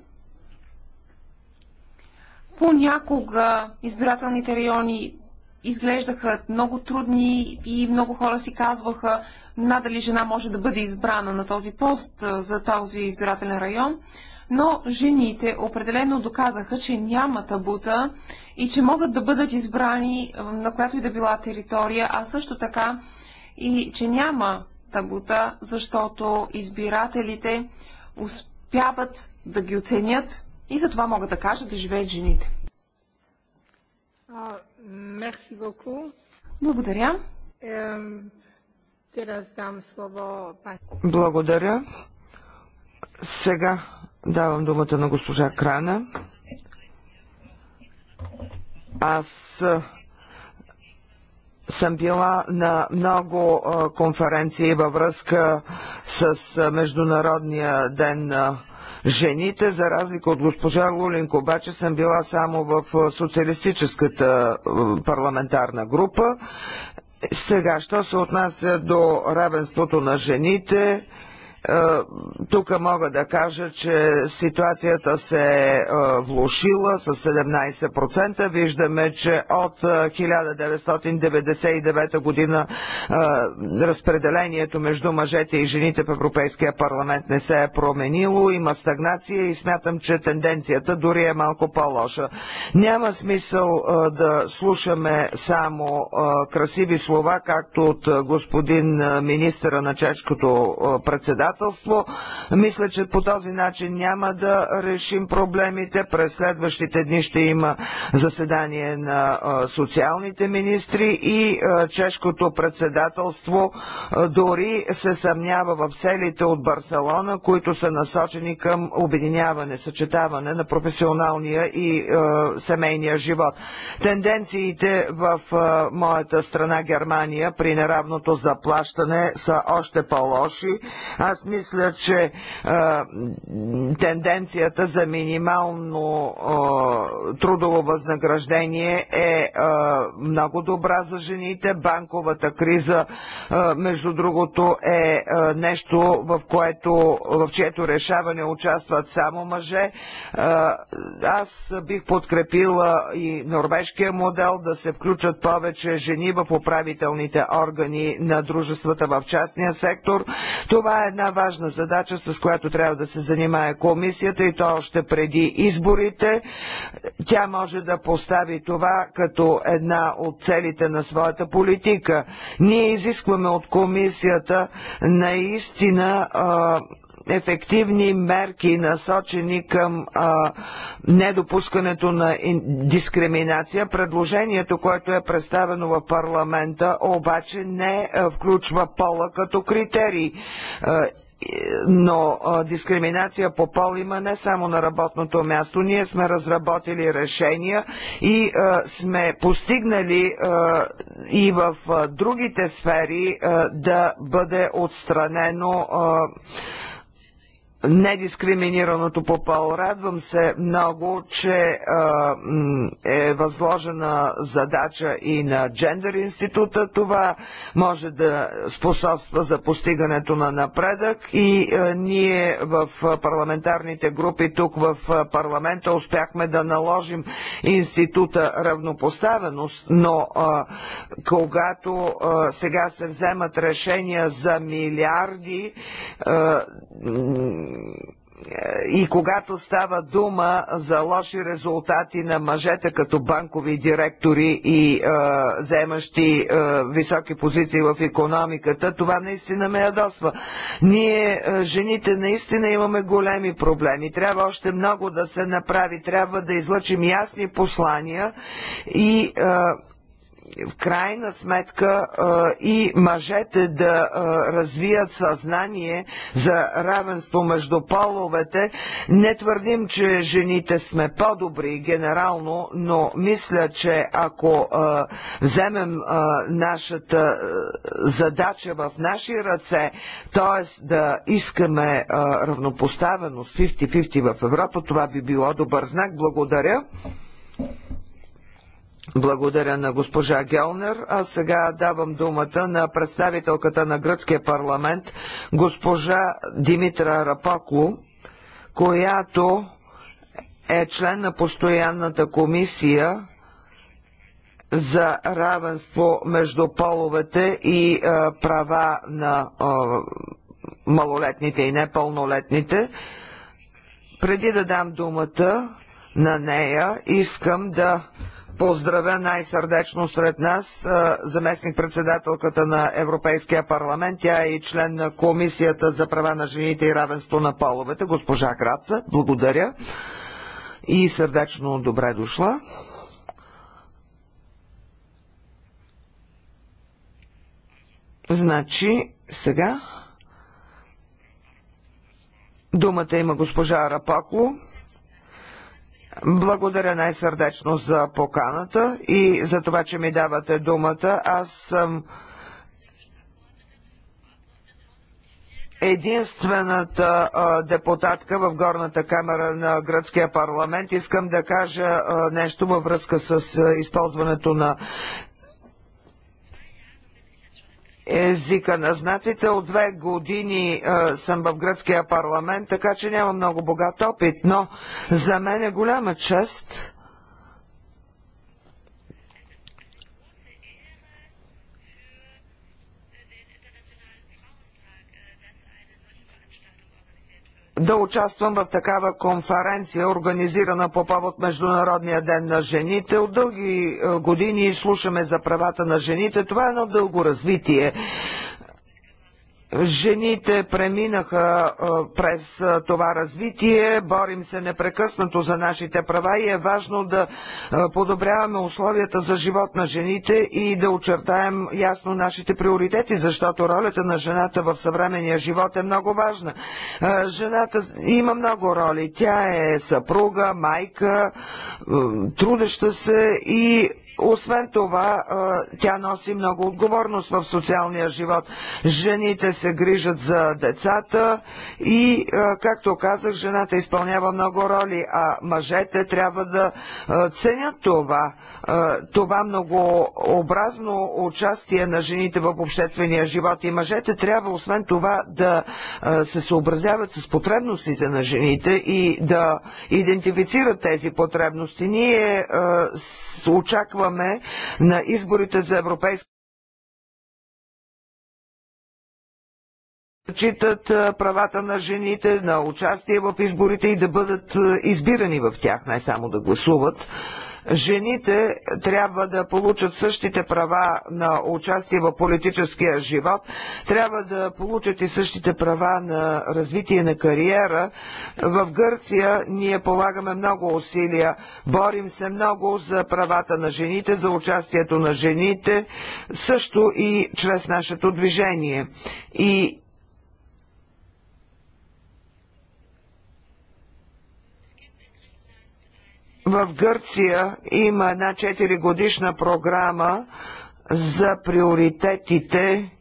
Понякога избирателните райони изглеждаха много трудни и много хора си казваха надали жена може да бъде избрана на този пост за този избирателен район. Но жените определено доказаха, че няма табута и че могат да бъдат избрани на която и да била територия, а също така и че няма табута, защото избирателите успяват да ги оценят и за това мога да кажа да живеят жените. Мерси боку. Благодаря. Благодаря. Сега давам думата на госпожа Крана. Аз съм била на много конференции във връзка с Международния ден на жените, за разлика от госпожа Лулинко, обаче съм била само в социалистическата парламентарна група. Сега, що се отнася до равенството на жените, е, тук мога да кажа, че ситуацията се е влушила с 17%. Виждаме, че от 1999 е, година е, разпределението между мъжете и жените в Европейския парламент не се е променило. Има стагнация и смятам, че тенденцията дори е малко по-лоша. Няма смисъл да слушаме само красиви слова, както от господин министра на чешкото председател председателство. Мисля, че по този начин няма да решим проблемите. През следващите дни ще има заседание на социалните министри и чешкото председателство дори се съмнява в целите от Барселона, които са насочени към обединяване, съчетаване на професионалния и семейния живот. Тенденциите в моята страна Германия при неравното заплащане са още по-лоши. Аз аз мисля, че а, тенденцията за минимално а, трудово възнаграждение е а, много добра за жените. Банковата криза, а, между другото, е а, нещо, в което, в чието решаване участват само мъже. А, аз бих подкрепила и норвежкия модел да се включат повече жени в управителните органи на дружествата в частния сектор. Това е една важна задача, с която трябва да се занимае комисията и то още преди изборите. Тя може да постави това като една от целите на своята политика. Ние изискваме от комисията наистина ефективни мерки, насочени към а, недопускането на дискриминация. Предложението, което е представено в парламента, обаче не включва пола като критерий но а, дискриминация по пол има не само на работното място. Ние сме разработили решения и а, сме постигнали а, и в другите сфери да бъде отстранено недискриминираното по пол. Радвам се много, че е възложена задача и на Джендър института. Това може да способства за постигането на напредък и ние в парламентарните групи тук в парламента успяхме да наложим института равнопоставеност, но когато сега се вземат решения за милиарди, и когато става дума за лоши резултати на мъжете като банкови директори и е, заемащи е, високи позиции в економиката, това наистина ме ядосва. Ние, е, жените, наистина имаме големи проблеми. Трябва още много да се направи. Трябва да излъчим ясни послания и. Е, в крайна сметка и мъжете да развият съзнание за равенство между половете. Не твърдим, че жените сме по-добри генерално, но мисля, че ако вземем нашата задача в наши ръце, т.е. да искаме равнопоставеност 50-50 в Европа, това би било добър знак. Благодаря. Благодаря на госпожа Гелнер. А сега давам думата на представителката на гръцкия парламент, госпожа Димитра Рапакло, която е член на постоянната комисия за равенство между половете и е, права на е, малолетните и непълнолетните. Преди да дам думата на нея, искам да поздравя най-сърдечно сред нас заместник-председателката на Европейския парламент. Тя е и член на Комисията за права на жените и равенство на половете, госпожа Краца. Благодаря и сърдечно добре дошла. Значи, сега думата има госпожа Рапакло. Благодаря най-сърдечно за поканата и за това, че ми давате думата. Аз съм единствената депутатка в горната камера на гръцкия парламент. Искам да кажа нещо във връзка с използването на езика на знаците. От две години е, съм в гръцкия парламент, така че няма много богат опит, но за мен е голяма чест да участвам в такава конференция, организирана по повод Международния ден на жените. От дълги е, години слушаме за правата на жените. Това е едно дълго развитие. Жените преминаха през това развитие, борим се непрекъснато за нашите права и е важно да подобряваме условията за живот на жените и да очертаем ясно нашите приоритети, защото ролята на жената в съвременния живот е много важна. Жената има много роли. Тя е съпруга, майка, трудеща се и освен това, тя носи много отговорност в социалния живот. Жените се грижат за децата и, както казах, жената изпълнява много роли, а мъжете трябва да ценят това. Това многообразно участие на жените в обществения живот и мъжете трябва, освен това, да се съобразяват с потребностите на жените и да идентифицират тези потребности. Ние очакваме наближаваме на изборите за Европейски зачитат правата на жените, на участие в изборите и да бъдат избирани в тях, не само да гласуват жените трябва да получат същите права на участие в политическия живот, трябва да получат и същите права на развитие на кариера. В Гърция ние полагаме много усилия, борим се много за правата на жените, за участието на жените, също и чрез нашето движение. И В Гърция има една 4 годишна програма за приоритетите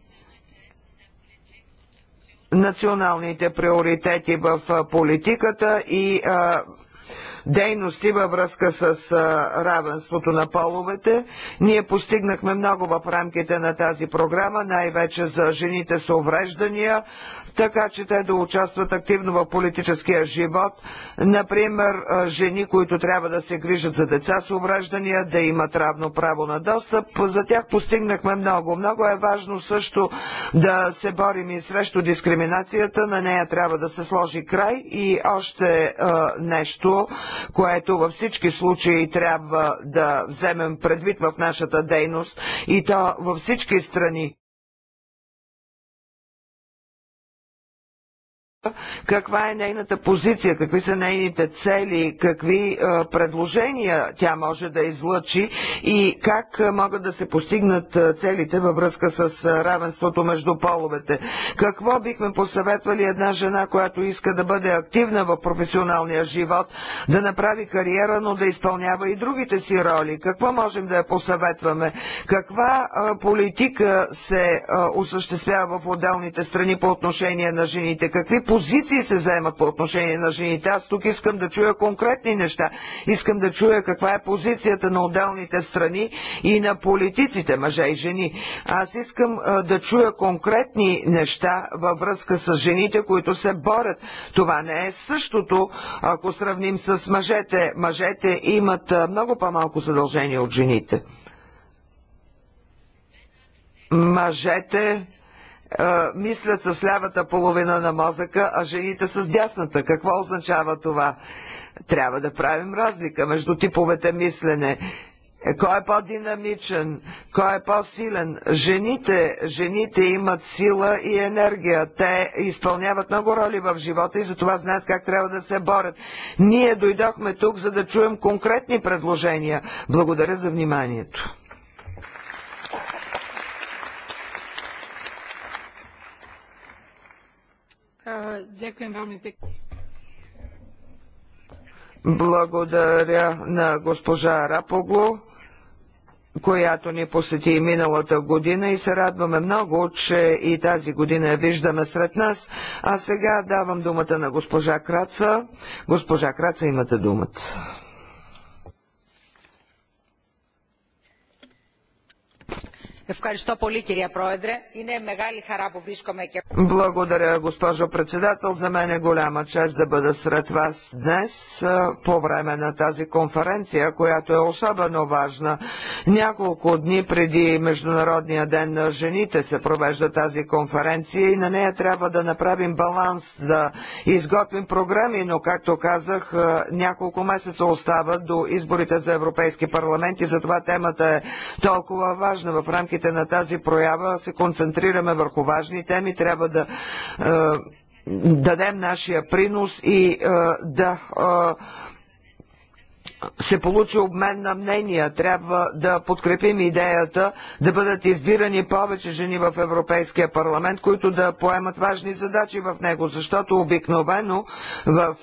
националните приоритети в политиката и а, дейности във връзка с а, равенството на половете. Ние постигнахме много в рамките на тази програма, най-вече за жените с увреждания така че те да участват активно в политическия живот. Например, жени, които трябва да се грижат за деца с увреждания, да имат равно право на достъп. За тях постигнахме много. Много е важно също да се борим и срещу дискриминацията. На нея трябва да се сложи край и още нещо, което във всички случаи трябва да вземем предвид в нашата дейност и то във всички страни. каква е нейната позиция, какви са нейните цели, какви е, предложения тя може да излъчи и как е, могат да се постигнат е, целите във връзка с равенството между половете. Какво бихме посъветвали една жена, която иска да бъде активна в професионалния живот, да направи кариера, но да изпълнява и другите си роли? Какво можем да я посъветваме? Каква политика се осъществява в отделните страни по отношение на жените? Какви позиции се заемат по отношение на жените. Аз тук искам да чуя конкретни неща. Искам да чуя каква е позицията на отделните страни и на политиците, мъже и жени. Аз искам а, да чуя конкретни неща във връзка с жените, които се борят. Това не е същото, ако сравним с мъжете. Мъжете имат много по-малко задължения от жените. Мъжете мислят с лявата половина на мозъка, а жените с дясната. Какво означава това? Трябва да правим разлика между типовете мислене. Е, кой е по-динамичен? Кой е по-силен? Жените, жените имат сила и енергия. Те изпълняват много роли в живота и затова знаят как трябва да се борят. Ние дойдохме тук, за да чуем конкретни предложения. Благодаря за вниманието. Ďakujem veľmi pekne. Благодаря на госпожа Рапогло, която ни посети миналата година и се радваме много, че и тази година виждаме сред нас. А сега давам думата на госпожа Краца. Госпожа Краца, имате думата. Ευχαριστώ πολύ κυρία Πρόεδρε. Είναι μεγάλη χαρά που βρίσκομαι και... Благодаря, госпожо председател. За мен е голяма чест да бъда сред вас днес по време на тази конференция, която е особено важна. Няколко дни преди Международния ден на жените се провежда тази конференция и на нея трябва да направим баланс, да изготвим програми, но както казах, няколко месеца остават до изборите за Европейски парламент и затова темата е толкова важна в рамките рамките на тази проява се концентрираме върху важни теми, трябва да е, дадем нашия принос и е, да е, се получи обмен на мнения. Трябва да подкрепим идеята да бъдат избирани повече жени в Европейския парламент, които да поемат важни задачи в него, защото обикновено в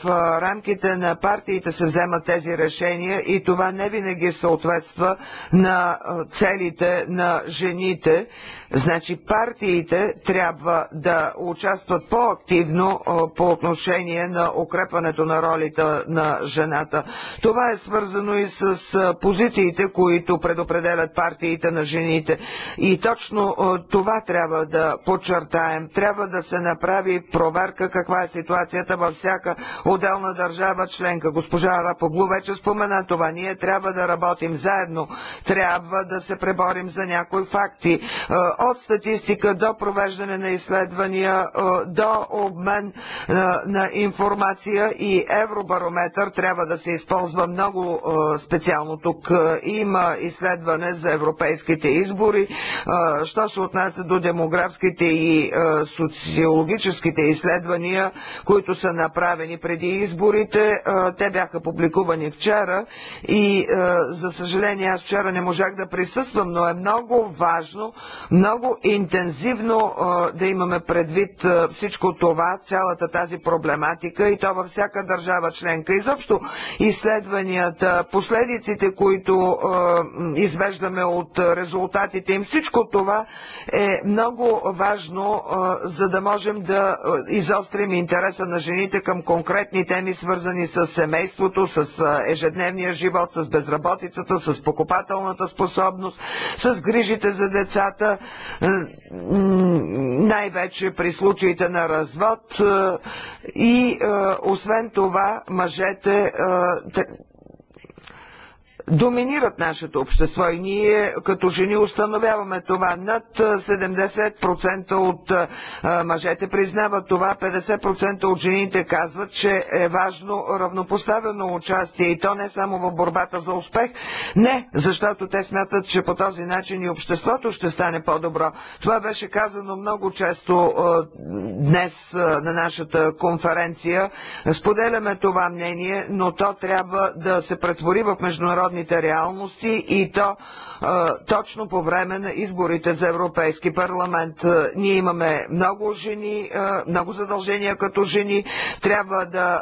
рамките на партиите се вземат тези решения и това не винаги съответства на целите на жените. Значи партиите трябва да участват по-активно по отношение на укрепването на ролите на жената. Това е свързано и с позициите, които предопределят партиите на жените. И точно това трябва да подчертаем. Трябва да се направи проверка каква е ситуацията във всяка отделна държава членка. Госпожа Рапоглу вече спомена това. Ние трябва да работим заедно. Трябва да се преборим за някои факти. От статистика до провеждане на изследвания, до обмен на информация и евробарометър трябва да се използва много много специално тук. Има изследване за европейските избори. Що се отнася до демографските и социологическите изследвания, които са направени преди изборите, те бяха публикувани вчера и за съжаление аз вчера не можах да присъствам, но е много важно, много интензивно да имаме предвид всичко това, цялата тази проблематика и то във всяка държава членка. Изобщо изследвания изследванията, последиците, които е, извеждаме от резултатите им, всичко това е много важно, е, за да можем да изострим интереса на жените към конкретни теми, свързани с семейството, с ежедневния живот, с безработицата, с покупателната способност, с грижите за децата, е, най-вече при случаите на развод и освен това мъжете доминират нашето общество и ние като жени установяваме това. Над 70% от мъжете признават това, 50% от жените казват, че е важно равнопоставено участие и то не само в борбата за успех, не, защото те смятат, че по този начин и обществото ще стане по-добро. Това беше казано много често днес на нашата конференция. Споделяме това мнение, но то трябва да се претвори в международни международните реалности и то точно по време на изборите за Европейски парламент. Ние имаме много жени, много задължения като жени. Трябва да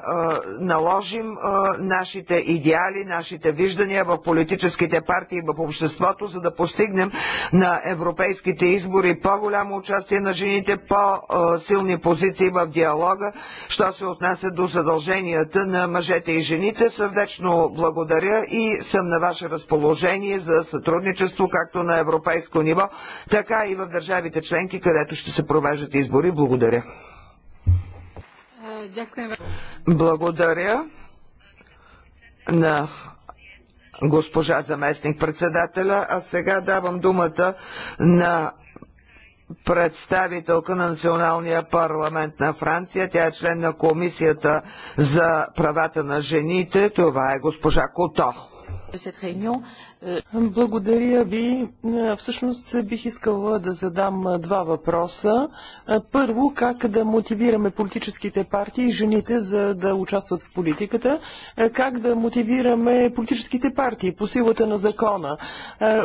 наложим нашите идеали, нашите виждания в политическите партии, в обществото, за да постигнем на европейските избори по-голямо участие на жените, по-силни позиции в диалога, що се отнася до задълженията на мъжете и жените. Сърдечно благодаря и съм на ваше разположение за сътрудничество сътрудничество, както на европейско ниво, така и в държавите членки, където ще се провеждат избори. Благодаря. Благодаря на госпожа заместник председателя, а сега давам думата на представителка на Националния парламент на Франция. Тя е член на Комисията за правата на жените. Това е госпожа Кото. Благодаря ви. Всъщност бих искала да задам два въпроса. Първо, как да мотивираме политическите партии и жените за да участват в политиката? Как да мотивираме политическите партии по силата на закона?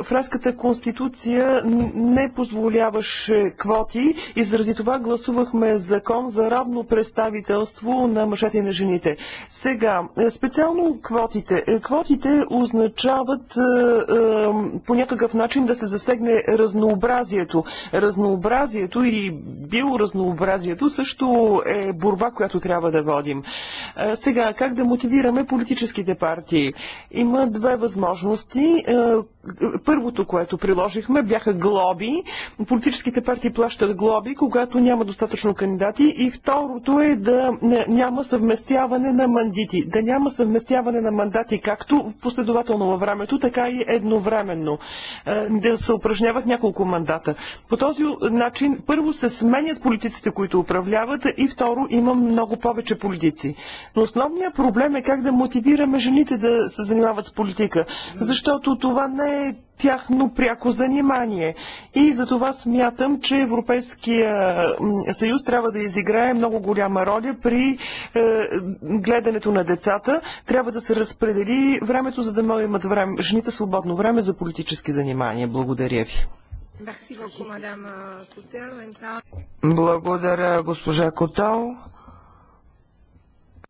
Фраската конституция не позволяваше квоти и заради това гласувахме закон за равно представителство на мъжете и на жените. Сега, специално квотите. Квотите означават е, по някакъв начин да се засегне разнообразието. Разнообразието и биоразнообразието също е борба, която трябва да водим. Е, сега, как да мотивираме политическите партии? Има две възможности, е, първото, което приложихме, бяха глоби. Политическите партии плащат глоби, когато няма достатъчно кандидати. И второто е да няма съвместяване на мандити. Да няма съвместяване на мандати както последователно във времето, така и едновременно. Е, да се упражняват няколко мандата. По този начин, първо се сменят политиците, които управляват и второ има много повече политици. Но основният проблем е как да мотивираме жените да се занимават с политика. Защото това не е е тяхно пряко занимание. И за това смятам, че Европейския съюз трябва да изиграе много голяма роля при е, гледането на децата. Трябва да се разпредели времето, за да могат имат време, жените свободно време за политически занимания. Благодаря ви. Благодаря, госпожа Котал.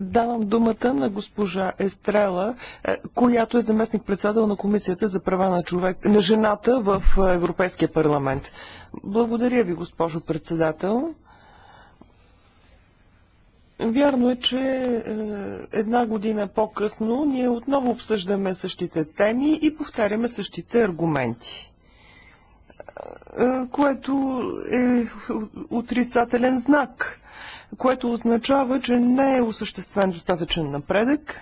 Давам думата на госпожа Естрела, е, която е заместник-председател на Комисията за права на човек, на жената в е, Европейския парламент. Благодаря ви, госпожо председател. Вярно е, че е, една година по-късно ние отново обсъждаме същите теми и повтаряме същите аргументи което е отрицателен знак което означава, че не е осъществен достатъчен напредък,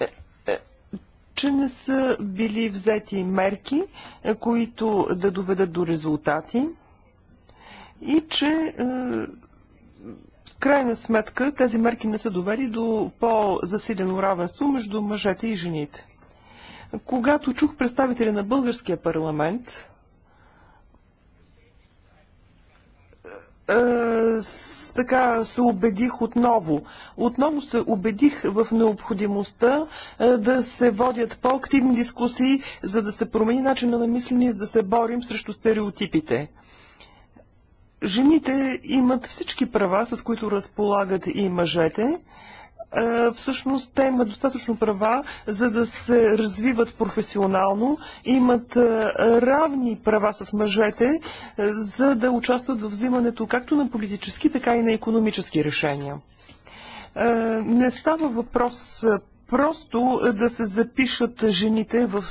е, е, че не са били взети мерки, е, които да доведат до резултати и че в крайна сметка тези мерки не са довели до по-засилено равенство между мъжете и жените. Когато чух представителя на българския парламент, Е, така се убедих отново. Отново се убедих в необходимостта е, да се водят по-активни дискусии, за да се промени начина на мислене за да се борим срещу стереотипите. Жените имат всички права, с които разполагат и мъжете. Е, всъщност те имат достатъчно права, за да се развиват професионално, имат е, равни права с мъжете, е, за да участват в взимането както на политически, така и на економически решения. Не става въпрос просто да се запишат жените в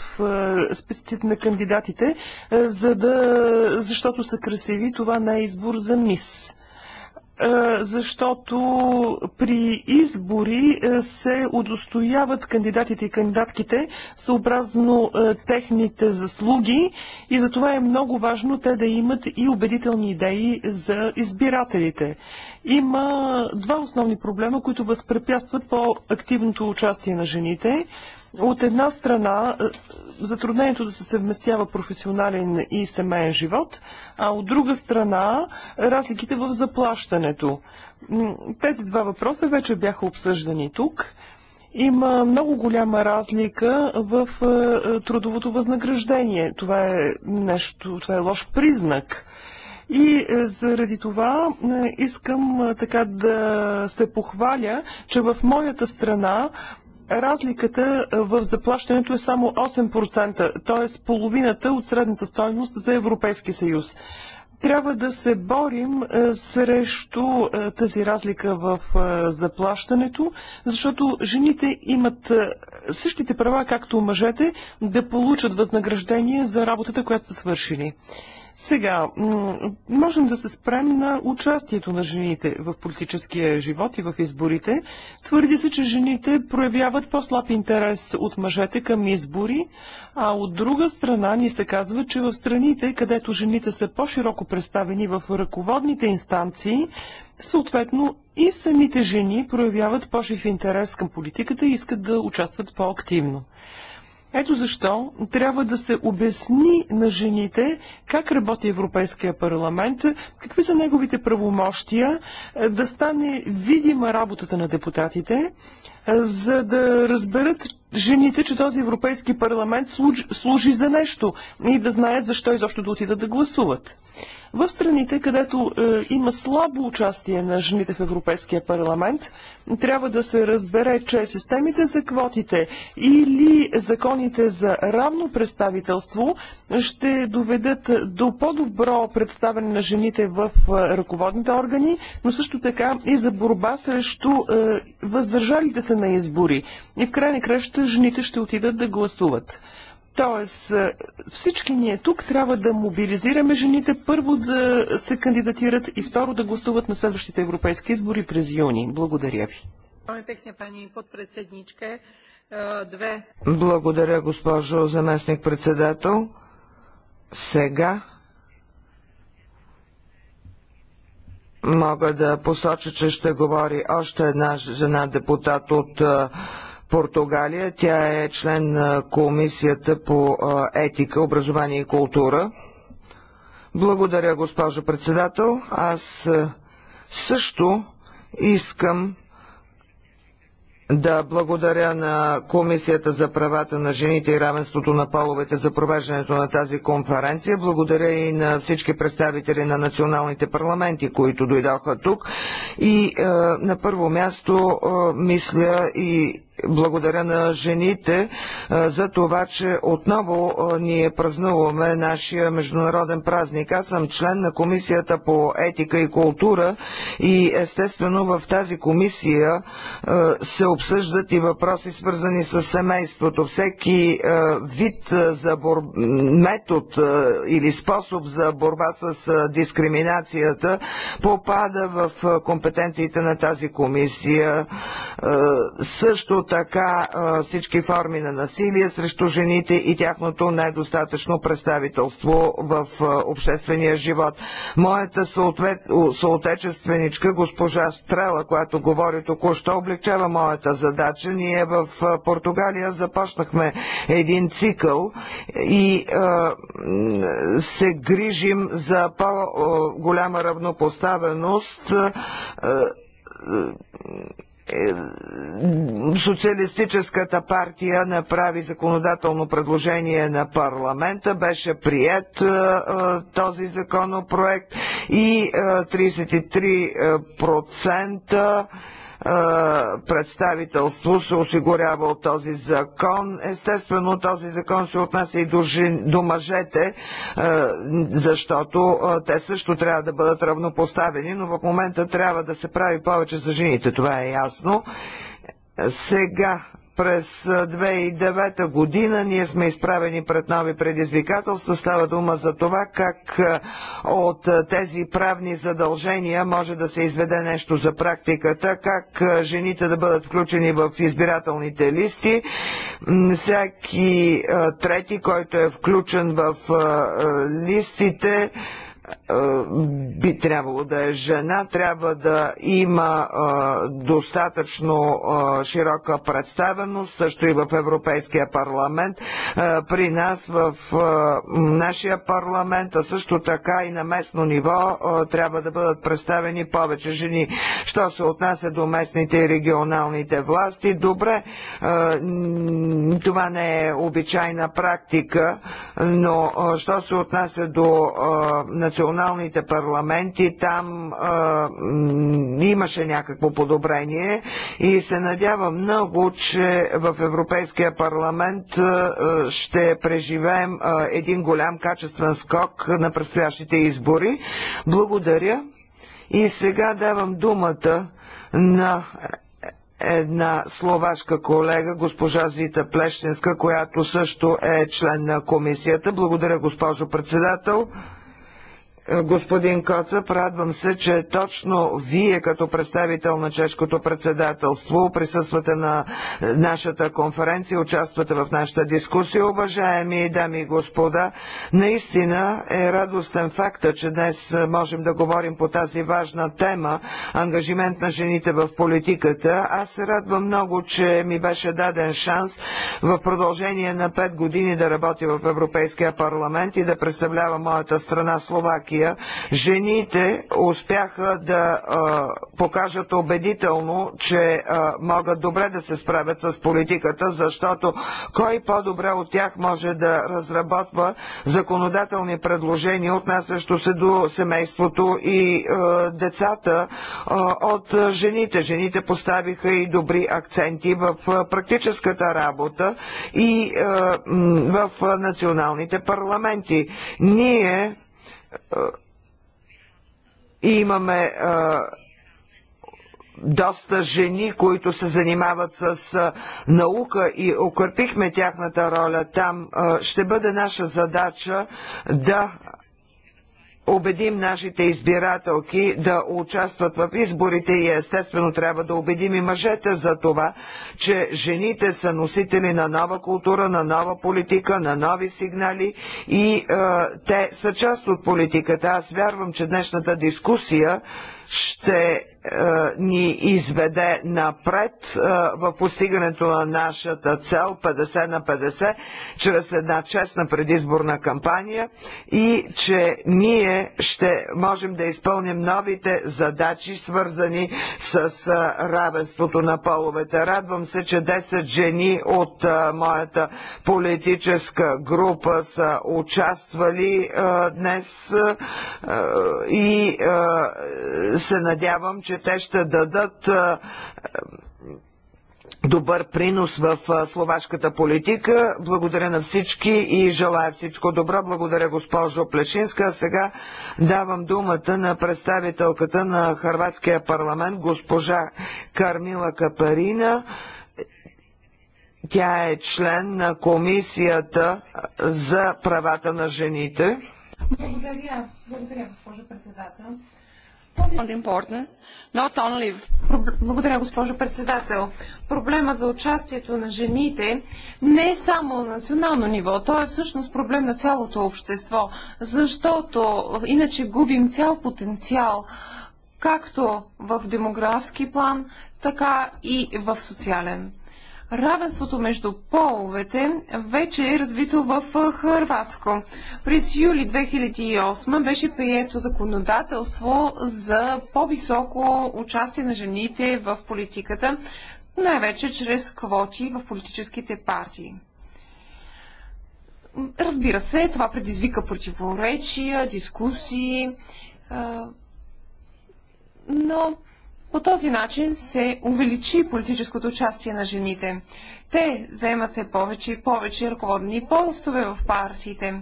списъците на кандидатите, за да, защото са красиви. Това не е избор за мис. Е, защото при избори е, се удостояват кандидатите и кандидатките съобразно е, техните заслуги и затова е много важно те да имат и убедителни идеи за избирателите. Има два основни проблема, които възпрепятстват по-активното участие на жените – от една страна, е, затруднението да се съвместява професионален и семейен живот, а от друга страна, разликите в заплащането. Тези два въпроса вече бяха обсъждани тук има много голяма разлика в е, е, трудовото възнаграждение. Това е нещо, това е лош признак. И заради това искам така да се похваля, че в моята страна разликата е, в заплащането е само 8%, т.е. половината от средната стойност за Европейски съюз. Трябва да се борим е, срещу е, тази разлика в заплащането, защото жените имат същите права, както мъжете, да получат възнаграждение за работата, която са свършили. Сега, можем да се спрем на участието на жените в политическия живот и в изборите. Твърди се, че жените проявяват по-слаб интерес от мъжете към избори, а от друга страна ни се казва, че в страните, където жените са по-широко представени в ръководните инстанции, съответно и самите жени проявяват по-шив интерес към политиката и искат да участват по-активно. Ето защо трябва да се обясни на жените как работи Европейския парламент, какви са неговите правомощия, е, да стане видима работата на депутатите за да разберат жените, че този Европейски парламент служи за нещо и да знаят защо изобщо да отидат да гласуват. В страните, където е, има слабо участие на жените в Европейския парламент, трябва да се разбере, че системите за квотите или законите за равно представителство ще доведат до по-добро представяне на жените в е, ръководните органи, но също така и за борба срещу е, въздържалите се се на избори. И в крайна краща жените ще отидат да гласуват. Тоест, всички ние тук трябва да мобилизираме жените първо да се кандидатират и второ да гласуват на следващите европейски избори през юни. Благодаря ви. Благодаря, госпожо заместник-председател. Сега Мога да посоча, че ще говори още една жена депутат от Португалия. Тя е член на Комисията по етика, образование и култура. Благодаря, госпожо председател. Аз също искам да благодаря на Комисията за правата на жените и равенството на половете за провеждането на тази конференция. Благодаря и на всички представители на националните парламенти, които дойдоха тук. И е, на първо място е, мисля и благодаря на жените за това, че отново ние празнуваме нашия международен празник. Аз съм член на Комисията по етика и култура и естествено в тази комисия се обсъждат и въпроси свързани с семейството. Всеки вид за бор... метод или способ за борба с дискриминацията попада в компетенциите на тази комисия. Също така всички форми на насилие срещу жените и тяхното недостатъчно представителство в обществения живот. Моята съотечественичка госпожа Стрела, която говори току-що, облегчава моята задача. Ние в Португалия започнахме един цикъл и се грижим за по-голяма равнопоставеност е, Социалистическата партия направи законодателно предложение на парламента, беше прият е, е, този законопроект и 33% представителство се осигурява от този закон. Естествено, този закон се отнася и до, жен, до мъжете, защото те също трябва да бъдат равнопоставени, но в момента трябва да се прави повече за жените, това е ясно. Сега през 2009 година ние сме изправени пред нови предизвикателства. Става дума за това как от тези правни задължения може да се изведе нещо за практиката, как жените да бъдат включени в избирателните листи. Всяки трети, който е включен в листите, е, би трябвало да е жена, трябва да има е, достатъчно е, широка представеност, също и в Европейския парламент, при нас в нашия парламент, а също така и на местно ниво трябва да бъдат представени повече жени. Що се отнася до местните и регионалните власти, добре, това не е обичайна практика, но що се отнася до националните парламенти, там а, имаше някакво подобрение и се надявам много, че в Европейския парламент а, ще преживеем а, един голям качествен скок на предстоящите избори. Благодаря. И сега давам думата на една словашка колега, госпожа Зита Плещенска, която също е член на комисията. Благодаря, госпожо председател. Е, господин Коцев. Радвам се, че точно вие като представител на чешкото председателство присъствате на нашата конференция, участвате в нашата дискусия. Уважаеми дами и господа, наистина е радостен факта, че днес можем да говорим по тази важна тема – ангажимент на жените в политиката. Аз се радвам много, че ми беше даден шанс в продължение на 5 години да работя в Европейския парламент и да представлявам моята страна Словакия. Словакия жените успяха да покажат убедително, че могат добре да се справят с политиката, защото кой по-добре от тях може да разработва законодателни предложения, отнасящо се до семейството и децата от жените. Жените поставиха и добри акценти в практическата работа и в националните парламенти. Ние и имаме доста жени, които се занимават с наука и укърпихме тяхната роля там, ще бъде наша задача да убедим нашите избирателки да участват в изборите и естествено трябва да убедим и мъжете за това, че жените са носители на нова култура, на нова политика, на нови сигнали и е, те са част от политиката. Аз вярвам, че днешната дискусия ще е, ни изведе напред е, в постигането на нашата цел 50 на 50 чрез една честна предизборна кампания и че ние ще можем да изпълним новите задачи, свързани с е, равенството на половете. Радвам се, че 10 жени от моята политическа група са участвали днес и се надявам, че че те ще дадат е, добър принос в словашката политика. Благодаря на всички и желая всичко добро. Благодаря госпожо Плешинска. сега давам думата на представителката на Харватския парламент, госпожа Кармила Капарина. Тя е член на Комисията за правата на жените. Благодаря. Благодаря, госпожо председател. Благодаря, госпожо председател. Проблемът за участието на жените не е само на национално ниво, то е всъщност проблем на цялото общество, защото иначе губим цял потенциал, както в демографски план, така и в социален. Равенството между половете вече е развито в Хърватско. През юли 2008 беше прието законодателство за по-високо участие на жените в политиката, най-вече чрез квоти в политическите партии. Разбира се, това предизвика противоречия, дискусии, но по този начин се увеличи политическото участие на жените. Те заемат се повече и повече ръководни постове в партиите.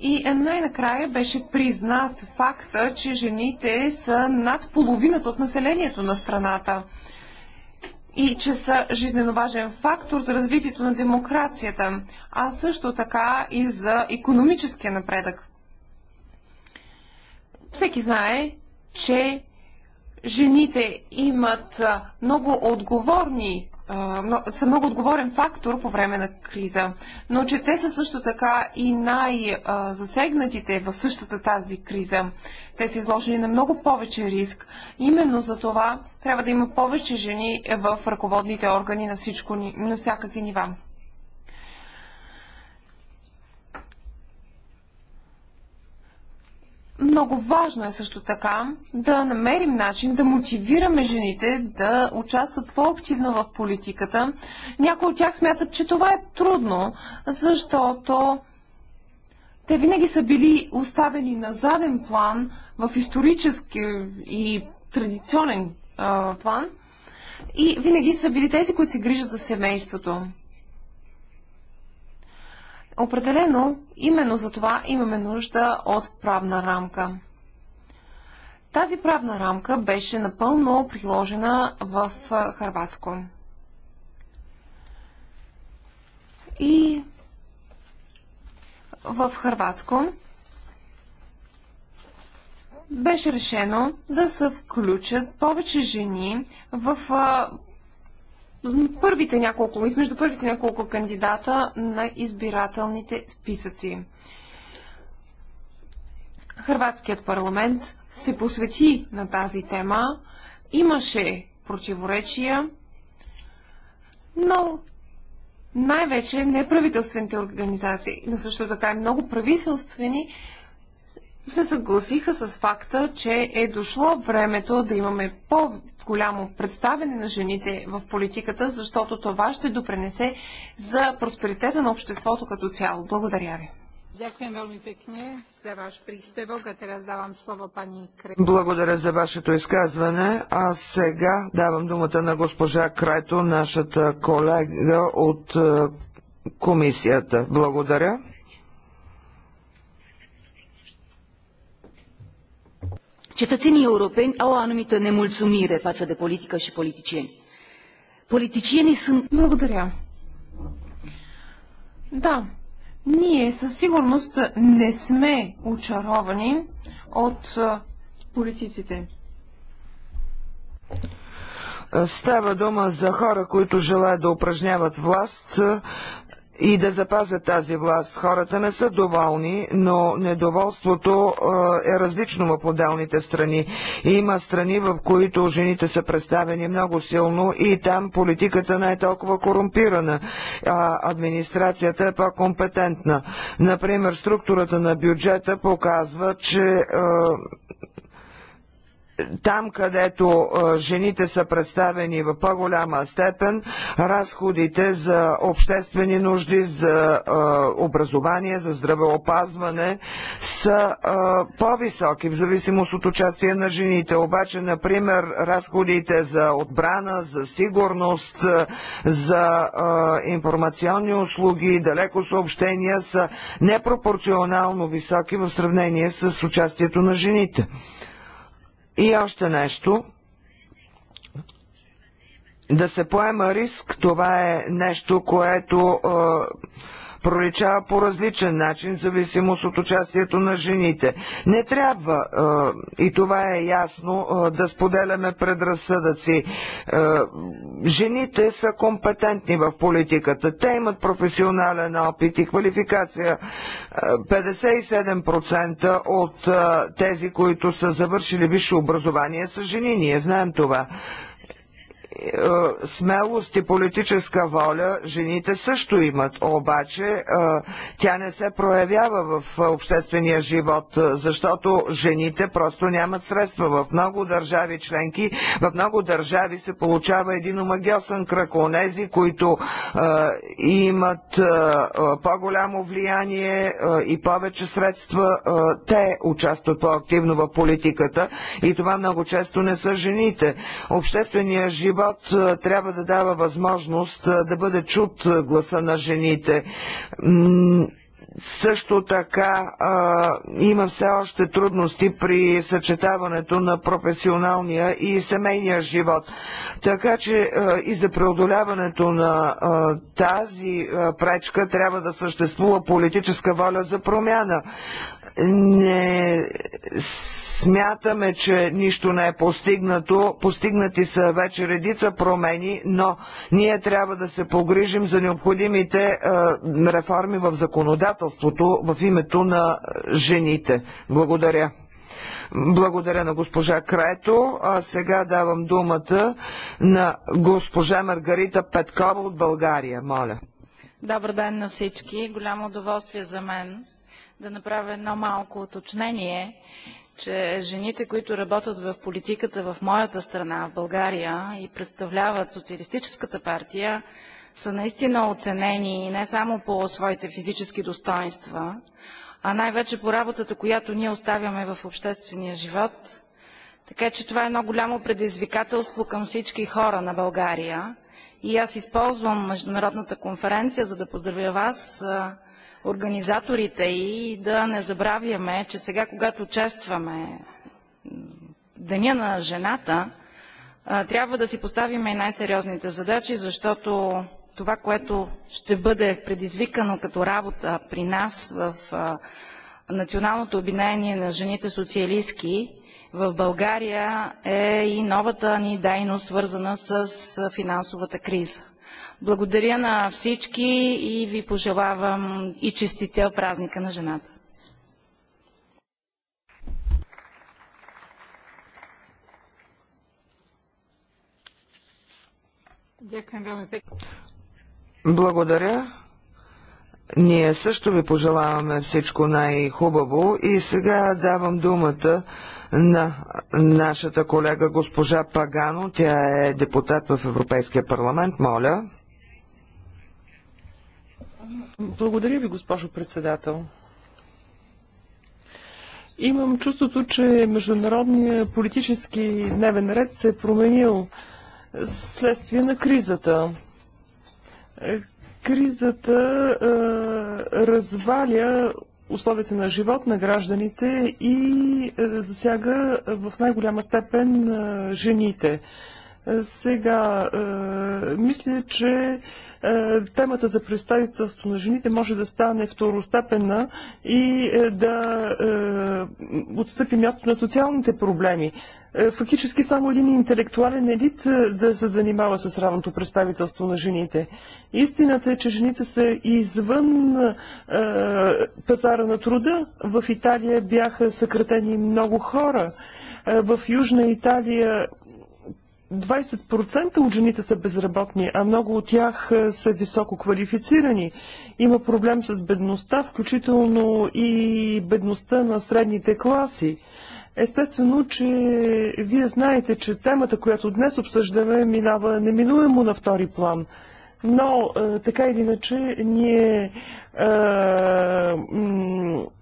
И най-накрая беше признат факта, че жените са над половината от населението на страната и че са жизненоважен фактор за развитието на демокрацията, а също така и за економическия напредък. Всеки знае, че жените имат много отговорни са много отговорен фактор по време на криза, но че те са също така и най-засегнатите в същата тази криза. Те са изложени на много повече риск. Именно за това трябва да има повече жени в ръководните органи на, всичко, на всякакви нива. Много важно е също така да намерим начин да мотивираме жените да участват по-активно в политиката. Някои от тях смятат, че това е трудно, защото те винаги са били оставени на заден план в исторически и традиционен а, план и винаги са били тези, които се грижат за семейството. Определено, именно за това имаме нужда от правна рамка. Тази правна рамка беше напълно приложена в Харватско. И в Харватско беше решено да се включат повече жени в първите няколко, между първите няколко кандидата на избирателните списъци. Хрватският парламент се посвети на тази тема. Имаше противоречия, но най-вече неправителствените организации, но също така и много правителствени се съгласиха с факта, че е дошло времето да имаме по-голямо представене на жените в политиката, защото това ще допренесе за просперитета на обществото като цяло. Благодаря ви. Благодаря за вашето изказване. А сега давам думата на госпожа Крайто, нашата колега от е, комисията. Благодаря. Cetățenii europeni au o anumită nemulțumire față de politică și politicieni. Politicienii sunt... съм. Благодаря. Да, ние със сигурност не сме очаровани от политиците. Става дума за хора, които желаят да упражняват власт и да запазят тази власт. Хората не са доволни, но недоволството е, е различно в отделните страни. Има страни, в които жените са представени много силно и там политиката не е толкова корумпирана, а администрацията е по-компетентна. Например, структурата на бюджета показва, че е, там, където жените са представени в по-голяма степен, разходите за обществени нужди, за образование, за здравеопазване са по-високи в зависимост от участие на жените. Обаче, например, разходите за отбрана, за сигурност, за информационни услуги, далеко съобщения са непропорционално високи в сравнение с участието на жените. И още нещо. Да се поема риск, това е нещо, което е, проличава по различен начин, в зависимост от участието на жените. Не трябва, и това е ясно, да споделяме предразсъдъци. Жените са компетентни в политиката. Те имат професионален опит и квалификация. 57% от тези, които са завършили висше образование, са жени. Ние знаем това. Е, смелост и политическа воля жените също имат, обаче е, тя не се проявява в обществения живот, е, защото жените просто нямат средства. В много държави членки, в много държави се получава един омагиосен кръг нези, които имат по-голямо влияние и повече средства, те участват по-активно в политиката и това много често не са жените. Общественият живот живот е, трябва да дава възможност е, да бъде чут е, гласа на жените. Също така а, има все още трудности при съчетаването на професионалния и семейния живот. Така че а, и за преодоляването на а, тази а, пречка трябва да съществува политическа воля за промяна не смятаме, че нищо не е постигнато. Постигнати са вече редица промени, но ние трябва да се погрижим за необходимите е, реформи в законодателството в името на жените. Благодаря. Благодаря на госпожа Крето. А сега давам думата на госпожа Маргарита Петкова от България. Моля. Добър ден на всички. Голямо удоволствие за мен да направя едно малко уточнение, че жените, които работят в политиката в моята страна, в България, и представляват Социалистическата партия, са наистина оценени не само по своите физически достоинства, а най-вече по работата, която ние оставяме в обществения живот. Така че това е едно голямо предизвикателство към всички хора на България. И аз използвам Международната конференция, за да поздравя вас организаторите и да не забравяме, че сега, когато честваме Деня на жената, трябва да си поставим и най-сериозните задачи, защото това, което ще бъде предизвикано като работа при нас в Националното обединение на жените социалистки в България е и новата ни дейност, свързана с финансовата криза. Благодаря на всички и ви пожелавам и честител празника на жената. Благодаря. Ние също ви пожелаваме всичко най-хубаво и сега давам думата на нашата колега госпожа Пагано. Тя е депутат в Европейския парламент. Моля. Благодаря ви, госпожо председател. Имам чувството, че международният политически дневен ред се е променил следствие на кризата. Кризата е, разваля условията на живот на гражданите и е, засяга в най-голяма степен е, жените. Сега, е, мисля, че е, темата за представителство на жените може да стане второстепенна и е, да е, отстъпи място на социалните проблеми фактически само един интелектуален елит да се занимава с равното представителство на жените. Истината е, че жените са извън е, пазара на труда. В Италия бяха съкратени много хора. Е, в Южна Италия 20% от жените са безработни, а много от тях е, са високо квалифицирани. Има проблем с бедността, включително и бедността на средните класи. Естествено, че вие знаете, че темата, която днес обсъждаме, минава неминуемо на втори план. Но, е, така или иначе, ние е,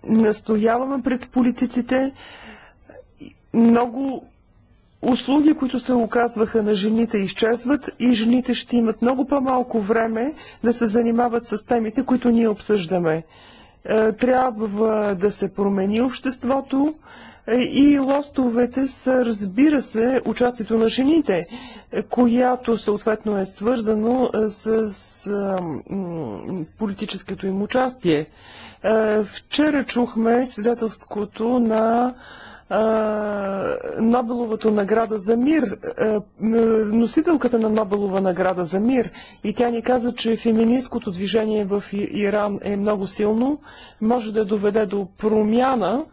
настояваме пред политиците много услуги, които се оказваха на жените, изчезват и жените ще имат много по-малко време да се занимават с темите, които ние обсъждаме. Е, трябва да се промени обществото е, и лостовете са, разбира се, участието на жените, е, която съответно е свързано с, с политическото им участие. Вчера чухме свидетелството на Нобеловата награда за мир, носителката на Нобелова награда за мир. И тя ни каза, че феминистското движение в Иран е много силно, може да доведе до промяна.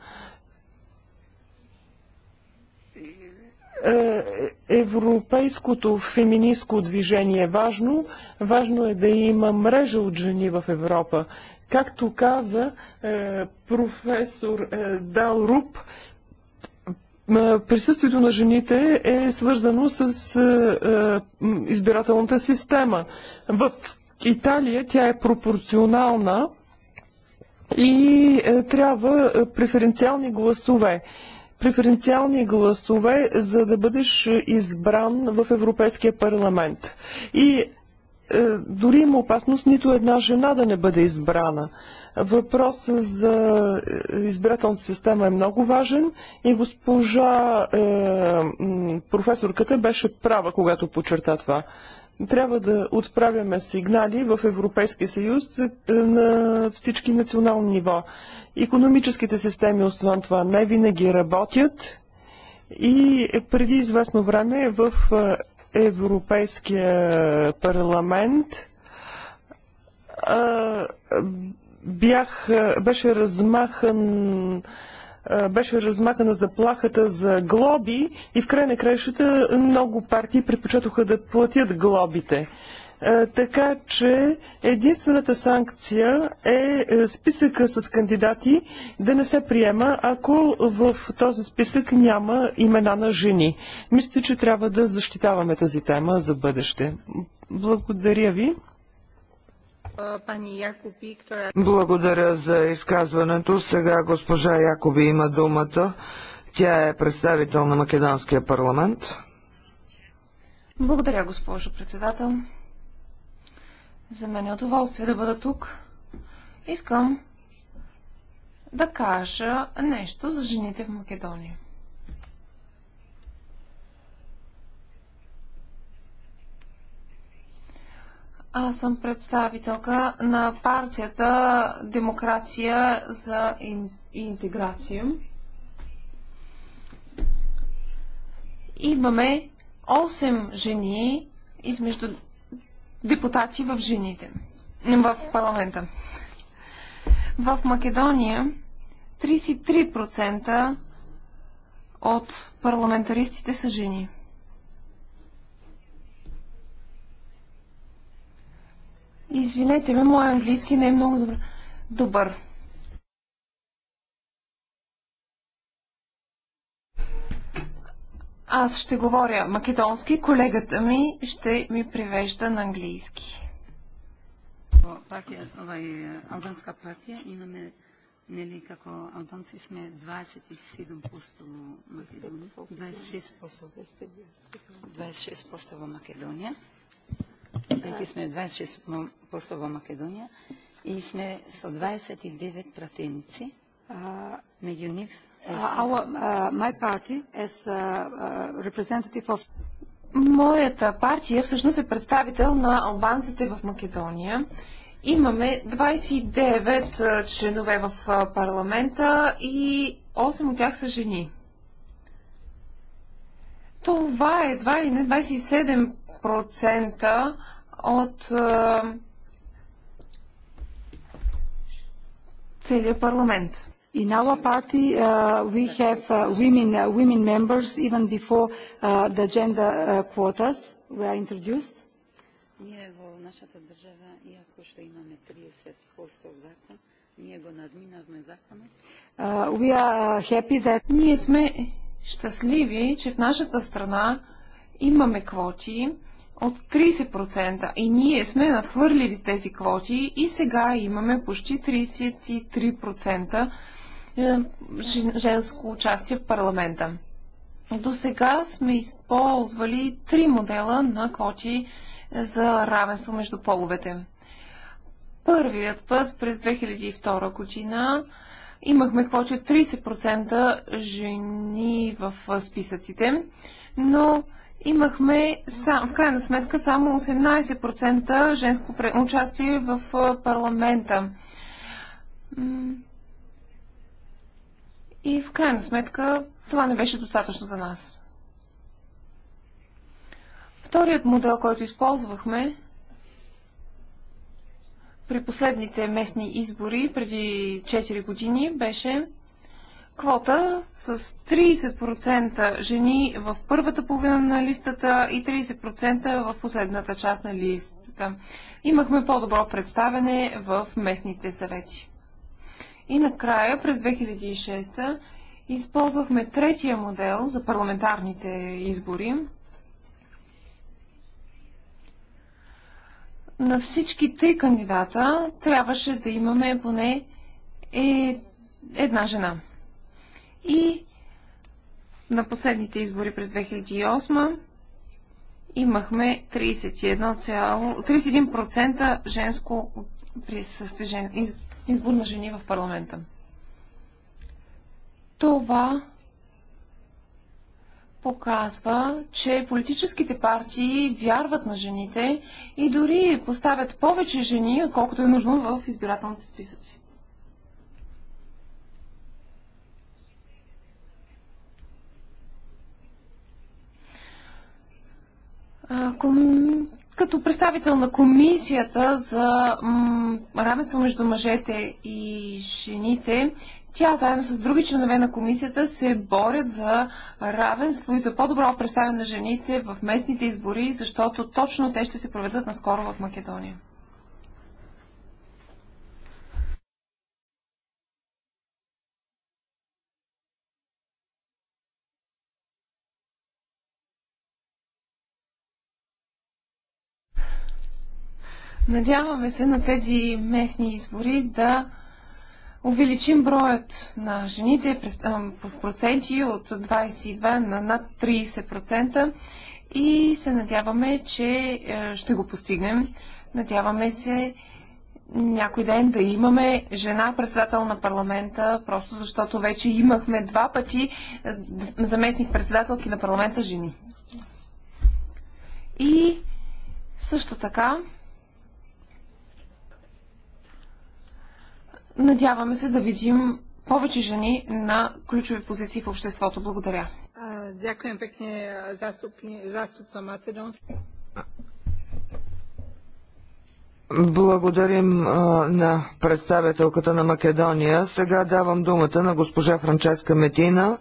Е, европейското феминистко движение е важно. Важно е да има мрежа от жени в Европа. Както каза е, професор е, Дал Руб, присъствието на жените е свързано с избирателната система. В Италия тя е пропорционална и е, трябва преференциални гласове. Преференциални гласове, за да бъдеш избран в Европейския парламент. И е, дори има опасност нито една жена да не бъде избрана. Въпросът за е, избирателната система е много важен и госпожа е, професорката беше права, когато почерта това. Трябва да отправяме сигнали в Европейския съюз е, на всички национални нива. Економическите системи, освен това, не винаги работят и преди известно време в е, Европейския парламент а, бях, е, беше размахан е, беше размахана заплахата за глоби и в край на краищата много партии предпочетоха да платят глобите. Е, така че единствената санкция е списъка с кандидати да не се приема, ако в този списък няма имена на жени. Мисля, че трябва да защитаваме тази тема за бъдеще. Благодаря ви. Благодаря за изказването. Сега госпожа Якоби има думата. Тя е представител на Македонския парламент. Благодаря, госпожо председател. За мен е удоволствие да бъда тук. Искам да кажа нещо за жените в Македония. Аз съм представителка на партията Демокрация за интеграция. Имаме 8 жени измежду депутати в жените в парламента. В Македония 33% от парламентаристите са жени. Извинете ме, моят английски не е много добър. добър. Аз ще говоря македонски, колегата ми ще ми превежда на английски. Партия, ovaj, е, е, албанска партия, имаме нели како албанци сме 27% во Македония. 26% 26% во Македонија. Всеки сме 26 послова Македония и сме со 29 пратеници, меѓу нив е my party as representative of Моята партия всъщност е представител на албанците в Македония. Имаме 29 членове в парламента и 8 от тях са жени. Това е едва ли не 27 от целия парламент. In our party, uh, we have uh, women, uh, women members even before uh, the gender uh, quotas were introduced. Ние нашата имаме 30% закон, ние го Uh, we are happy that... Ние сме щастливи, че в нашата страна имаме квоти от 30% и ние сме надхвърлили тези квоти и сега имаме почти 33% е, женско участие в парламента. До сега сме използвали три модела на квоти е, за равенство между половете. Първият път през 2002 година имахме квоти от 30% жени в е, списъците, но имахме в крайна сметка само 18% женско участие в парламента. И в крайна сметка това не беше достатъчно за нас. Вторият модел, който използвахме при последните местни избори преди 4 години беше квота с 30% жени в първата половина на листата и 30% в последната част на листата. Имахме по-добро представене в местните съвети. И накрая, през 2006 използвахме третия модел за парламентарните избори. На всички три кандидата трябваше да имаме поне е, една жена. И на последните избори през 2008 имахме 31%, 31 женско присъствие, избор на жени в парламента. Това показва, че политическите партии вярват на жените и дори поставят повече жени, отколкото е нужно в избирателните списъци. Като представител на комисията за равенство между мъжете и жените, тя заедно с други членове на комисията се борят за равенство и за по-добро представяне на жените в местните избори, защото точно те ще се проведат наскоро в Македония. Надяваме се на тези местни избори да увеличим броят на жените в проценти от 22 на над 30% и се надяваме, че е, ще го постигнем. Надяваме се някой ден да имаме жена председател на парламента, просто защото вече имахме два пъти е, заместник председателки на парламента жени. И също така Надяваме се да видим повече жени на ключови позиции в обществото. Благодаря. Дякуем пекне заступца Македонска. Благодарим а, на представителката на Македония. Сега давам думата на госпожа Франческа Метина,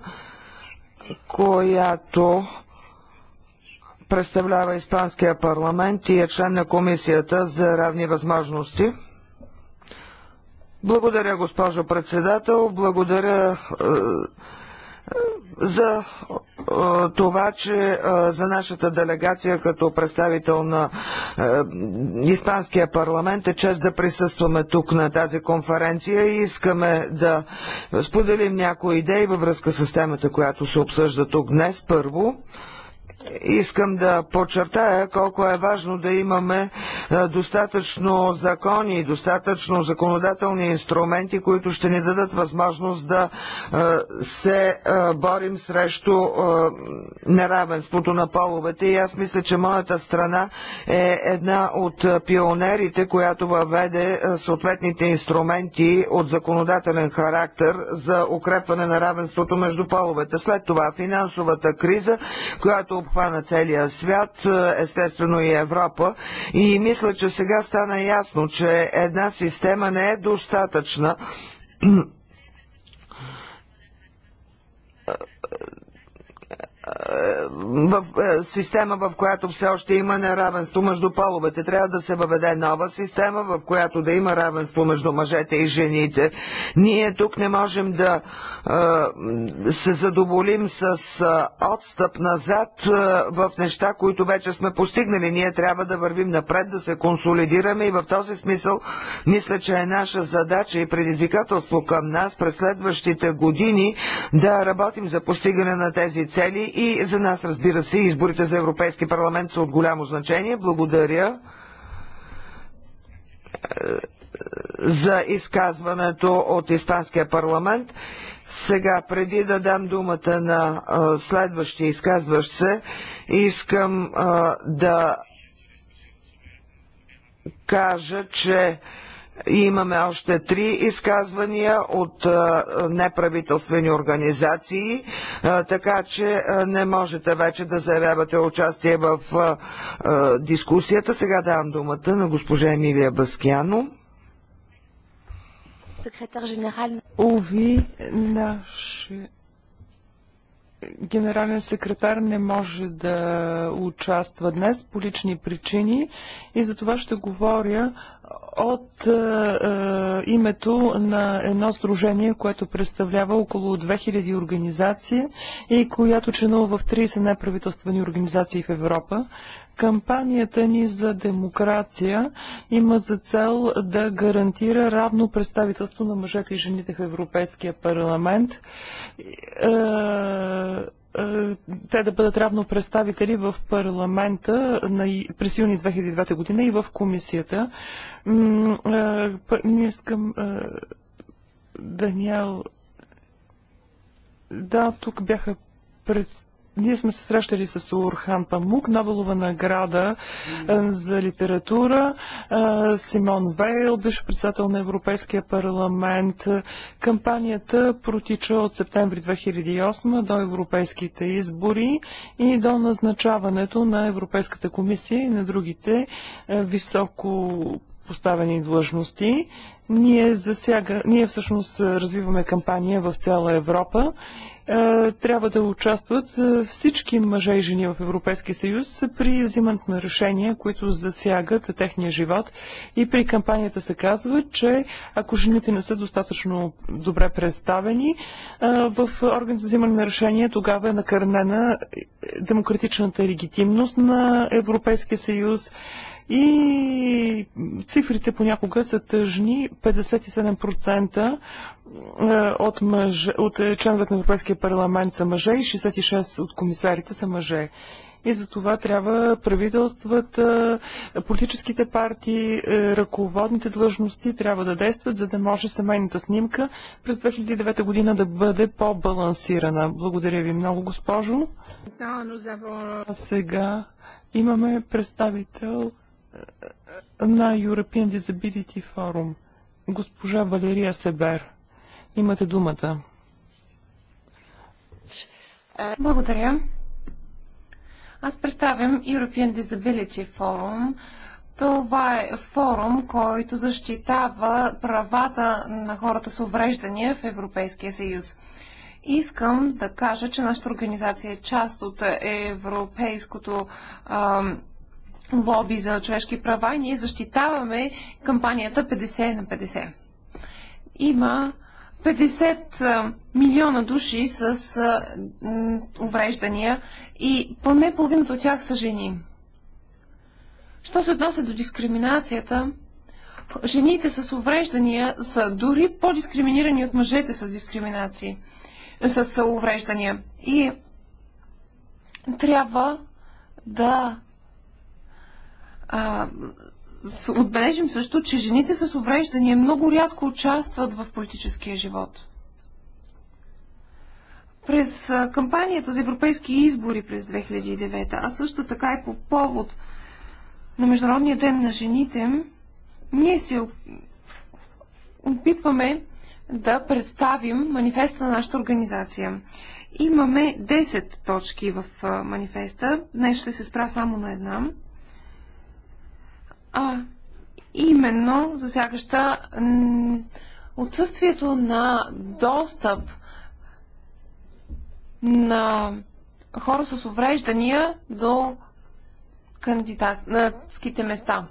която представлява Испанския парламент и е член на Комисията за равни възможности. Благодаря, госпожо председател. Благодаря е, е, за е, това, че за нашата делегация като представител на Испанския парламент е чест да присъстваме тук на тази конференция и искаме да споделим някои идеи във връзка с темата, която се обсъжда тук днес. Първо, Искам да подчертая колко е важно да имаме е, достатъчно закони и достатъчно законодателни инструменти, които ще ни дадат възможност да е, се е, борим срещу неравенството на половете. И аз мисля, че моята страна е една от пионерите, която въведе съответните инструменти от законодателен характер за укрепване на равенството между половете. След това финансовата криза, която обхвана целия свят, е, естествено и Европа. И мисля, че сега стана ясно, че една система не е достатъчна в е, система, в която все още има неравенство между половете. Трябва да се въведе нова система, в която да има равенство между мъжете и жените. Ние тук не можем да е, се задоволим с е, отстъп назад в неща, които вече сме постигнали. Ние трябва да вървим напред, да се консолидираме и в този смисъл мисля, че е наша задача и предизвикателство към нас през следващите години да работим за постигане на тези цели и за нас нас, разбира се, изборите за Европейски парламент са от голямо значение. Благодаря е, за изказването от Испанския парламент. Сега, преди да дам думата на а, е, следващия изказващ се, искам а, е, да кажа, че и имаме още три изказвания от неправителствени организации, така че не можете вече да заявявате участие в дискусията. Сега давам думата на госпожа Емилия Баскяно. Ови, наш генерален секретар не може да участва днес по лични причини и за това ще говоря от е, е, името на едно сдружение, което представлява около 2000 организации и която членува в 30 неправителствени организации в Европа. Кампанията ни за демокрация има за цел да гарантира равно представителство на мъжете и жените в Европейския парламент. Е, е те да бъдат равно представители в парламента на, през юни 2002 година и в комисията. Не искам Даниел. Да, тук бяха пред... ние сме се срещали с Урхан Памук, Нобелова награда за литература. Симон Вейл беше председател на Европейския парламент. Кампанията протича от септември 2008 до европейските избори и до назначаването на Европейската комисия и на другите високо Поставени длъжности. Ние, засяга, ние всъщност развиваме кампания в цяла Европа. Трябва да участват всички мъже и жени в Европейския съюз при взимането на решения, които засягат техния живот. И при кампанията се казва, че ако жените не са достатъчно добре представени в орган за взимане на решения, тогава е накърнена демократичната легитимност на Европейския съюз и цифрите понякога са тъжни. 57% е, от, мъже, от е, членовете на Европейския парламент са мъже и 66% от комисарите са мъже. И за това трябва правителствата, е, политическите партии, ръководните длъжности трябва да действат, за да може семейната снимка през 2009 година да бъде по-балансирана. Благодаря ви много, госпожо. А сега имаме представител на European Disability Forum. Госпожа Валерия Себер. Имате думата. Благодаря. Аз представям European Disability Forum. Това е форум, който защитава правата на хората с увреждания в Европейския съюз. Искам да кажа, че нашата организация е част от европейското ам, лоби за човешки права и ние защитаваме кампанията 50 на 50. Има 50 милиона души с увреждания и поне половината от тях са жени. Що се отнася до дискриминацията, жените с увреждания са дори по-дискриминирани от мъжете с дискриминации, с увреждания. И трябва да а, отбележим също, че жените с увреждания много рядко участват в политическия живот. През кампанията за европейски избори през 2009, а също така и по повод на Международния ден на жените, ние се опитваме да представим манифеста на нашата организация. Имаме 10 точки в манифеста. Днес ще се спра само на една – а, именно засягаща отсъствието на достъп на хора с увреждания до кандидатските места.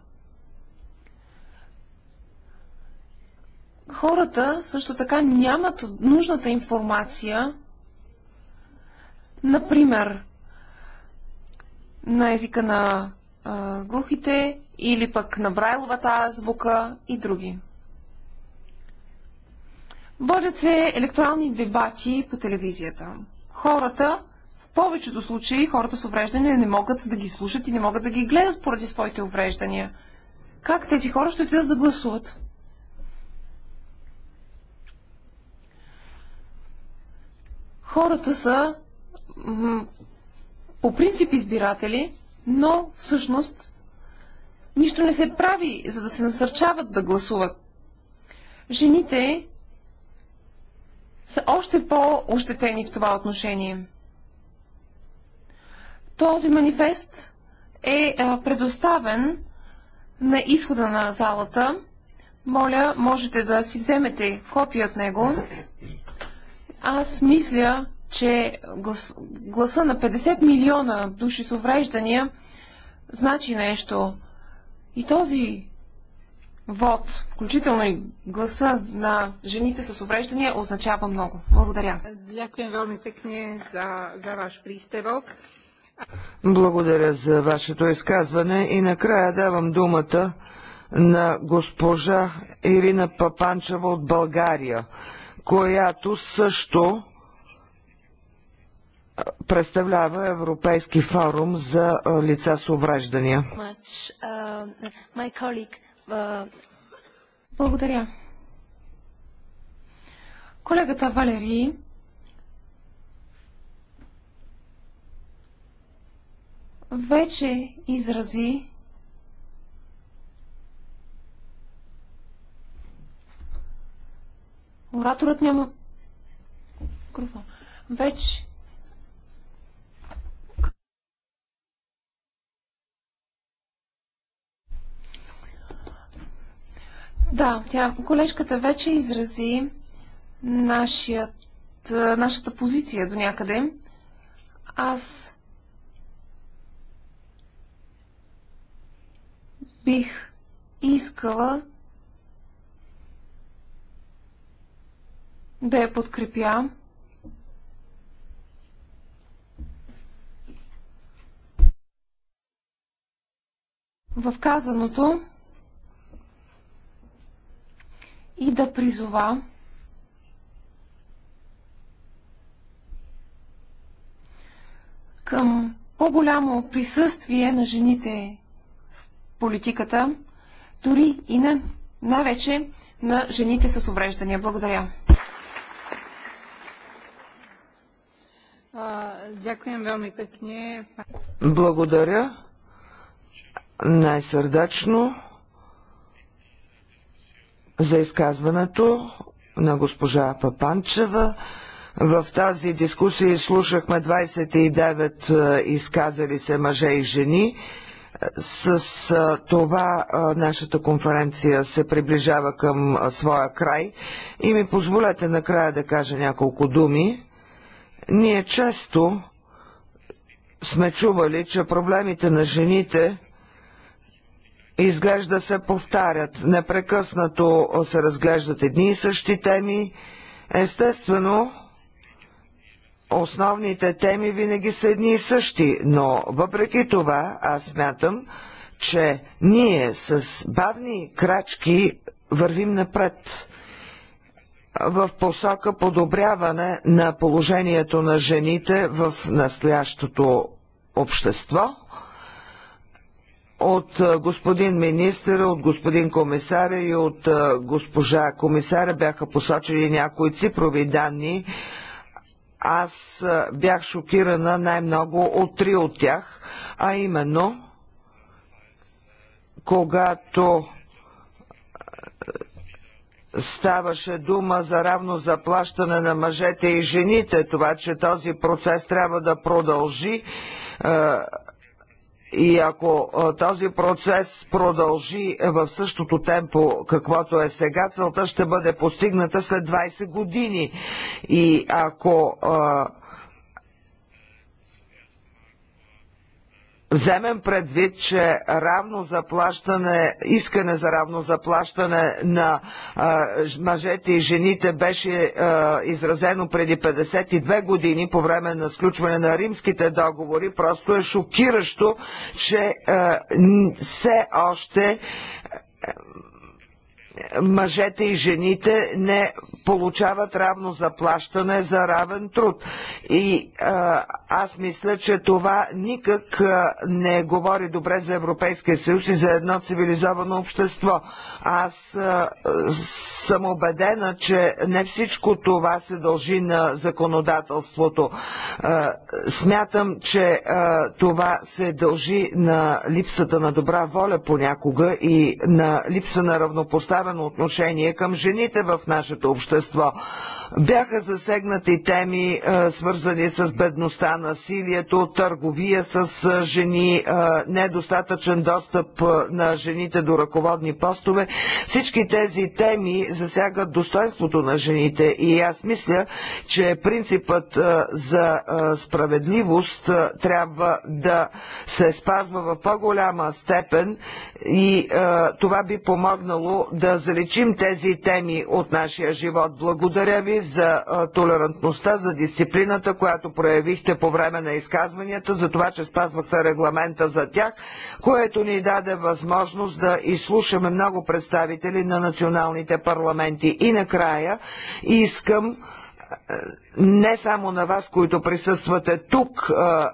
Хората също така нямат нужната информация, например, на езика на глухите или пък на Брайловата азбука и други. Водят се електронни дебати по телевизията. Хората, в повечето случаи, хората с увреждане не могат да ги слушат и не могат да ги гледат поради своите увреждания. Как тези хора ще отидат да гласуват? Хората са по принцип избиратели, но всъщност нищо не се прави, за да се насърчават да гласуват. Жените са още по-ощетени в това отношение. Този манифест е предоставен на изхода на залата. Моля, можете да си вземете копия от него. Аз мисля, че глас, гласа на 50 милиона души с увреждания значи нещо. И този вод, включително и гласа на жените с увреждания, означава много. Благодаря. Благодаря за вашето изказване и накрая давам думата на госпожа Ирина Папанчева от България, която също представлява Европейски форум за лица с увреждания. Благодаря. Колегата Валери. вече изрази Ораторът няма... Вече Да, тя, колежката вече изрази нашият, нашата позиция до някъде. Аз бих искала да я подкрепя. В казаното и да призова към по-голямо присъствие на жените в политиката, дори и на най-вече на жените с увреждания. Благодаря. Благодаря най-сърдечно за изказването на госпожа Папанчева. В тази дискусия слушахме 29 е, изказали се мъже и жени. Е, с е, това нашата конференция се приближава към своя край и ми позволете накрая да кажа няколко думи. Ние често сме чували, че проблемите на жените изглежда се повтарят. Непрекъснато се разглеждат едни и същи теми. Естествено, основните теми винаги са едни и същи, но въпреки това аз смятам, че ние с бавни крачки вървим напред в посока подобряване на положението на жените в настоящото общество от господин министър, от господин комисар и от госпожа комисаря бяха посочили някои цифрови данни. Аз бях шокирана най-много от три от тях, а именно когато ставаше дума за равно заплащане на мъжете и жените, това, че този процес трябва да продължи, и ако този процес продължи е, в същото темпо, каквото е сега, целта ще бъде постигната след 20 години. И ако а, вземем предвид, че равно заплащане, искане за равно заплащане на а, мъжете и жените беше а, изразено преди 52 години по време на сключване на римските договори, просто е шокиращо, че а, все още мъжете и жените не получават равно заплащане за равен труд. И а, аз мисля, че това никак не говори добре за Европейския съюз и за едно цивилизовано общество. Аз а, съм убедена, че не всичко това се дължи на законодателството. А, смятам, че а, това се дължи на липсата на добра воля понякога и на липса на равнопоставеност отношение към жените в нашето общество. Бяха засегнати теми, свързани с бедността, насилието, търговия с жени, недостатъчен достъп на жените до ръководни постове. Всички тези теми засягат достоинството на жените и аз мисля, че принципът за справедливост трябва да се спазва в по-голяма степен и това би помогнало да заличим тези теми от нашия живот. Благодаря ви за толерантността, за дисциплината, която проявихте по време на изказванията, за това, че спазвахте регламента за тях, което ни даде възможност да изслушаме много представители на националните парламенти. И накрая искам не само на вас, които присъствате тук,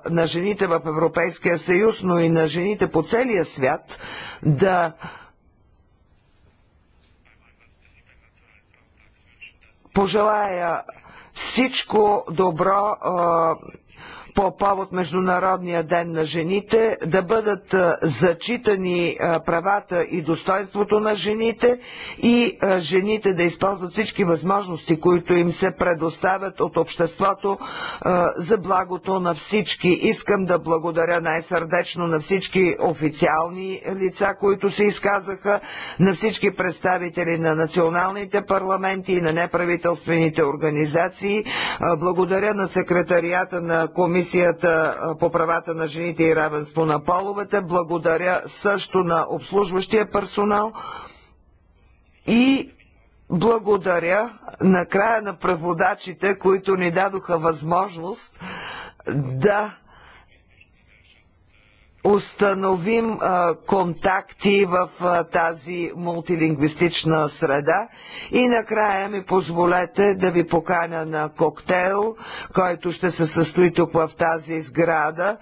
на жените в Европейския съюз, но и на жените по целия свят, да пожелая всичко добро по повод Международния ден на жените да бъдат зачитани правата и достоинството на жените и жените да използват всички възможности, които им се предоставят от обществото за благото на всички. Искам да благодаря най-сърдечно на всички официални лица, които се изказаха, на всички представители на националните парламенти и на неправителствените организации. Благодаря на секретарията на комисията Комисията по правата на жените и равенство на половете. Благодаря също на обслужващия персонал и благодаря на края на преводачите, които ни дадоха възможност да установим а, контакти в а, тази мултилингвистична среда. И накрая ми позволете да ви поканя на коктейл, който ще се състои тук в тази сграда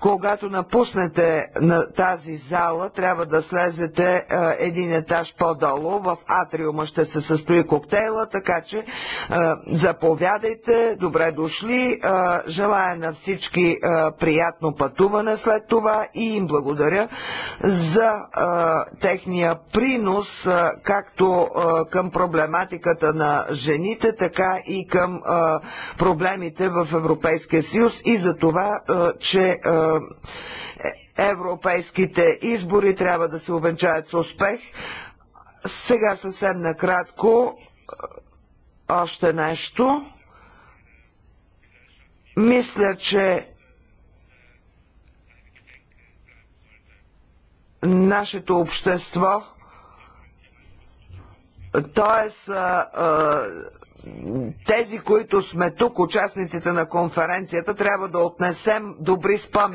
когато напуснете на тази зала, трябва да слезете е, един етаж по-долу. В атриума ще се състои коктейла, така че е, заповядайте, добре дошли. Е, желая на всички приятно пътуване след това и им благодаря за техния принос както към проблематиката на жените, така и към проблемите в Европейския съюз и за това, че е, европейските избори трябва да се увенчаят с успех. Сега съвсем накратко още нещо. Мисля, че нашето общество, т.е тези, които сме тук, участниците на конференцията, трябва да отнесем добри спомени.